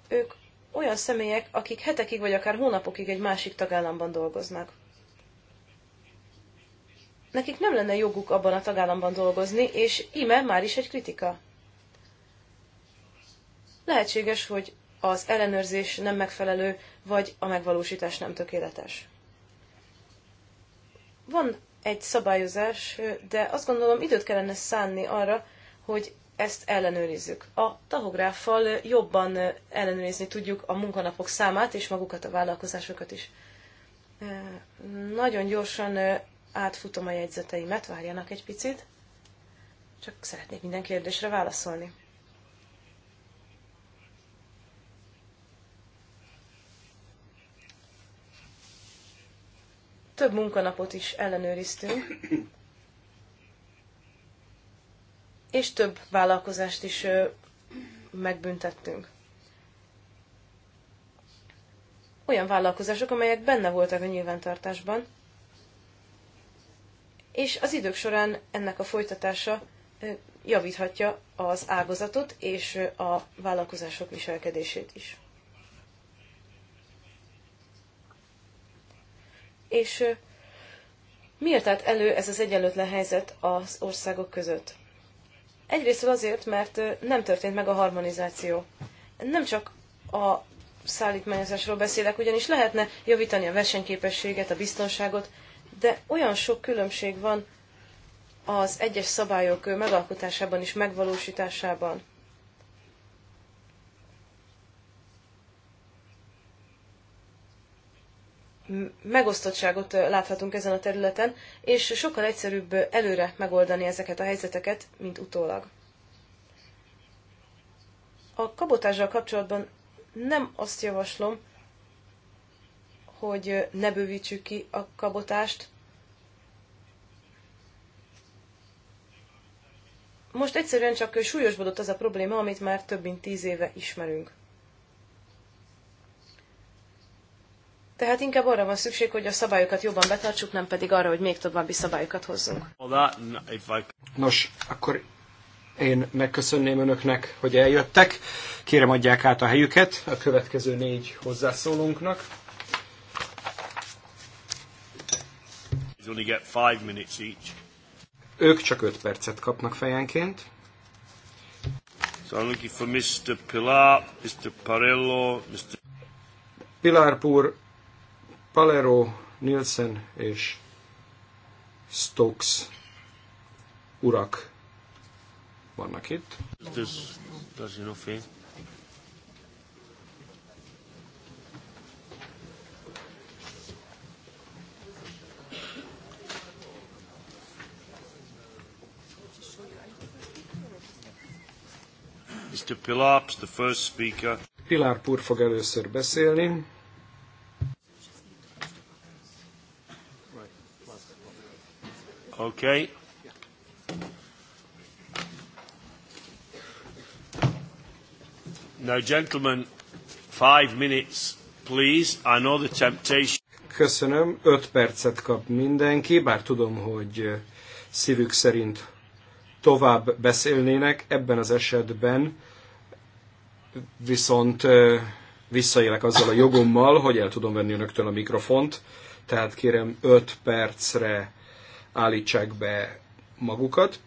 Ők olyan személyek, akik hetekig vagy akár hónapokig egy másik tagállamban dolgoznak. Nekik nem lenne joguk abban a tagállamban dolgozni, és íme már is egy kritika. Lehetséges, hogy az ellenőrzés nem megfelelő, vagy a megvalósítás nem tökéletes. Van egy szabályozás, de azt gondolom időt kellene szánni arra, hogy ezt ellenőrizzük. A tahográffal jobban ellenőrizni tudjuk a munkanapok számát és magukat a vállalkozásokat is. Nagyon gyorsan átfutom a jegyzeteimet, várjanak egy picit. Csak szeretnék minden kérdésre válaszolni. Több munkanapot is ellenőriztünk és több vállalkozást is megbüntettünk. Olyan vállalkozások, amelyek benne voltak a nyilvántartásban, és az idők során ennek a folytatása javíthatja az ágazatot és a vállalkozások viselkedését is. És miért állt elő ez az egyenlőtlen helyzet az országok között? Egyrészt azért, mert nem történt meg a harmonizáció. Nem csak a szállítmányozásról beszélek, ugyanis lehetne javítani a versenyképességet, a biztonságot, de olyan sok különbség van az egyes szabályok megalkotásában és megvalósításában. megosztottságot láthatunk ezen a területen, és sokkal egyszerűbb előre megoldani ezeket a helyzeteket, mint utólag. A kabotással kapcsolatban nem azt javaslom, hogy ne bővítsük ki a kabotást. Most egyszerűen csak súlyosbodott az a probléma, amit már több mint tíz éve ismerünk. Tehát inkább arra van szükség, hogy a szabályokat jobban betartsuk, nem pedig arra, hogy még további szabályokat hozzunk. Nos, akkor én megköszönném önöknek, hogy eljöttek. Kérem adják át a helyüket a következő négy hozzászólónknak. Ők csak öt percet kapnak fejenként. So I'm looking for Mr. Mr. Mr. Pilar Pur, Valero, Nielsen és Stokes urak vannak itt. Mr. Pilar, the first speaker. Pilar Pur fog először beszélni. Okay. Now, gentlemen, five minutes, please. I know the temptation. Köszönöm, öt percet kap mindenki, bár tudom, hogy eh, szívük szerint tovább beszélnének, ebben az esetben viszont eh, visszaélek azzal a jogommal, hogy el tudom venni önöktől a mikrofont, tehát kérem öt percre állítsák be magukat.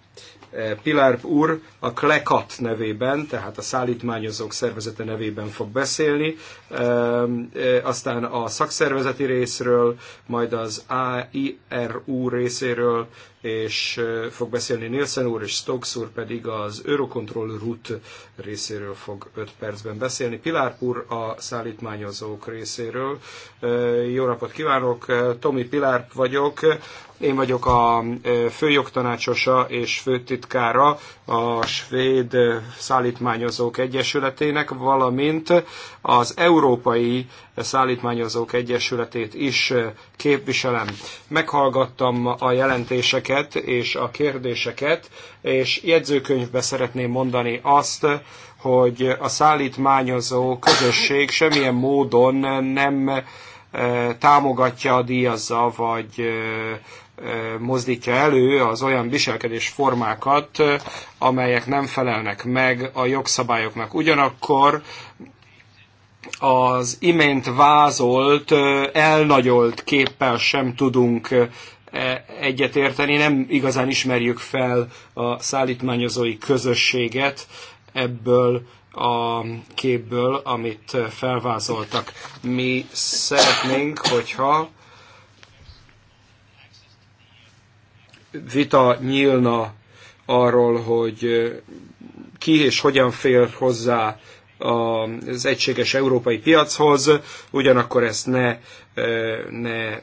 E, Pilár úr a Klekat nevében, tehát a szállítmányozók szervezete nevében fog beszélni, e, e, aztán a szakszervezeti részről, majd az AIRU részéről, és fog beszélni Nielsen úr, és Stokes úr pedig az Eurocontrol RUT részéről fog 5 percben beszélni. Pilár úr a szállítmányozók részéről. Jó napot kívánok, Tomi Pilár vagyok, én vagyok a főjogtanácsosa és főtitkára a Svéd Szállítmányozók Egyesületének, valamint az Európai Szállítmányozók Egyesületét is eh, képviselem. Meghallgattam a jelentéseket és a kérdéseket, és jegyzőkönyvbe szeretném mondani azt, hogy a szállítmányozó közösség semmilyen módon nem eh, támogatja, díjazza, vagy eh, mozdítja elő az olyan viselkedés formákat, amelyek nem felelnek meg a jogszabályoknak. Ugyanakkor az imént vázolt, elnagyolt képpel sem tudunk egyetérteni, nem igazán ismerjük fel a szállítmányozói közösséget ebből a képből, amit felvázoltak. Mi szeretnénk, hogyha vita nyílna arról, hogy ki és hogyan fér hozzá az egységes európai piachoz, ugyanakkor ezt ne, ne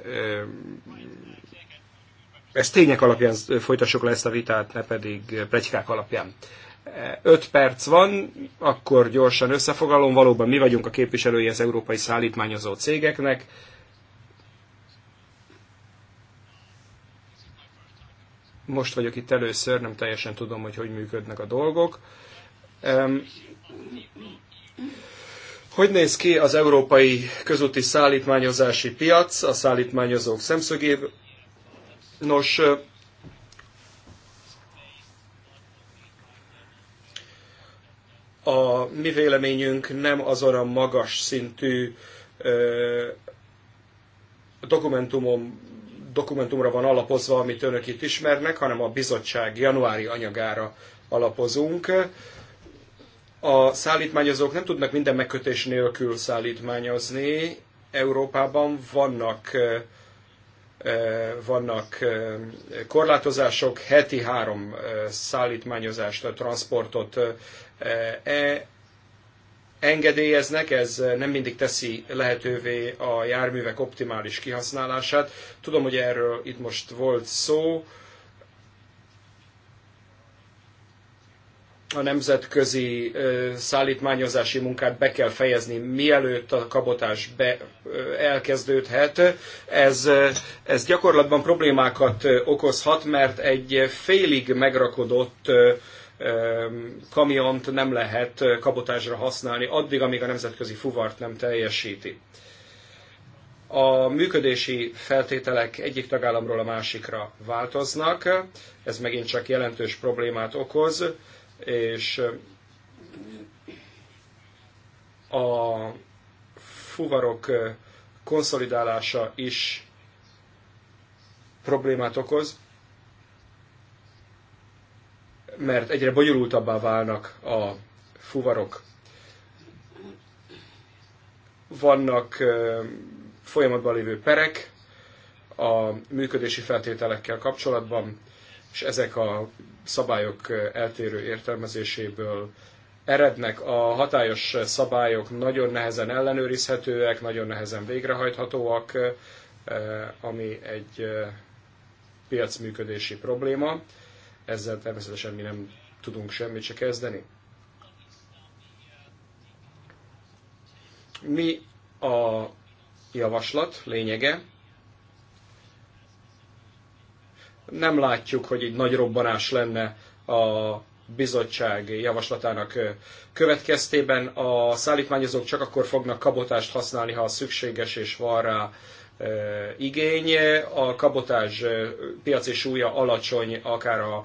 ezt tények alapján folytassuk le ezt a vitát, ne pedig pletykák alapján. 5 perc van, akkor gyorsan összefoglalom. Valóban mi vagyunk a képviselői az európai szállítmányozó cégeknek. Most vagyok itt először, nem teljesen tudom, hogy hogy működnek a dolgok. Hogy néz ki az európai közúti szállítmányozási piac a szállítmányozók szemszögéből? Nos, a mi véleményünk nem az a magas szintű dokumentumom, dokumentumra van alapozva, amit önök itt ismernek, hanem a bizottság januári anyagára alapozunk a szállítmányozók nem tudnak minden megkötés nélkül szállítmányozni. Európában vannak vannak korlátozások, heti három szállítmányozást, transportot e, engedélyeznek, ez nem mindig teszi lehetővé a járművek optimális kihasználását. Tudom, hogy erről itt most volt szó, a nemzetközi szállítmányozási munkát be kell fejezni, mielőtt a kabotás be, elkezdődhet. Ez, ez gyakorlatban problémákat okozhat, mert egy félig megrakodott kamiont nem lehet kabotásra használni, addig, amíg a nemzetközi fuvart nem teljesíti. A működési feltételek egyik tagállamról a másikra változnak, ez megint csak jelentős problémát okoz és a fuvarok konszolidálása is problémát okoz, mert egyre bonyolultabbá válnak a fuvarok. Vannak folyamatban lévő perek a működési feltételekkel kapcsolatban, és ezek a szabályok eltérő értelmezéséből erednek. A hatályos szabályok nagyon nehezen ellenőrizhetőek, nagyon nehezen végrehajthatóak, eh, ami egy eh, piacműködési probléma. Ezzel természetesen mi nem tudunk semmit se kezdeni. Mi a javaslat lényege? nem látjuk, hogy egy nagy robbanás lenne a bizottság javaslatának következtében. A szállítmányozók csak akkor fognak kabotást használni, ha szükséges és van rá igény. A kabotás piaci súlya alacsony, akár a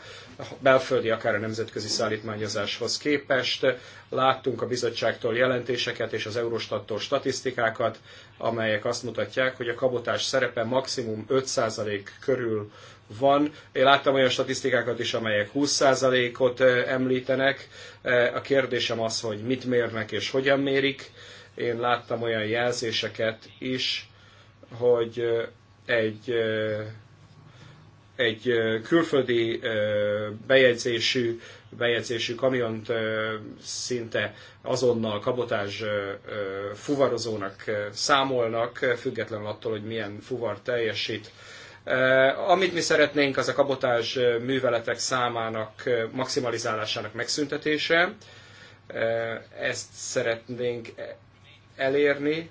belföldi, akár a nemzetközi szállítmányozáshoz képest. Láttunk a bizottságtól jelentéseket és az Eurostattól statisztikákat, amelyek azt mutatják, hogy a kabotás szerepe maximum 5% körül van. Én láttam olyan statisztikákat is, amelyek 20%-ot említenek. A kérdésem az, hogy mit mérnek és hogyan mérik. Én láttam olyan jelzéseket is, hogy egy egy külföldi bejegyzésű, bejegyzésű kamiont szinte azonnal kabotás fuvarozónak számolnak, függetlenül attól, hogy milyen fuvar teljesít. Amit mi szeretnénk, az a kabotás műveletek számának maximalizálásának megszüntetése. Ezt szeretnénk elérni.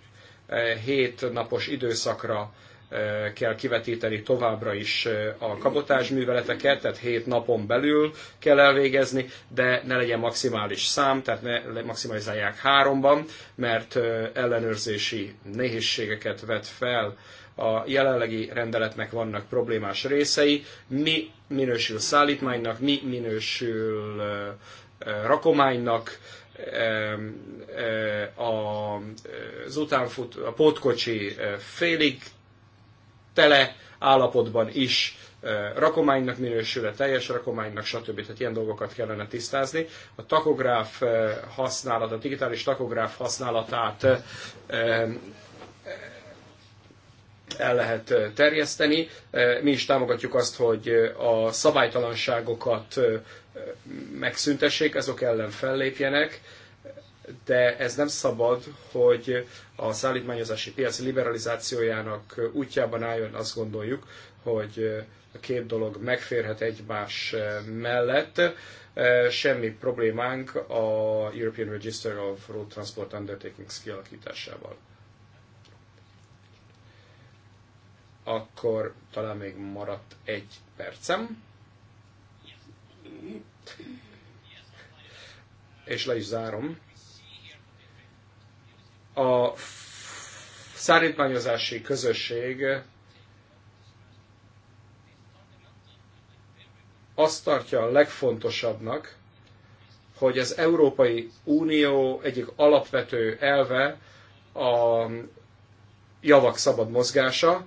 Hét napos időszakra kell kivetíteni továbbra is a kabotás műveleteket, tehát hét napon belül kell elvégezni, de ne legyen maximális szám, tehát ne maximalizálják háromban, mert ellenőrzési nehézségeket vet fel a jelenlegi rendeletnek vannak problémás részei, mi minősül szállítmánynak, mi minősül rakománynak, az utánfut, a pótkocsi félig tele állapotban is rakománynak minősül, teljes rakománynak, stb. Tehát ilyen dolgokat kellene tisztázni. A takográf használat, a digitális takográf használatát el lehet terjeszteni. Mi is támogatjuk azt, hogy a szabálytalanságokat megszüntessék, azok ellen fellépjenek, de ez nem szabad, hogy a szállítmányozási piac liberalizációjának útjában álljon, azt gondoljuk, hogy a két dolog megférhet egymás mellett. Semmi problémánk a European Register of Road Transport Undertakings kialakításával. akkor talán még maradt egy percem. És le is zárom. A szállítmányozási közösség azt tartja a legfontosabbnak, hogy az Európai Unió egyik alapvető elve a javak szabad mozgása,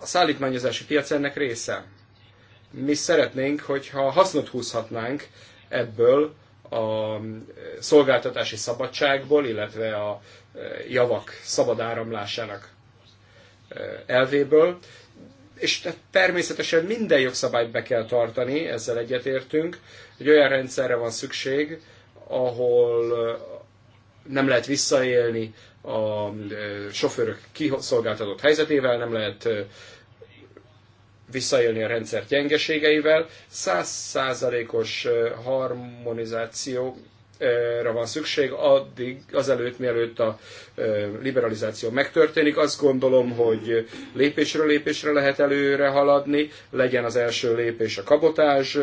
a szállítmányozási piac ennek része. Mi szeretnénk, hogyha hasznot húzhatnánk ebből a e, szolgáltatási szabadságból, illetve a e, javak szabad áramlásának e, elvéből, és természetesen minden jogszabályt be kell tartani, ezzel egyetértünk, hogy olyan rendszerre van szükség, ahol nem lehet visszaélni a sofőrök kiszolgáltatott helyzetével, nem lehet visszaélni a rendszer gyengeségeivel. Százszázalékos harmonizációra van szükség addig, azelőtt, mielőtt a liberalizáció megtörténik. Azt gondolom, hogy lépésről lépésre lehet előre haladni, legyen az első lépés a kabotás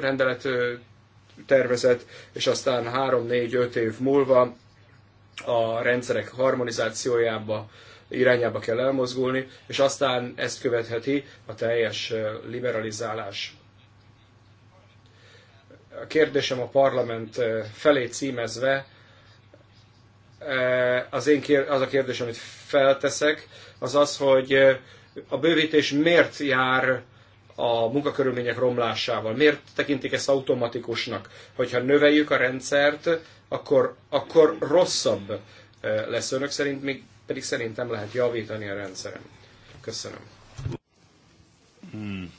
rendelet tervezet, és aztán 3-4-5 év múlva a rendszerek harmonizációjába irányába kell elmozgulni, és aztán ezt követheti a teljes liberalizálás. A kérdésem a parlament felé címezve, az, én kér, az a kérdés, amit felteszek, az az, hogy a bővítés miért jár a munkakörülmények romlásával? Miért tekintik ezt automatikusnak? Hogyha növeljük a rendszert, akkor, akkor rosszabb eh, lesz önök szerint, még pedig szerintem lehet javítani a rendszeren. Köszönöm. Hmm.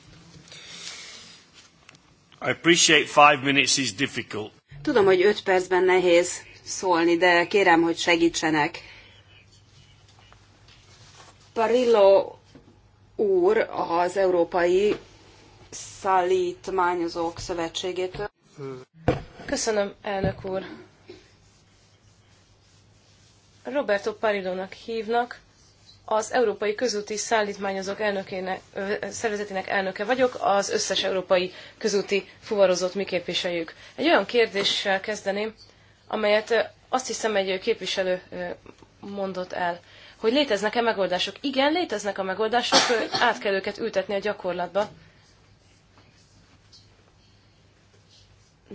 I appreciate five minutes is difficult. Tudom, hogy öt percben nehéz szólni, de kérem, hogy segítsenek. Parillo úr az Európai Szállítmányozók Szövetségétől. Köszönöm, elnök úr. Roberto Paridónak hívnak, az Európai Közúti Szállítmányozók elnökének, ö, szervezetének elnöke vagyok, az összes európai közúti fuvarozót mi képviseljük. Egy olyan kérdéssel kezdeném, amelyet azt hiszem egy képviselő mondott el hogy léteznek-e megoldások. Igen, léteznek a megoldások, át kell őket ültetni a gyakorlatba.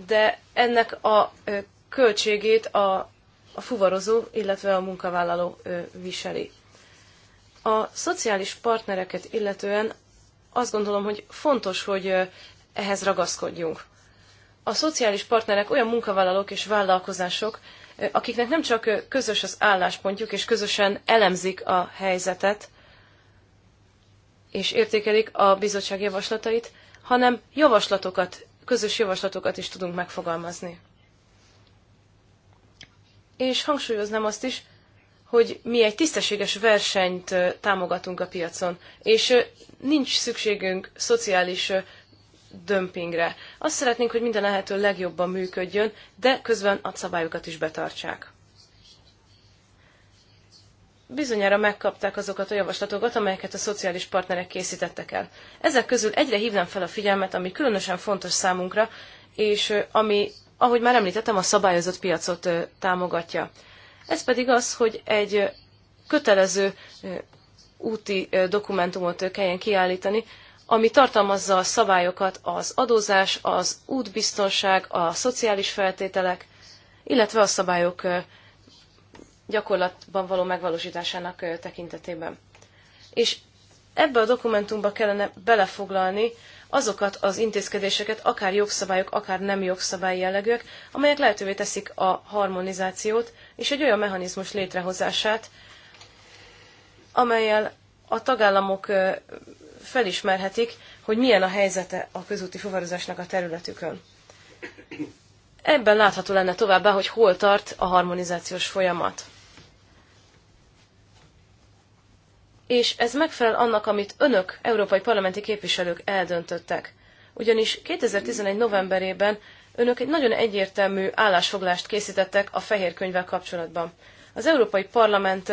De ennek a költségét a, a fuvarozó, illetve a munkavállaló viseli. A szociális partnereket illetően azt gondolom, hogy fontos, hogy ehhez ragaszkodjunk. A szociális partnerek olyan munkavállalók és vállalkozások, akiknek nem csak közös az álláspontjuk, és közösen elemzik a helyzetet, és értékelik a bizottság javaslatait, hanem javaslatokat, közös javaslatokat is tudunk megfogalmazni. És hangsúlyoznám azt is, hogy mi egy tisztességes versenyt támogatunk a piacon, és nincs szükségünk szociális dömpingre. Azt szeretnénk, hogy minden lehető legjobban működjön, de közben a szabályokat is betartsák. Bizonyára megkapták azokat a javaslatokat, amelyeket a szociális partnerek készítettek el. Ezek közül egyre hívnám fel a figyelmet, ami különösen fontos számunkra, és ami, ahogy már említettem, a szabályozott piacot támogatja. Ez pedig az, hogy egy kötelező úti dokumentumot kelljen kiállítani, ami tartalmazza a szabályokat az adózás, az útbiztonság, a szociális feltételek, illetve a szabályok gyakorlatban való megvalósításának tekintetében. És ebbe a dokumentumba kellene belefoglalni azokat az intézkedéseket, akár jogszabályok, akár nem jogszabály jellegűek, amelyek lehetővé teszik a harmonizációt és egy olyan mechanizmus létrehozását, amelyel a tagállamok felismerhetik, hogy milyen a helyzete a közúti fuvarozásnak a területükön. Ebben látható lenne továbbá, hogy hol tart a harmonizációs folyamat. És ez megfelel annak, amit önök, európai parlamenti képviselők eldöntöttek. Ugyanis 2011. novemberében önök egy nagyon egyértelmű állásfoglást készítettek a fehér könyvvel kapcsolatban. Az Európai Parlament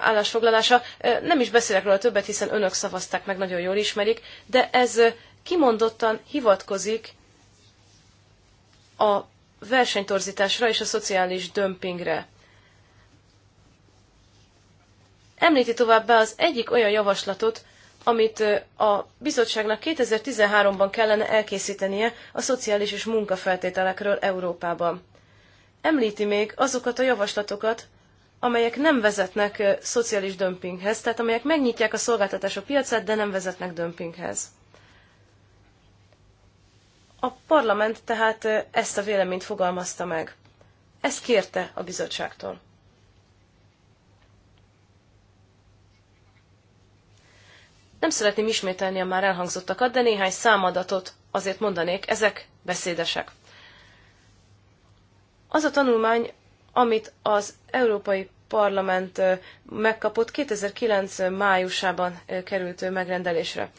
állásfoglalása. Nem is beszélek róla többet, hiszen önök szavazták meg, nagyon jól ismerik, de ez kimondottan hivatkozik a versenytorzításra és a szociális dömpingre. Említi továbbá az egyik olyan javaslatot, amit a bizottságnak 2013-ban kellene elkészítenie a szociális és munkafeltételekről Európában. Említi még azokat a javaslatokat, amelyek nem vezetnek szociális dömpinghez, tehát amelyek megnyitják a szolgáltatások piacát, de nem vezetnek dömpinghez. A parlament tehát ezt a véleményt fogalmazta meg. Ezt kérte a bizottságtól. Nem szeretném ismételni a már elhangzottakat, de néhány számadatot azért mondanék, ezek beszédesek. Az a tanulmány, amit az Európai Parlament megkapott 2009. májusában került megrendelésre.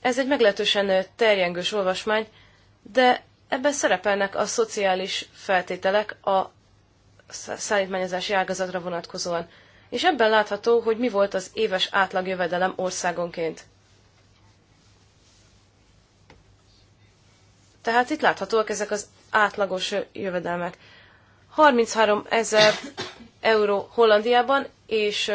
Ez egy meglehetősen terjengős olvasmány, de ebben szerepelnek a szociális feltételek a szállítmányozási ágazatra vonatkozóan, és ebben látható, hogy mi volt az éves átlagjövedelem országonként. Tehát itt láthatóak ezek az átlagos jövedelmek. 33 ezer euró Hollandiában, és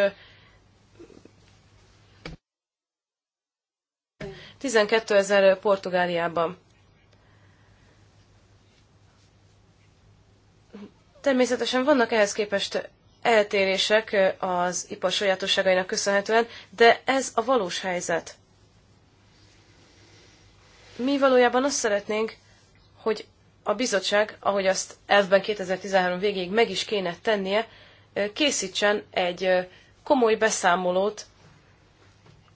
12 ezer Portugáliában. Természetesen vannak ehhez képest eltérések az ipar sajátosságainak köszönhetően, de ez a valós helyzet. Mi valójában azt szeretnénk, hogy a bizottság, ahogy azt elvben 2013 végéig meg is kéne tennie, készítsen egy komoly beszámolót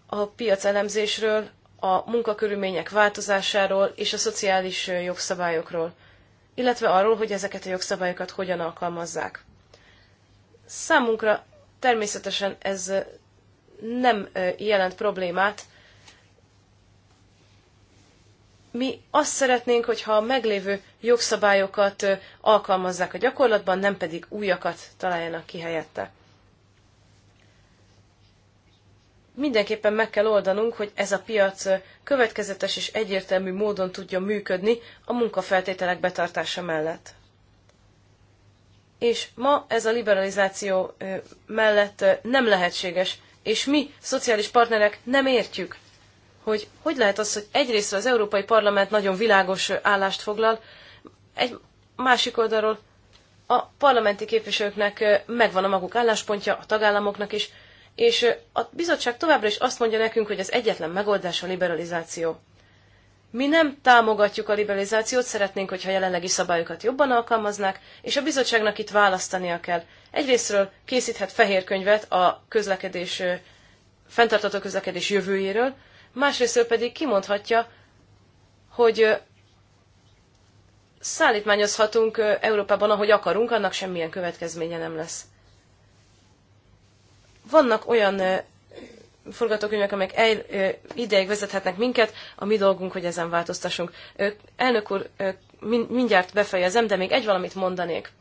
a piacelemzésről, a munkakörülmények változásáról és a szociális jogszabályokról, illetve arról, hogy ezeket a jogszabályokat hogyan alkalmazzák. Számunkra természetesen ez nem jelent problémát, mi azt szeretnénk, hogyha a meglévő jogszabályokat alkalmazzák a gyakorlatban, nem pedig újakat találjanak ki helyette. Mindenképpen meg kell oldanunk, hogy ez a piac következetes és egyértelmű módon tudjon működni a munkafeltételek betartása mellett. És ma ez a liberalizáció mellett nem lehetséges, és mi, szociális partnerek, nem értjük, hogy hogy lehet az, hogy egyrészt az Európai Parlament nagyon világos állást foglal, egy másik oldalról a parlamenti képviselőknek megvan a maguk álláspontja, a tagállamoknak is, és a bizottság továbbra is azt mondja nekünk, hogy az egyetlen megoldás a liberalizáció. Mi nem támogatjuk a liberalizációt, szeretnénk, hogyha jelenlegi szabályokat jobban alkalmaznák, és a bizottságnak itt választania kell. Egyrésztről készíthet fehér könyvet a közlekedés, fenntartató közlekedés jövőjéről, másrészt pedig kimondhatja, hogy szállítmányozhatunk Európában, ahogy akarunk, annak semmilyen következménye nem lesz. Vannak olyan forgatókönyvek, amelyek el, ideig vezethetnek minket, a mi dolgunk, hogy ezen változtassunk. Elnök úr, mindjárt befejezem, de még egy valamit mondanék.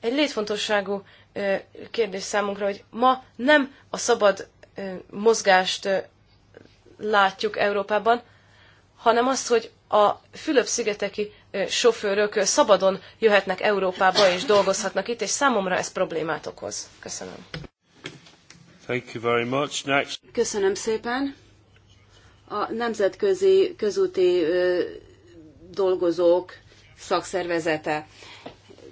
Egy létfontosságú kérdés számunkra, hogy ma nem a szabad mozgást látjuk Európában, hanem azt, hogy a Fülöp-szigeteki sofőrök szabadon jöhetnek Európába és dolgozhatnak itt, és számomra ez problémát okoz. Köszönöm. Thank you very much. Next. Köszönöm szépen. A Nemzetközi Közúti Dolgozók Szakszervezete.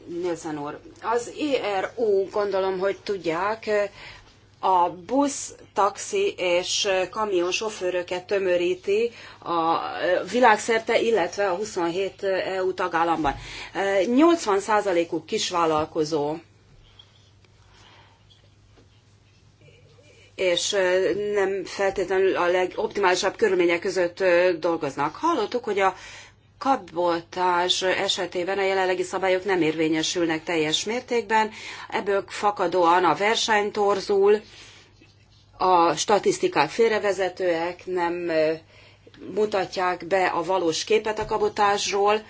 Nilsen úr, az ERU gondolom, hogy tudják, a busz, taxi és kamion sofőröket tömöríti a világszerte, illetve a 27 EU tagállamban. 80%-uk kisvállalkozó és nem feltétlenül a legoptimálisabb körülmények között dolgoznak. Hallottuk, hogy a kabotás esetében a jelenlegi szabályok nem érvényesülnek teljes mértékben, ebből fakadóan a verseny torzul, a statisztikák félrevezetőek, nem mutatják be a valós képet a kabotásról.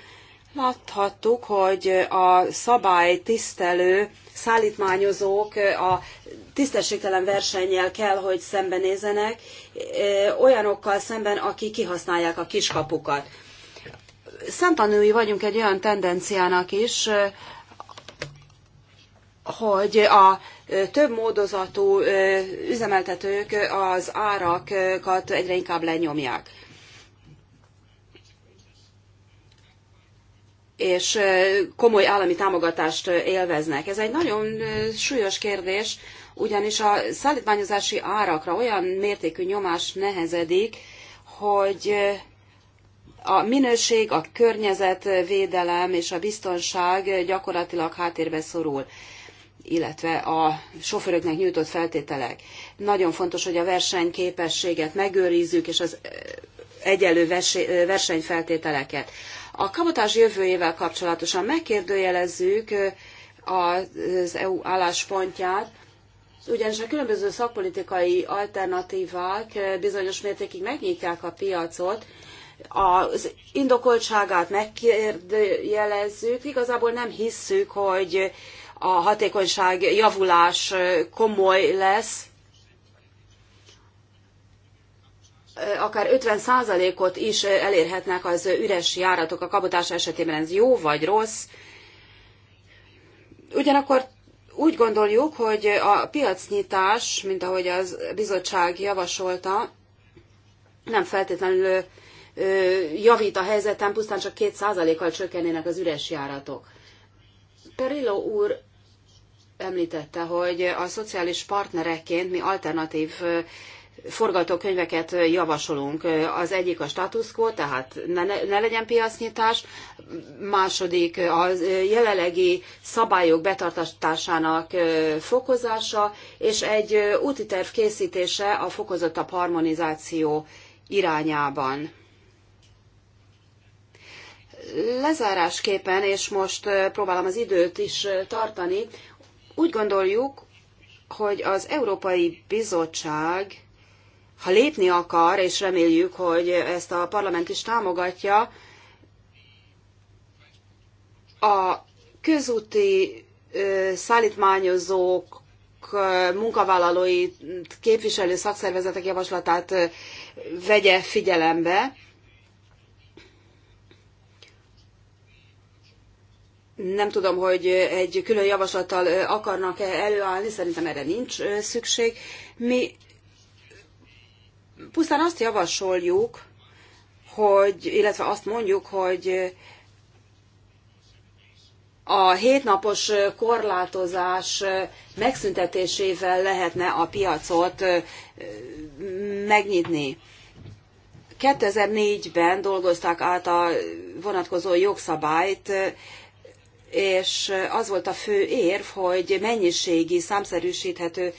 Láthattuk, hogy a szabály tisztelő szállítmányozók a tisztességtelen versennyel kell, hogy szembenézenek, olyanokkal szemben, akik kihasználják a kiskapukat szemtanúi vagyunk egy olyan tendenciának is, hogy a több módozatú üzemeltetők az árakat egyre inkább lenyomják. és komoly állami támogatást élveznek. Ez egy nagyon súlyos kérdés, ugyanis a szállítmányozási árakra olyan mértékű nyomás nehezedik, hogy a minőség, a környezetvédelem és a biztonság gyakorlatilag háttérbe szorul illetve a sofőröknek nyújtott feltételek. Nagyon fontos, hogy a versenyképességet megőrizzük, és az egyenlő versenyfeltételeket. A kabotás jövőjével kapcsolatosan megkérdőjelezzük az EU álláspontját, ugyanis a különböző szakpolitikai alternatívák bizonyos mértékig megnyitják a piacot, az indokoltságát megkérdőjelezzük, igazából nem hisszük, hogy a hatékonyság javulás komoly lesz, akár 50%-ot is elérhetnek az üres járatok a kabotás esetében, ez jó vagy rossz. Ugyanakkor úgy gondoljuk, hogy a piacnyitás, mint ahogy az bizottság javasolta, nem feltétlenül javít a helyzeten, pusztán csak 2%-kal csökkennének az üres járatok. Perillo úr említette, hogy a szociális partnerekként mi alternatív forgatókönyveket javasolunk. Az egyik a status quo, tehát ne, ne legyen piacnyitás, második a jelenlegi szabályok betartatásának fokozása, és egy terv készítése a fokozottabb harmonizáció irányában lezárásképpen, és most próbálom az időt is tartani, úgy gondoljuk, hogy az Európai Bizottság, ha lépni akar, és reméljük, hogy ezt a parlament is támogatja, a közúti szállítmányozók munkavállalói képviselő szakszervezetek javaslatát vegye figyelembe, Nem tudom, hogy egy külön javaslattal akarnak-e előállni, szerintem erre nincs szükség. Mi pusztán azt javasoljuk, hogy, illetve azt mondjuk, hogy a hétnapos korlátozás megszüntetésével lehetne a piacot megnyitni. 2004-ben dolgozták át a vonatkozó jogszabályt, és az volt a fő érv, hogy mennyiségi, számszerűsíthető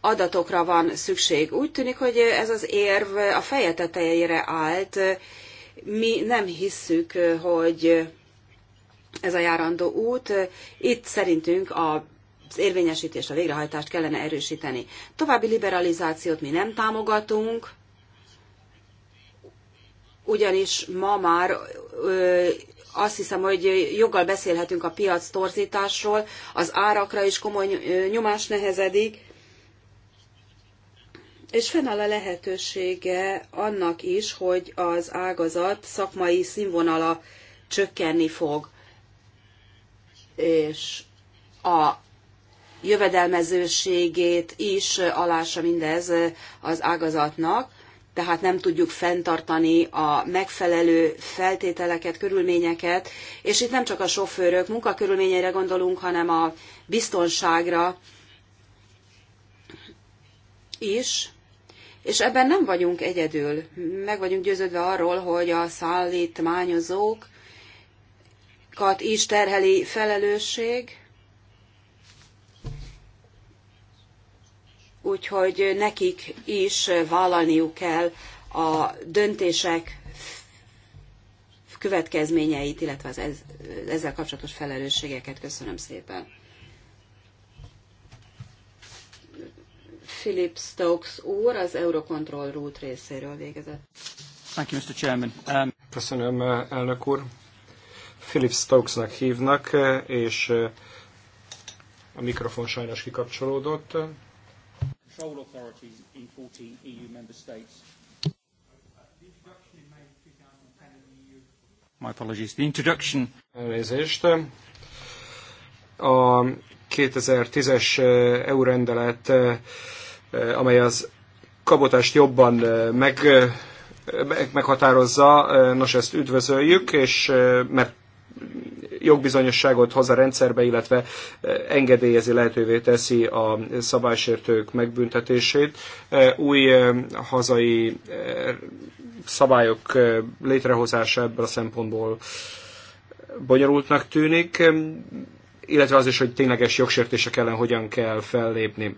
adatokra van szükség. Úgy tűnik, hogy ez az érv a feje tetejére állt. Mi nem hisszük, hogy ez a járandó út. Itt szerintünk a az érvényesítést, a végrehajtást kellene erősíteni. További liberalizációt mi nem támogatunk, ugyanis ma már azt hiszem, hogy joggal beszélhetünk a piac torzításról, az árakra is komoly nyomás nehezedik, és fennáll a lehetősége annak is, hogy az ágazat szakmai színvonala csökkenni fog, és a jövedelmezőségét is alása mindez az ágazatnak tehát nem tudjuk fenntartani a megfelelő feltételeket, körülményeket, és itt nem csak a sofőrök munkakörülményeire gondolunk, hanem a biztonságra is, és ebben nem vagyunk egyedül. Meg vagyunk győződve arról, hogy a szállítmányozókat is terheli felelősség, úgyhogy nekik is vállalniuk kell a döntések következményeit, illetve az ezzel kapcsolatos felelősségeket. Köszönöm szépen. Philip Stokes úr az Eurocontrol Root részéről végezett. Thank you, Mr. Chairman. Um... Köszönöm, uh, elnök úr. Philip Stokesnak hívnak, uh, és uh, a mikrofon sajnos kikapcsolódott control authorities in 14 EU member states. My apologies. The introduction. Elnézést. A 2010-es EU eh, rendelet, eh, eh, amely az kabotást jobban meg, meghatározza, nos ezt üdvözöljük, és mert jogbizonyosságot hoz a rendszerbe, illetve eh, engedélyezi, lehetővé teszi a szabálysértők megbüntetését. Eh, új eh, hazai szabályok létrehozása ebből a szempontból bonyolultnak tűnik, illetve az is, hogy tényleges jogsértések ellen hogyan kell fellépni.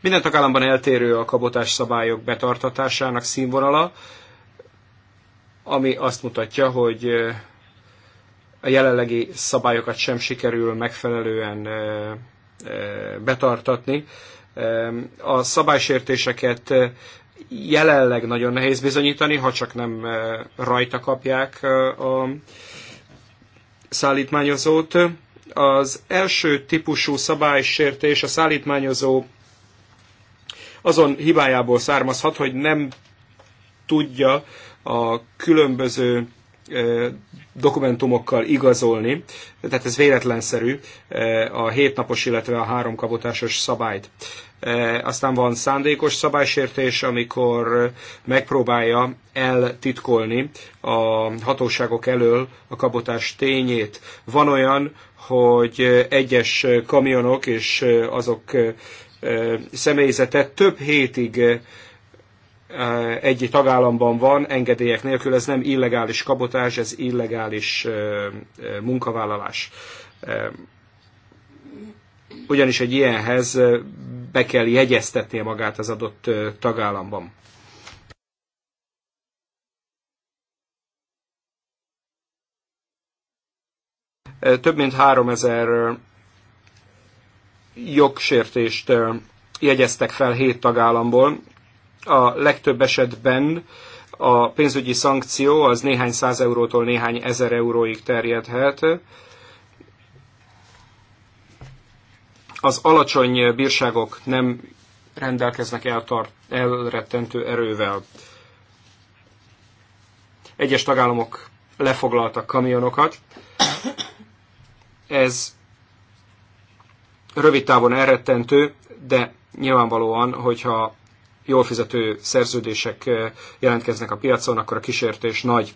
Minden tagállamban eltérő a kabotás szabályok betartatásának színvonala, ami azt mutatja, hogy a jelenlegi szabályokat sem sikerül megfelelően betartatni. A szabálysértéseket jelenleg nagyon nehéz bizonyítani, ha csak nem rajta kapják a szállítmányozót. Az első típusú szabálysértés a szállítmányozó azon hibájából származhat, hogy nem tudja a különböző dokumentumokkal igazolni, tehát ez véletlenszerű a hétnapos, illetve a három kabotásos szabályt. Aztán van szándékos szabálysértés, amikor megpróbálja eltitkolni a hatóságok elől a kabotás tényét. Van olyan, hogy egyes kamionok és azok személyzete több hétig egy tagállamban van engedélyek nélkül, ez nem illegális kabotás, ez illegális munkavállalás. Ugyanis egy ilyenhez be kell jegyeztetnie magát az adott tagállamban. Több mint 3000 jogsértést jegyeztek fel hét tagállamból, a legtöbb esetben a pénzügyi szankció az néhány száz eurótól néhány ezer euróig terjedhet. Az alacsony bírságok nem rendelkeznek eltart, elrettentő erővel. Egyes tagállamok lefoglaltak kamionokat. Ez rövid távon elrettentő, de nyilvánvalóan, hogyha jól fizető szerződések eh, jelentkeznek a piacon, akkor a kísértés nagy.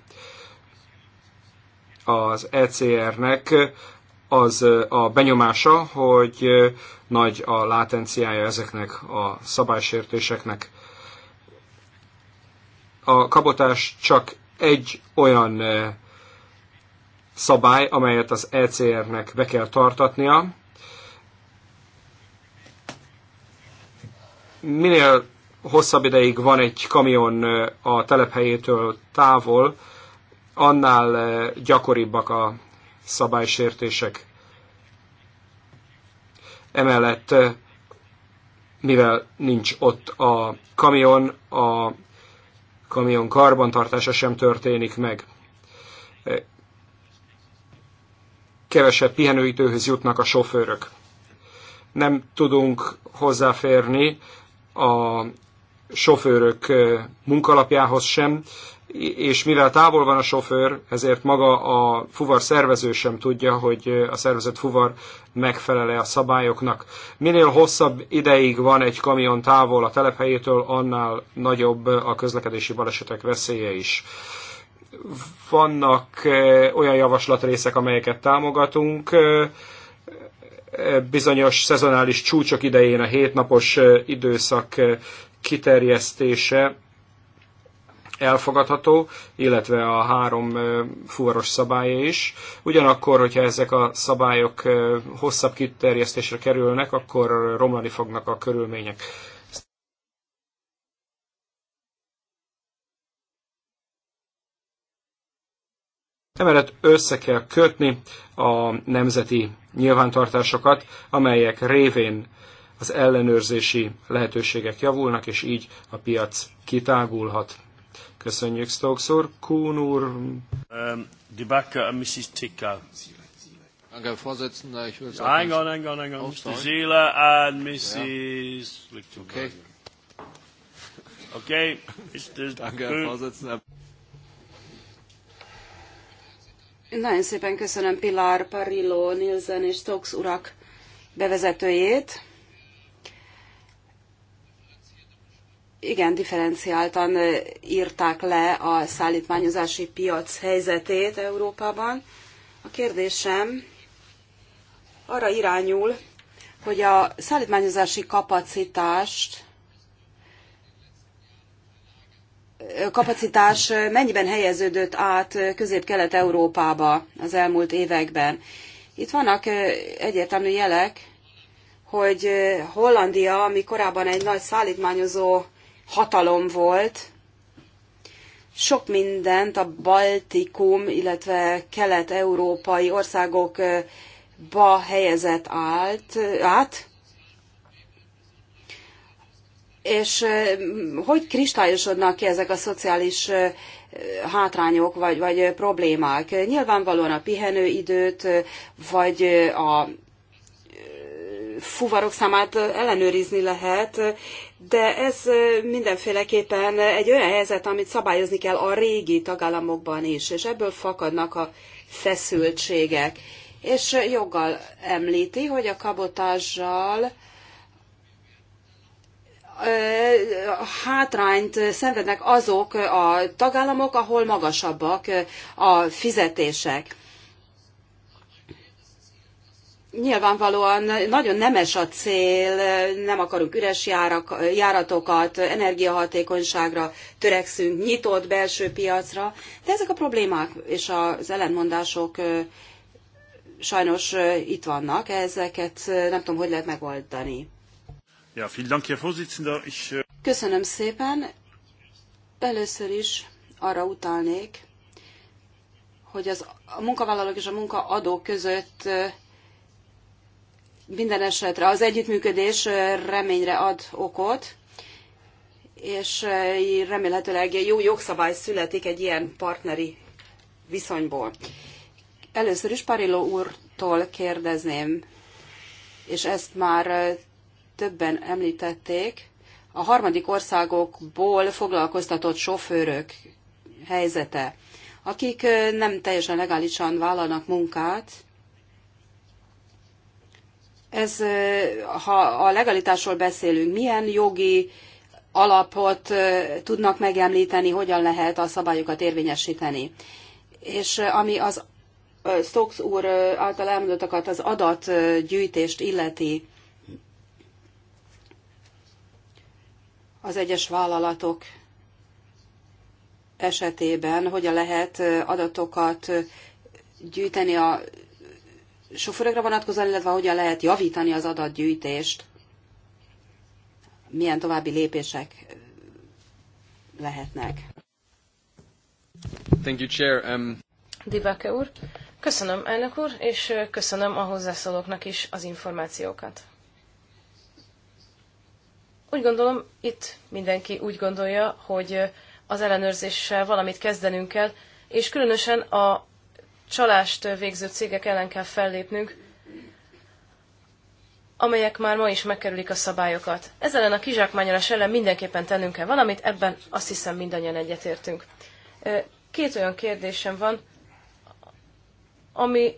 Az ECR-nek az eh, a benyomása, hogy eh, nagy a látenciája ezeknek a szabálysértéseknek. A kabotás csak egy olyan szabály, amelyet az ECR-nek be kell tartatnia. Minél hosszabb ideig van egy kamion a telephelyétől távol, annál gyakoribbak a szabálysértések. Emellett, mivel nincs ott a kamion, a kamion karbantartása sem történik meg. Kevesebb pihenőidőhöz jutnak a sofőrök. Nem tudunk hozzáférni a sofőrök eh, munkalapjához sem, és mivel távol van a sofőr, ezért maga a fuvar szervező sem tudja, hogy eh, a szervezett fuvar megfelele a szabályoknak. Minél hosszabb ideig van egy kamion távol a telephelyétől, annál nagyobb eh, a közlekedési balesetek veszélye is. Vannak olyan javaslatrészek, amelyeket támogatunk, bizonyos szezonális csúcsok idején a hétnapos időszak kiterjesztése elfogadható, illetve a három fuvaros szabálya is. Ugyanakkor, hogyha ezek a szabályok hosszabb kiterjesztésre kerülnek, akkor romlani fognak a körülmények. Emellett össze kell kötni a nemzeti nyilvántartásokat, amelyek révén az ellenőrzési lehetőségek javulnak, és így a piac kitágulhat. Köszönjük, Stokes úr. Kuhn úr. Um, uh, Mrs. Ticker. and Mrs. Nagyon szépen köszönöm Pilar, Parillo, Nielsen és Stokes urak bevezetőjét. igen differenciáltan írták le a szállítmányozási piac helyzetét Európában. A kérdésem arra irányul, hogy a szállítmányozási kapacitást kapacitás mennyiben helyeződött át Közép-Kelet-Európába az elmúlt években. Itt vannak egyértelmű jelek, hogy Hollandia, ami korábban egy nagy szállítmányozó hatalom volt, sok mindent a Baltikum, illetve kelet-európai országokba helyezett állt, át, és hogy kristályosodnak ki ezek a szociális hátrányok vagy, vagy problémák? Nyilvánvalóan a pihenőidőt, vagy a fuvarok számát ellenőrizni lehet, de ez mindenféleképpen egy olyan helyzet, amit szabályozni kell a régi tagállamokban is, és ebből fakadnak a feszültségek. És joggal említi, hogy a kabotással hátrányt szenvednek azok a tagállamok, ahol magasabbak a fizetések nyilvánvalóan nagyon nemes a cél, nem akarunk üres járak, járatokat, energiahatékonyságra törekszünk, nyitott belső piacra, de ezek a problémák és az ellentmondások sajnos itt vannak, ezeket nem tudom, hogy lehet megoldani. Ja, vielen Dank, Herr Vorsitzender. Ich... Äh, Köszönöm szépen. Először is arra utalnék, hogy az, a munkavállalók és a munkaadók között minden esetre az együttműködés reményre ad okot, és remélhetőleg jó jogszabály születik egy ilyen partneri viszonyból. Először is Pariló úrtól kérdezném, és ezt már többen említették, a harmadik országokból foglalkoztatott sofőrök helyzete, akik nem teljesen legálisan vállalnak munkát, ez, ha a legalitásról beszélünk, milyen jogi alapot tudnak megemlíteni, hogyan lehet a szabályokat érvényesíteni. És ami az Stokes úr által elmondottakat, az adatgyűjtést illeti az egyes vállalatok esetében, hogyan lehet adatokat gyűjteni a sofőrökre vonatkozóan, illetve hogyan lehet javítani az adatgyűjtést, milyen további lépések lehetnek. Thank you, Chair. Um... Dibake úr. Köszönöm, elnök úr, és köszönöm a hozzászólóknak is az információkat. Úgy gondolom, itt mindenki úgy gondolja, hogy az ellenőrzéssel valamit kezdenünk kell, és különösen a csalást végző cégek ellen kell fellépnünk, amelyek már ma is megkerülik a szabályokat. Ez ellen a kizsákmányolás ellen mindenképpen tennünk kell valamit, ebben azt hiszem mindannyian egyetértünk. Két olyan kérdésem van, ami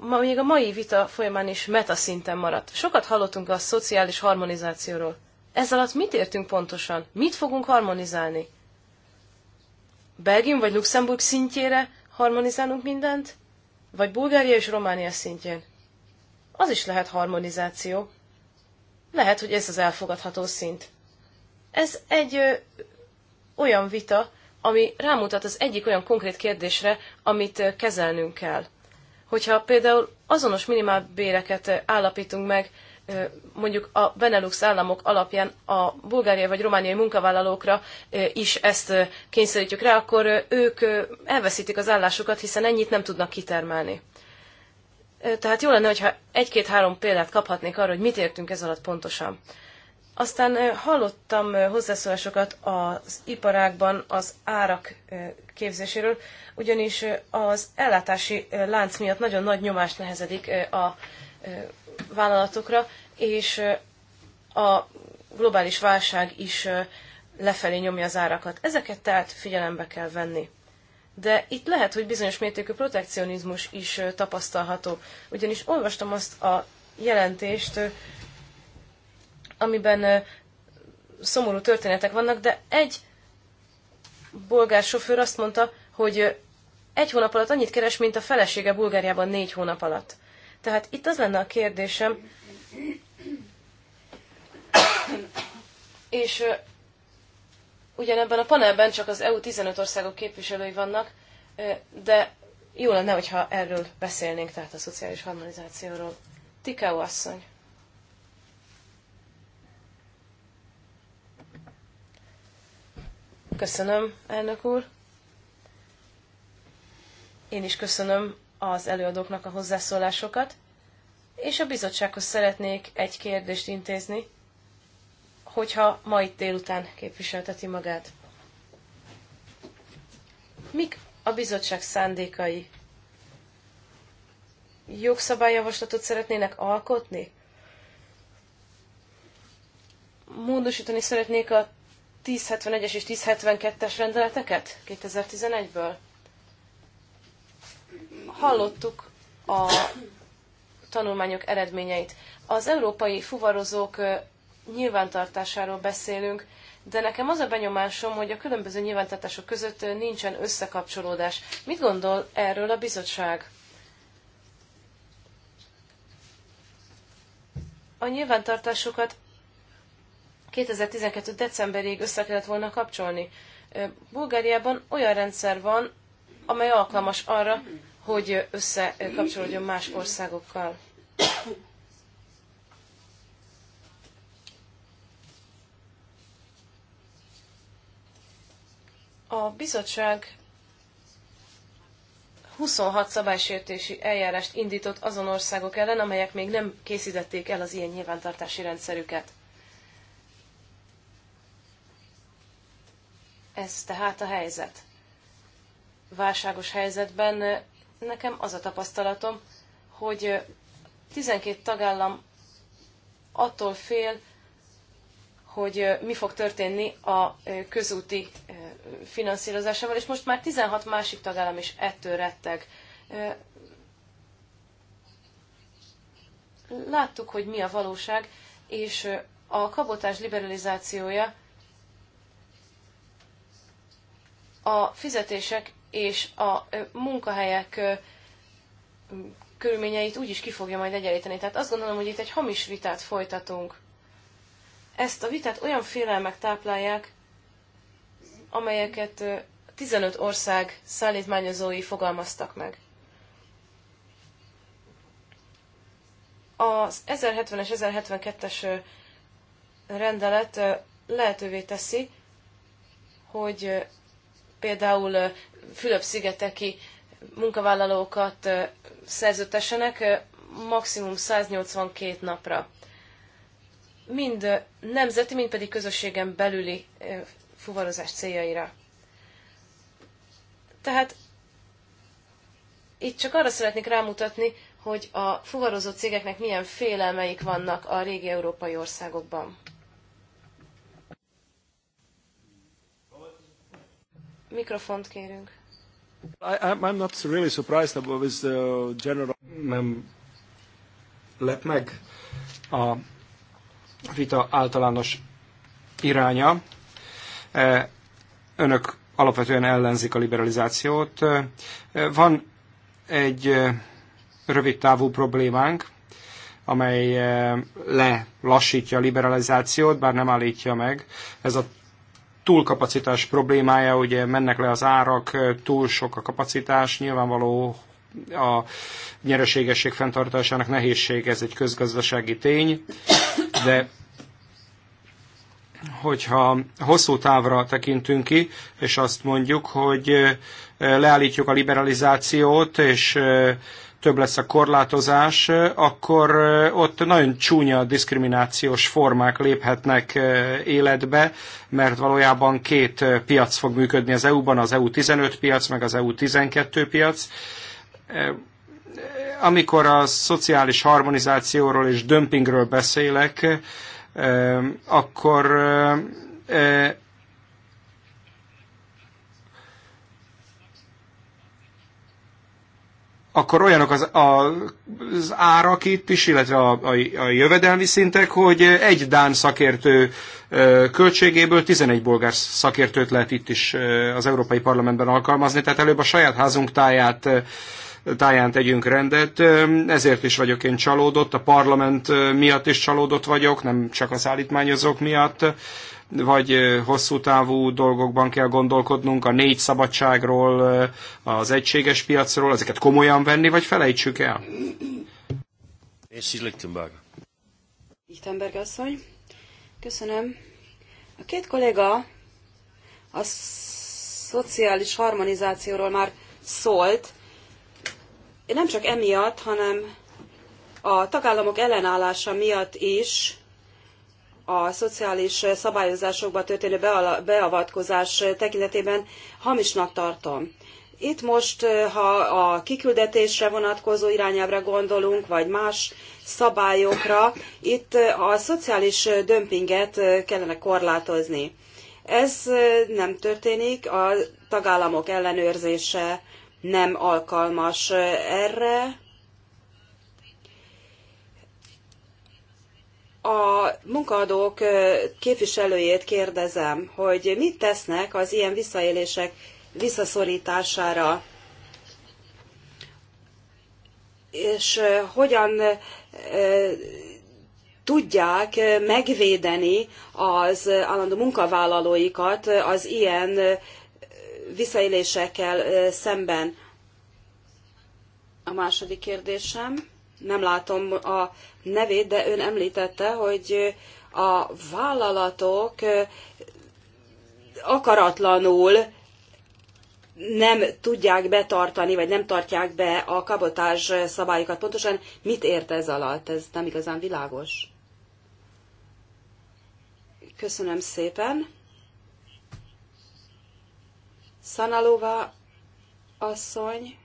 ma, még a mai vita folyamán is meta-szinten maradt. Sokat hallottunk a szociális harmonizációról. Ez alatt mit értünk pontosan? Mit fogunk harmonizálni? Belgium vagy Luxemburg szintjére, harmonizálunk mindent, vagy Bulgária és Románia szintjén. Az is lehet harmonizáció. Lehet, hogy ez az elfogadható szint. Ez egy ö, olyan vita, ami rámutat az egyik olyan konkrét kérdésre, amit ö, kezelnünk kell. Hogyha például azonos minimálbéreket állapítunk meg mondjuk a Benelux államok alapján a bulgáriai vagy romániai munkavállalókra is ezt kényszerítjük rá, akkor ők elveszítik az állásukat, hiszen ennyit nem tudnak kitermelni. Tehát jó lenne, hogyha egy-két-három példát kaphatnék arra, hogy mit értünk ez alatt pontosan. Aztán hallottam hozzászólásokat az iparágban az árak képzéséről, ugyanis az ellátási lánc miatt nagyon nagy nyomás nehezedik a vállalatokra, és a globális válság is lefelé nyomja az árakat. Ezeket tehát figyelembe kell venni. De itt lehet, hogy bizonyos mértékű protekcionizmus is tapasztalható. Ugyanis olvastam azt a jelentést, amiben szomorú történetek vannak, de egy bolgár sofőr azt mondta, hogy egy hónap alatt annyit keres, mint a felesége Bulgáriában négy hónap alatt. Tehát itt az lenne a kérdésem, és ugyanebben a panelben csak az EU 15 országok képviselői vannak, de jó lenne, hogyha erről beszélnénk, tehát a szociális harmonizációról. Tikau asszony. Köszönöm, elnök úr. Én is köszönöm az előadóknak a hozzászólásokat, és a bizottsághoz szeretnék egy kérdést intézni, hogyha ma itt délután képviselteti magát. Mik a bizottság szándékai? Jogszabályjavaslatot szeretnének alkotni? Módosítani szeretnék a 1071-es és 1072-es rendeleteket 2011-ből? hallottuk a tanulmányok eredményeit. Az európai fuvarozók nyilvántartásáról beszélünk, de nekem az a benyomásom, hogy a különböző nyilvántartások között nincsen összekapcsolódás. Mit gondol erről a bizottság? A nyilvántartásokat 2012. decemberig össze kellett volna kapcsolni. Bulgáriában olyan rendszer van, amely alkalmas arra, hogy összekapcsolódjon más országokkal. A bizottság 26 szabálysértési eljárást indított azon országok ellen, amelyek még nem készítették el az ilyen nyilvántartási rendszerüket. Ez tehát a helyzet. Válságos helyzetben nekem az a tapasztalatom, hogy 12 tagállam attól fél, hogy mi fog történni a közúti finanszírozásával, és most már 16 másik tagállam is ettől retteg. Láttuk, hogy mi a valóság, és a kabotás liberalizációja a fizetések és a munkahelyek körülményeit úgyis ki fogja majd egyenlíteni. Tehát azt gondolom, hogy itt egy hamis vitát folytatunk. Ezt a vitát olyan félelmek táplálják, amelyeket 15 ország szállítmányozói fogalmaztak meg. Az 1070-es, 1072-es rendelet lehetővé teszi, hogy például Fülöp-szigeteki munkavállalókat szerződtessenek maximum 182 napra. Mind nemzeti, mind pedig közösségen belüli fuvarozás céljaira. Tehát itt csak arra szeretnék rámutatni, hogy a fuvarozó cégeknek milyen félelmeik vannak a régi európai országokban. Mikrofont kérünk. I, I'm not really surprised about this uh, general... Nem lep meg a vita általános iránya. E, önök alapvetően ellenzik a liberalizációt. E, van egy e, rövid távú problémánk, amely lelassítja a liberalizációt, bár nem állítja meg. Ez a túlkapacitás problémája, ugye mennek le az árak, túl sok a kapacitás, nyilvánvaló a nyereségesség fenntartásának nehézség, ez egy közgazdasági tény, de hogyha hosszú távra tekintünk ki, és azt mondjuk, hogy leállítjuk a liberalizációt, és több lesz a korlátozás, akkor ott nagyon csúnya diszkriminációs formák léphetnek életbe, mert valójában két piac fog működni az EU-ban, az EU 15 piac, meg az EU 12 piac. Amikor a szociális harmonizációról és dömpingről beszélek, akkor akkor olyanok az, az árak itt is, illetve a, a, a jövedelmi szintek, hogy egy Dán szakértő költségéből 11 bolgár szakértőt lehet itt is az Európai Parlamentben alkalmazni, tehát előbb a saját házunk táját táján tegyünk rendet. Ezért is vagyok én csalódott, a parlament miatt is csalódott vagyok, nem csak az állítmányozók miatt vagy hosszú távú dolgokban kell gondolkodnunk, a négy szabadságról, az egységes piacról, ezeket komolyan venni, vagy felejtsük el? És Lichtenberg. asszony. Köszönöm. A két kolléga a szociális harmonizációról már szólt, nem csak emiatt, hanem a tagállamok ellenállása miatt is a szociális szabályozásokba történő beavatkozás tekintetében hamisnak tartom. Itt most, ha a kiküldetésre vonatkozó irányelvre gondolunk, vagy más szabályokra, itt a szociális dömpinget kellene korlátozni. Ez nem történik, a tagállamok ellenőrzése nem alkalmas erre, a munkaadók képviselőjét kérdezem, hogy mit tesznek az ilyen visszaélések visszaszorítására, és hogyan tudják megvédeni az állandó munkavállalóikat az ilyen visszaélésekkel szemben. A második kérdésem, nem látom a nevét, de ön említette, hogy a vállalatok akaratlanul nem tudják betartani, vagy nem tartják be a kabotás szabályokat. Pontosan mit ért ez alatt? Ez nem igazán világos. Köszönöm szépen. Szanalova asszony.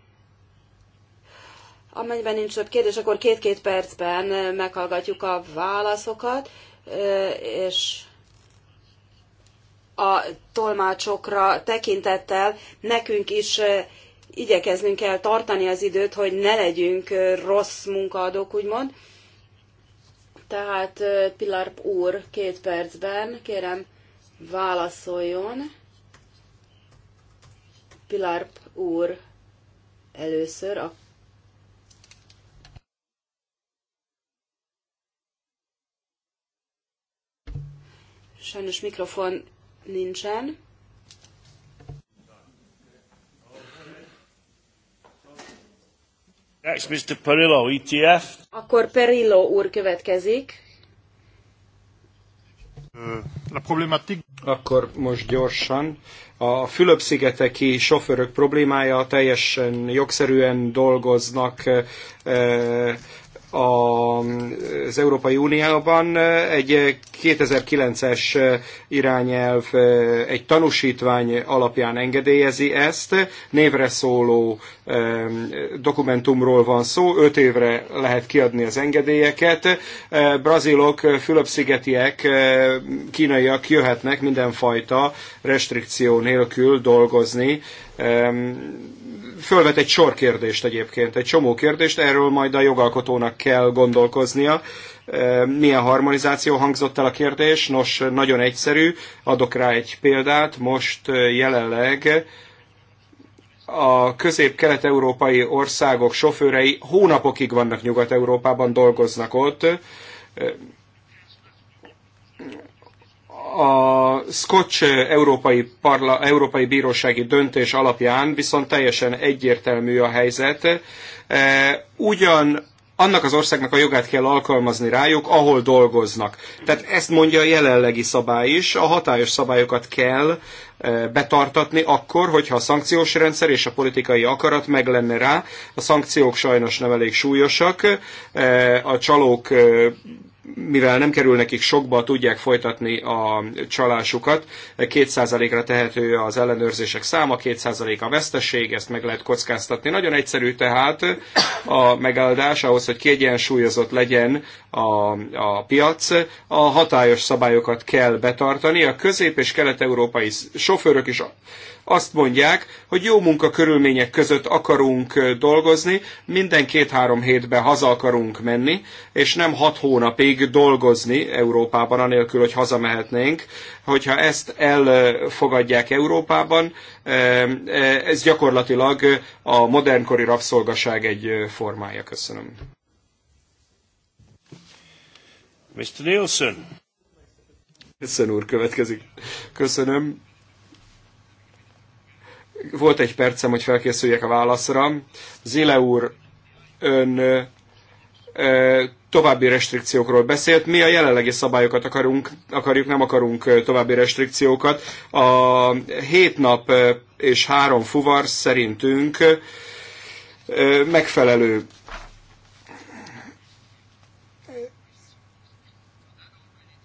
Amennyiben nincs több kérdés, akkor két-két percben meghallgatjuk a válaszokat, és a tolmácsokra tekintettel nekünk is igyekeznünk kell tartani az időt, hogy ne legyünk rossz munkaadók, úgymond. Tehát Pilar úr két percben, kérem, válaszoljon. Pilar úr először, a Sajnos mikrofon nincsen. Next, Mr. Perillo, ETF. Akkor Perillo úr következik. A problematik... Akkor most gyorsan. A Fülöp-szigeteki sofőrök problémája teljesen jogszerűen dolgoznak az Európai Unióban egy 2009-es irányelv egy tanúsítvány alapján engedélyezi ezt. Névre szóló dokumentumról van szó, Öt évre lehet kiadni az engedélyeket. Brazilok, Fülöp-szigetiek, kínaiak jöhetnek mindenfajta restrikció nélkül dolgozni Fölvet egy sor kérdést egyébként, egy csomó kérdést, erről majd a jogalkotónak kell gondolkoznia. Milyen harmonizáció hangzott el a kérdés? Nos, nagyon egyszerű, adok rá egy példát. Most jelenleg a közép-kelet-európai országok sofőrei hónapokig vannak Nyugat-Európában, dolgoznak ott a Scotch Európai, Parla, Európai Bírósági döntés alapján viszont teljesen egyértelmű a helyzet. E, ugyan annak az országnak a jogát kell alkalmazni rájuk, ahol dolgoznak. Tehát ezt mondja a jelenlegi szabály is, a hatályos szabályokat kell e, betartatni akkor, hogyha a szankciós rendszer és a politikai akarat meg lenne rá. A szankciók sajnos nem elég súlyosak, e, a csalók mivel nem kerül nekik sokba, tudják folytatni a csalásukat. 2%-ra tehető az ellenőrzések száma, 2% a veszteség, ezt meg lehet kockáztatni. Nagyon egyszerű tehát a megáldás ahhoz, hogy kiegyensúlyozott legyen a, a piac. A hatályos szabályokat kell betartani. A közép- és kelet-európai sofőrök is azt mondják, hogy jó munkakörülmények között akarunk dolgozni, minden két-három hétbe haza akarunk menni, és nem hat hónapig dolgozni Európában, anélkül, hogy hazamehetnénk. Hogyha ezt elfogadják Európában, ez gyakorlatilag a modernkori rabszolgaság egy formája. Köszönöm. Mr. Nielsen. Köszönöm úr következik. Köszönöm. Volt egy percem, hogy felkészüljek a válaszra. Zile úr, ön további restrikciókról beszélt. Mi a jelenlegi szabályokat akarunk, akarjuk, nem akarunk további restrikciókat. A hét nap és három fuvar szerintünk megfelelő.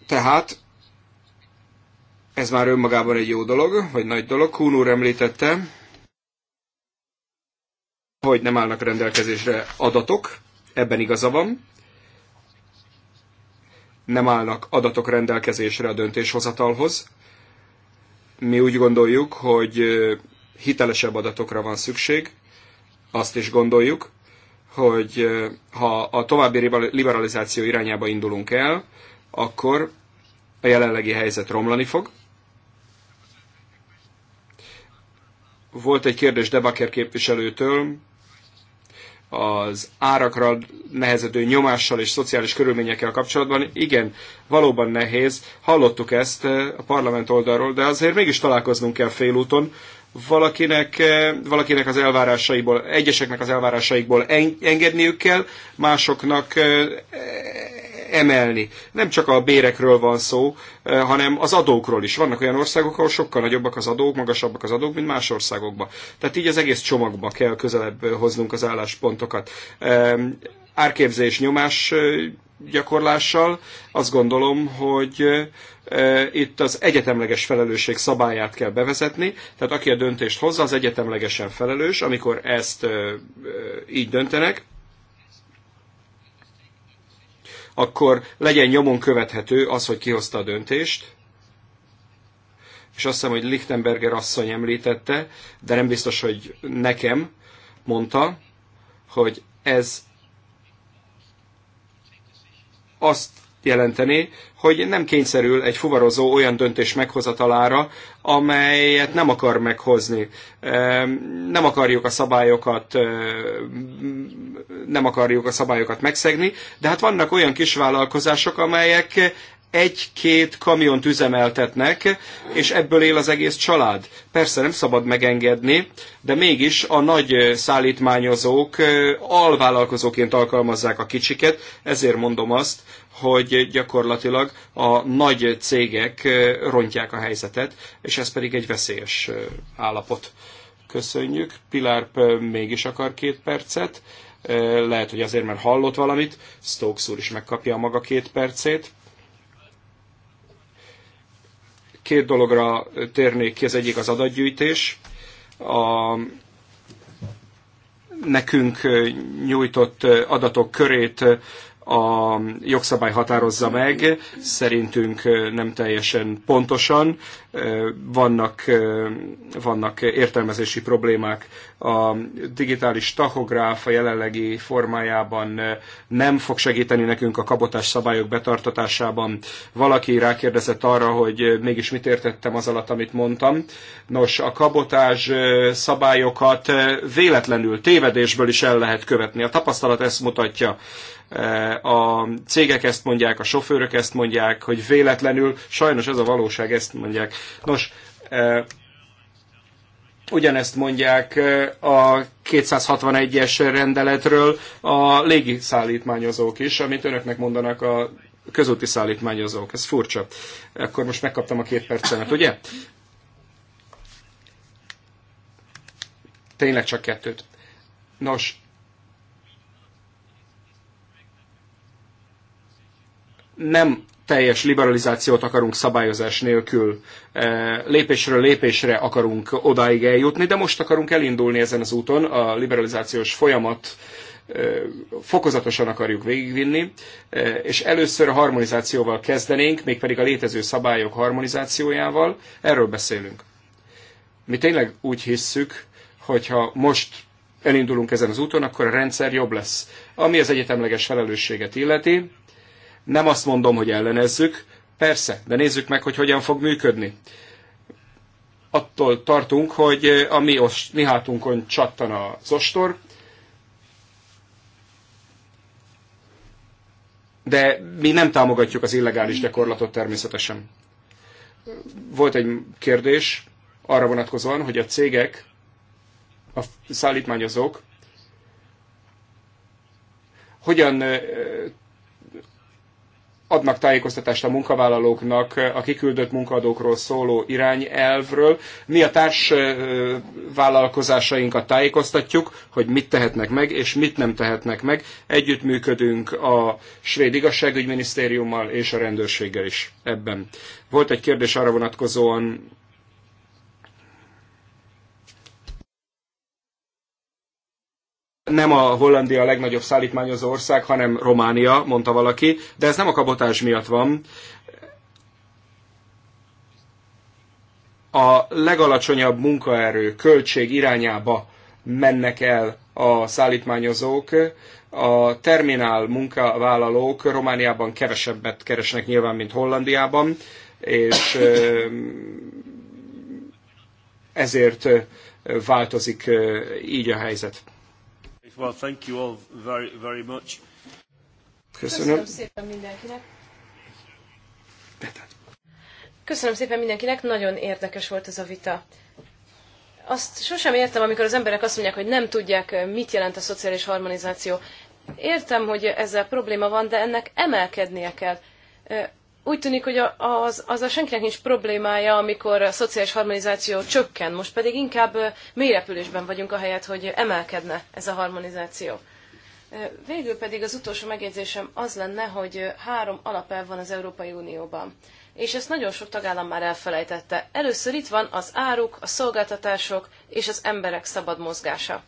Tehát ez már önmagában egy jó dolog, vagy nagy dolog. Kún úr említette, hogy nem állnak rendelkezésre adatok, ebben igaza van. Nem állnak adatok rendelkezésre a döntéshozatalhoz. Mi úgy gondoljuk, hogy hitelesebb adatokra van szükség. Azt is gondoljuk, hogy ha a további liberalizáció irányába indulunk el, akkor a jelenlegi helyzet romlani fog, Volt egy kérdés Debaker képviselőtől, az árakra nehezedő nyomással és szociális körülményekkel kapcsolatban. Igen, valóban nehéz. Hallottuk ezt eh, a parlament oldalról, de azért mégis találkoznunk kell félúton. Valakinek, eh, valakinek az elvárásaiból, egyeseknek az elvárásaikból engedniük kell, másoknak eh, emelni. Nem csak a bérekről van szó, eh, hanem az adókról is. Vannak olyan országok, ahol sokkal nagyobbak az adók, magasabbak az adók, mint más országokban. Tehát így az egész csomagba kell közelebb eh, hoznunk az álláspontokat. Árképzés nyomás eh, gyakorlással azt gondolom, hogy itt az egyetemleges felelősség szabályát kell bevezetni, tehát aki a döntést hozza, az egyetemlegesen felelős, amikor ezt így döntenek, akkor legyen nyomon követhető az, hogy kihozta a döntést, és azt hiszem, hogy Lichtenberger asszony említette, de nem biztos, hogy nekem mondta, hogy ez azt jelenteni, hogy nem kényszerül egy fuvarozó olyan döntés meghozatalára, amelyet nem akar meghozni. Nem akarjuk a szabályokat, nem akarjuk a szabályokat megszegni, de hát vannak olyan kisvállalkozások, amelyek egy-két kamiont üzemeltetnek, és ebből él az egész család. Persze nem szabad megengedni, de mégis a nagy szállítmányozók alvállalkozóként alkalmazzák a kicsiket, ezért mondom azt, hogy gyakorlatilag a nagy cégek rontják a helyzetet, és ez pedig egy veszélyes állapot. Köszönjük. Pilár mégis akar két percet. Lehet, hogy azért, mert hallott valamit. Stokes úr is megkapja a maga két percét. Két dologra térnék ki, az egyik az adatgyűjtés. A nekünk nyújtott adatok körét a jogszabály határozza meg, szerintünk nem teljesen pontosan, vannak, vannak értelmezési problémák. A digitális tachográf a jelenlegi formájában nem fog segíteni nekünk a kabotás szabályok betartatásában. Valaki rákérdezett arra, hogy mégis mit értettem az alatt, amit mondtam. Nos, a kabotás szabályokat véletlenül, tévedésből is el lehet követni. A tapasztalat ezt mutatja a cégek ezt mondják, a sofőrök ezt mondják, hogy véletlenül, sajnos ez a valóság, ezt mondják, Nos, e, ugyanezt mondják e, a 261-es rendeletről a légi szállítmányozók is, amit önöknek mondanak a közúti szállítmányozók. Ez furcsa. Akkor most megkaptam a két percemet, ugye? Tényleg csak kettőt. Nos, nem teljes liberalizációt akarunk szabályozás nélkül, e, lépésről lépésre akarunk odáig eljutni, de most akarunk elindulni ezen az úton, a liberalizációs folyamat e, fokozatosan akarjuk végigvinni, e, és először a harmonizációval kezdenénk, mégpedig a létező szabályok harmonizációjával, erről beszélünk. Mi tényleg úgy hisszük, hogyha most elindulunk ezen az úton, akkor a rendszer jobb lesz. Ami az egyetemleges felelősséget illeti, nem azt mondom, hogy ellenezzük, persze, de nézzük meg, hogy hogyan fog működni. Attól tartunk, hogy a mi, os, mi hátunkon csattan az ostor, de mi nem támogatjuk az illegális gyakorlatot természetesen. Volt egy kérdés arra vonatkozóan, hogy a cégek, a szállítmányozók hogyan adnak tájékoztatást a munkavállalóknak a kiküldött munkaadókról szóló irányelvről. Mi a társ vállalkozásainkat tájékoztatjuk, hogy mit tehetnek meg, és mit nem tehetnek meg. Együttműködünk a svéd igazságügyminisztériummal és a rendőrséggel is ebben. Volt egy kérdés arra vonatkozóan, nem a Hollandia a legnagyobb szállítmányozó ország, hanem Románia, mondta valaki, de ez nem a kabotás miatt van. A legalacsonyabb munkaerő költség irányába mennek el a szállítmányozók, a terminál munkavállalók Romániában kevesebbet keresnek nyilván, mint Hollandiában, és ezért változik így a helyzet. Well, thank you all very, very much. Köszönöm. Köszönöm szépen mindenkinek. Köszönöm szépen mindenkinek, nagyon érdekes volt ez a vita. Azt sosem értem, amikor az emberek azt mondják, hogy nem tudják, eh, mit jelent a szociális harmonizáció. Értem, hogy ezzel probléma van, de ennek emelkednie kell eh, úgy tűnik, hogy az, az a senkinek nincs problémája, amikor a szociális harmonizáció csökken, most pedig inkább mélyrepülésben vagyunk ahelyett, hogy emelkedne ez a harmonizáció. Végül pedig az utolsó megjegyzésem az lenne, hogy három alapelv van az Európai Unióban. És ezt nagyon sok tagállam már elfelejtette. Először itt van az áruk, a szolgáltatások és az emberek szabad mozgása.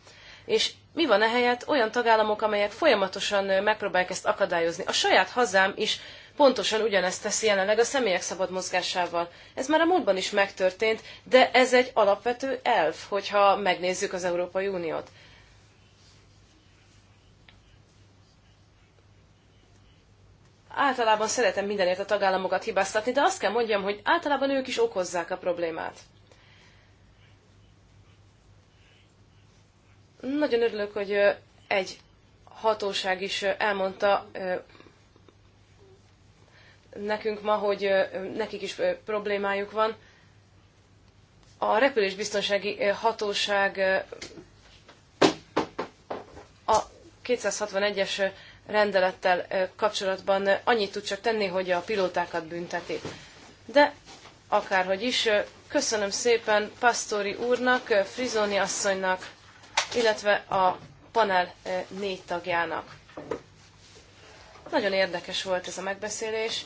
És mi van ehelyett? Olyan tagállamok, amelyek folyamatosan megpróbálják ezt akadályozni. A saját hazám is pontosan ugyanezt teszi jelenleg a személyek szabad mozgásával. Ez már a múltban is megtörtént, de ez egy alapvető elv, hogyha megnézzük az Európai Uniót. Általában szeretem mindenért a tagállamokat hibáztatni, de azt kell mondjam, hogy általában ők is okozzák a problémát. Nagyon örülök, hogy egy hatóság is elmondta, nekünk ma, hogy nekik is problémájuk van. A repülésbiztonsági hatóság a 261-es rendelettel kapcsolatban annyit tud csak tenni, hogy a pilótákat bünteti. De akárhogy is, köszönöm szépen Pastori úrnak, Frizoni asszonynak, illetve a panel négy tagjának. Nagyon érdekes volt ez a megbeszélés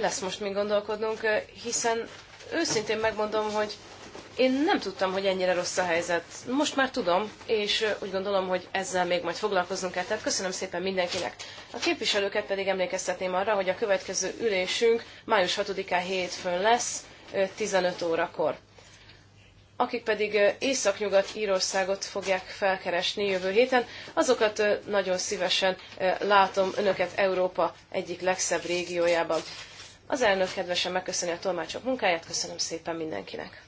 lesz most még gondolkodnunk, hiszen őszintén megmondom, hogy én nem tudtam, hogy ennyire rossz a helyzet. Most már tudom, és úgy gondolom, hogy ezzel még majd foglalkozunk kell. Tehát köszönöm szépen mindenkinek. A képviselőket pedig emlékeztetném arra, hogy a következő ülésünk május 6-án hétfőn lesz, 15 órakor. Akik pedig északnyugat Írországot fogják felkeresni jövő héten, azokat nagyon szívesen látom önöket Európa egyik legszebb régiójában. Az elnök kedvesen megköszöni a tolmácsok munkáját, köszönöm szépen mindenkinek.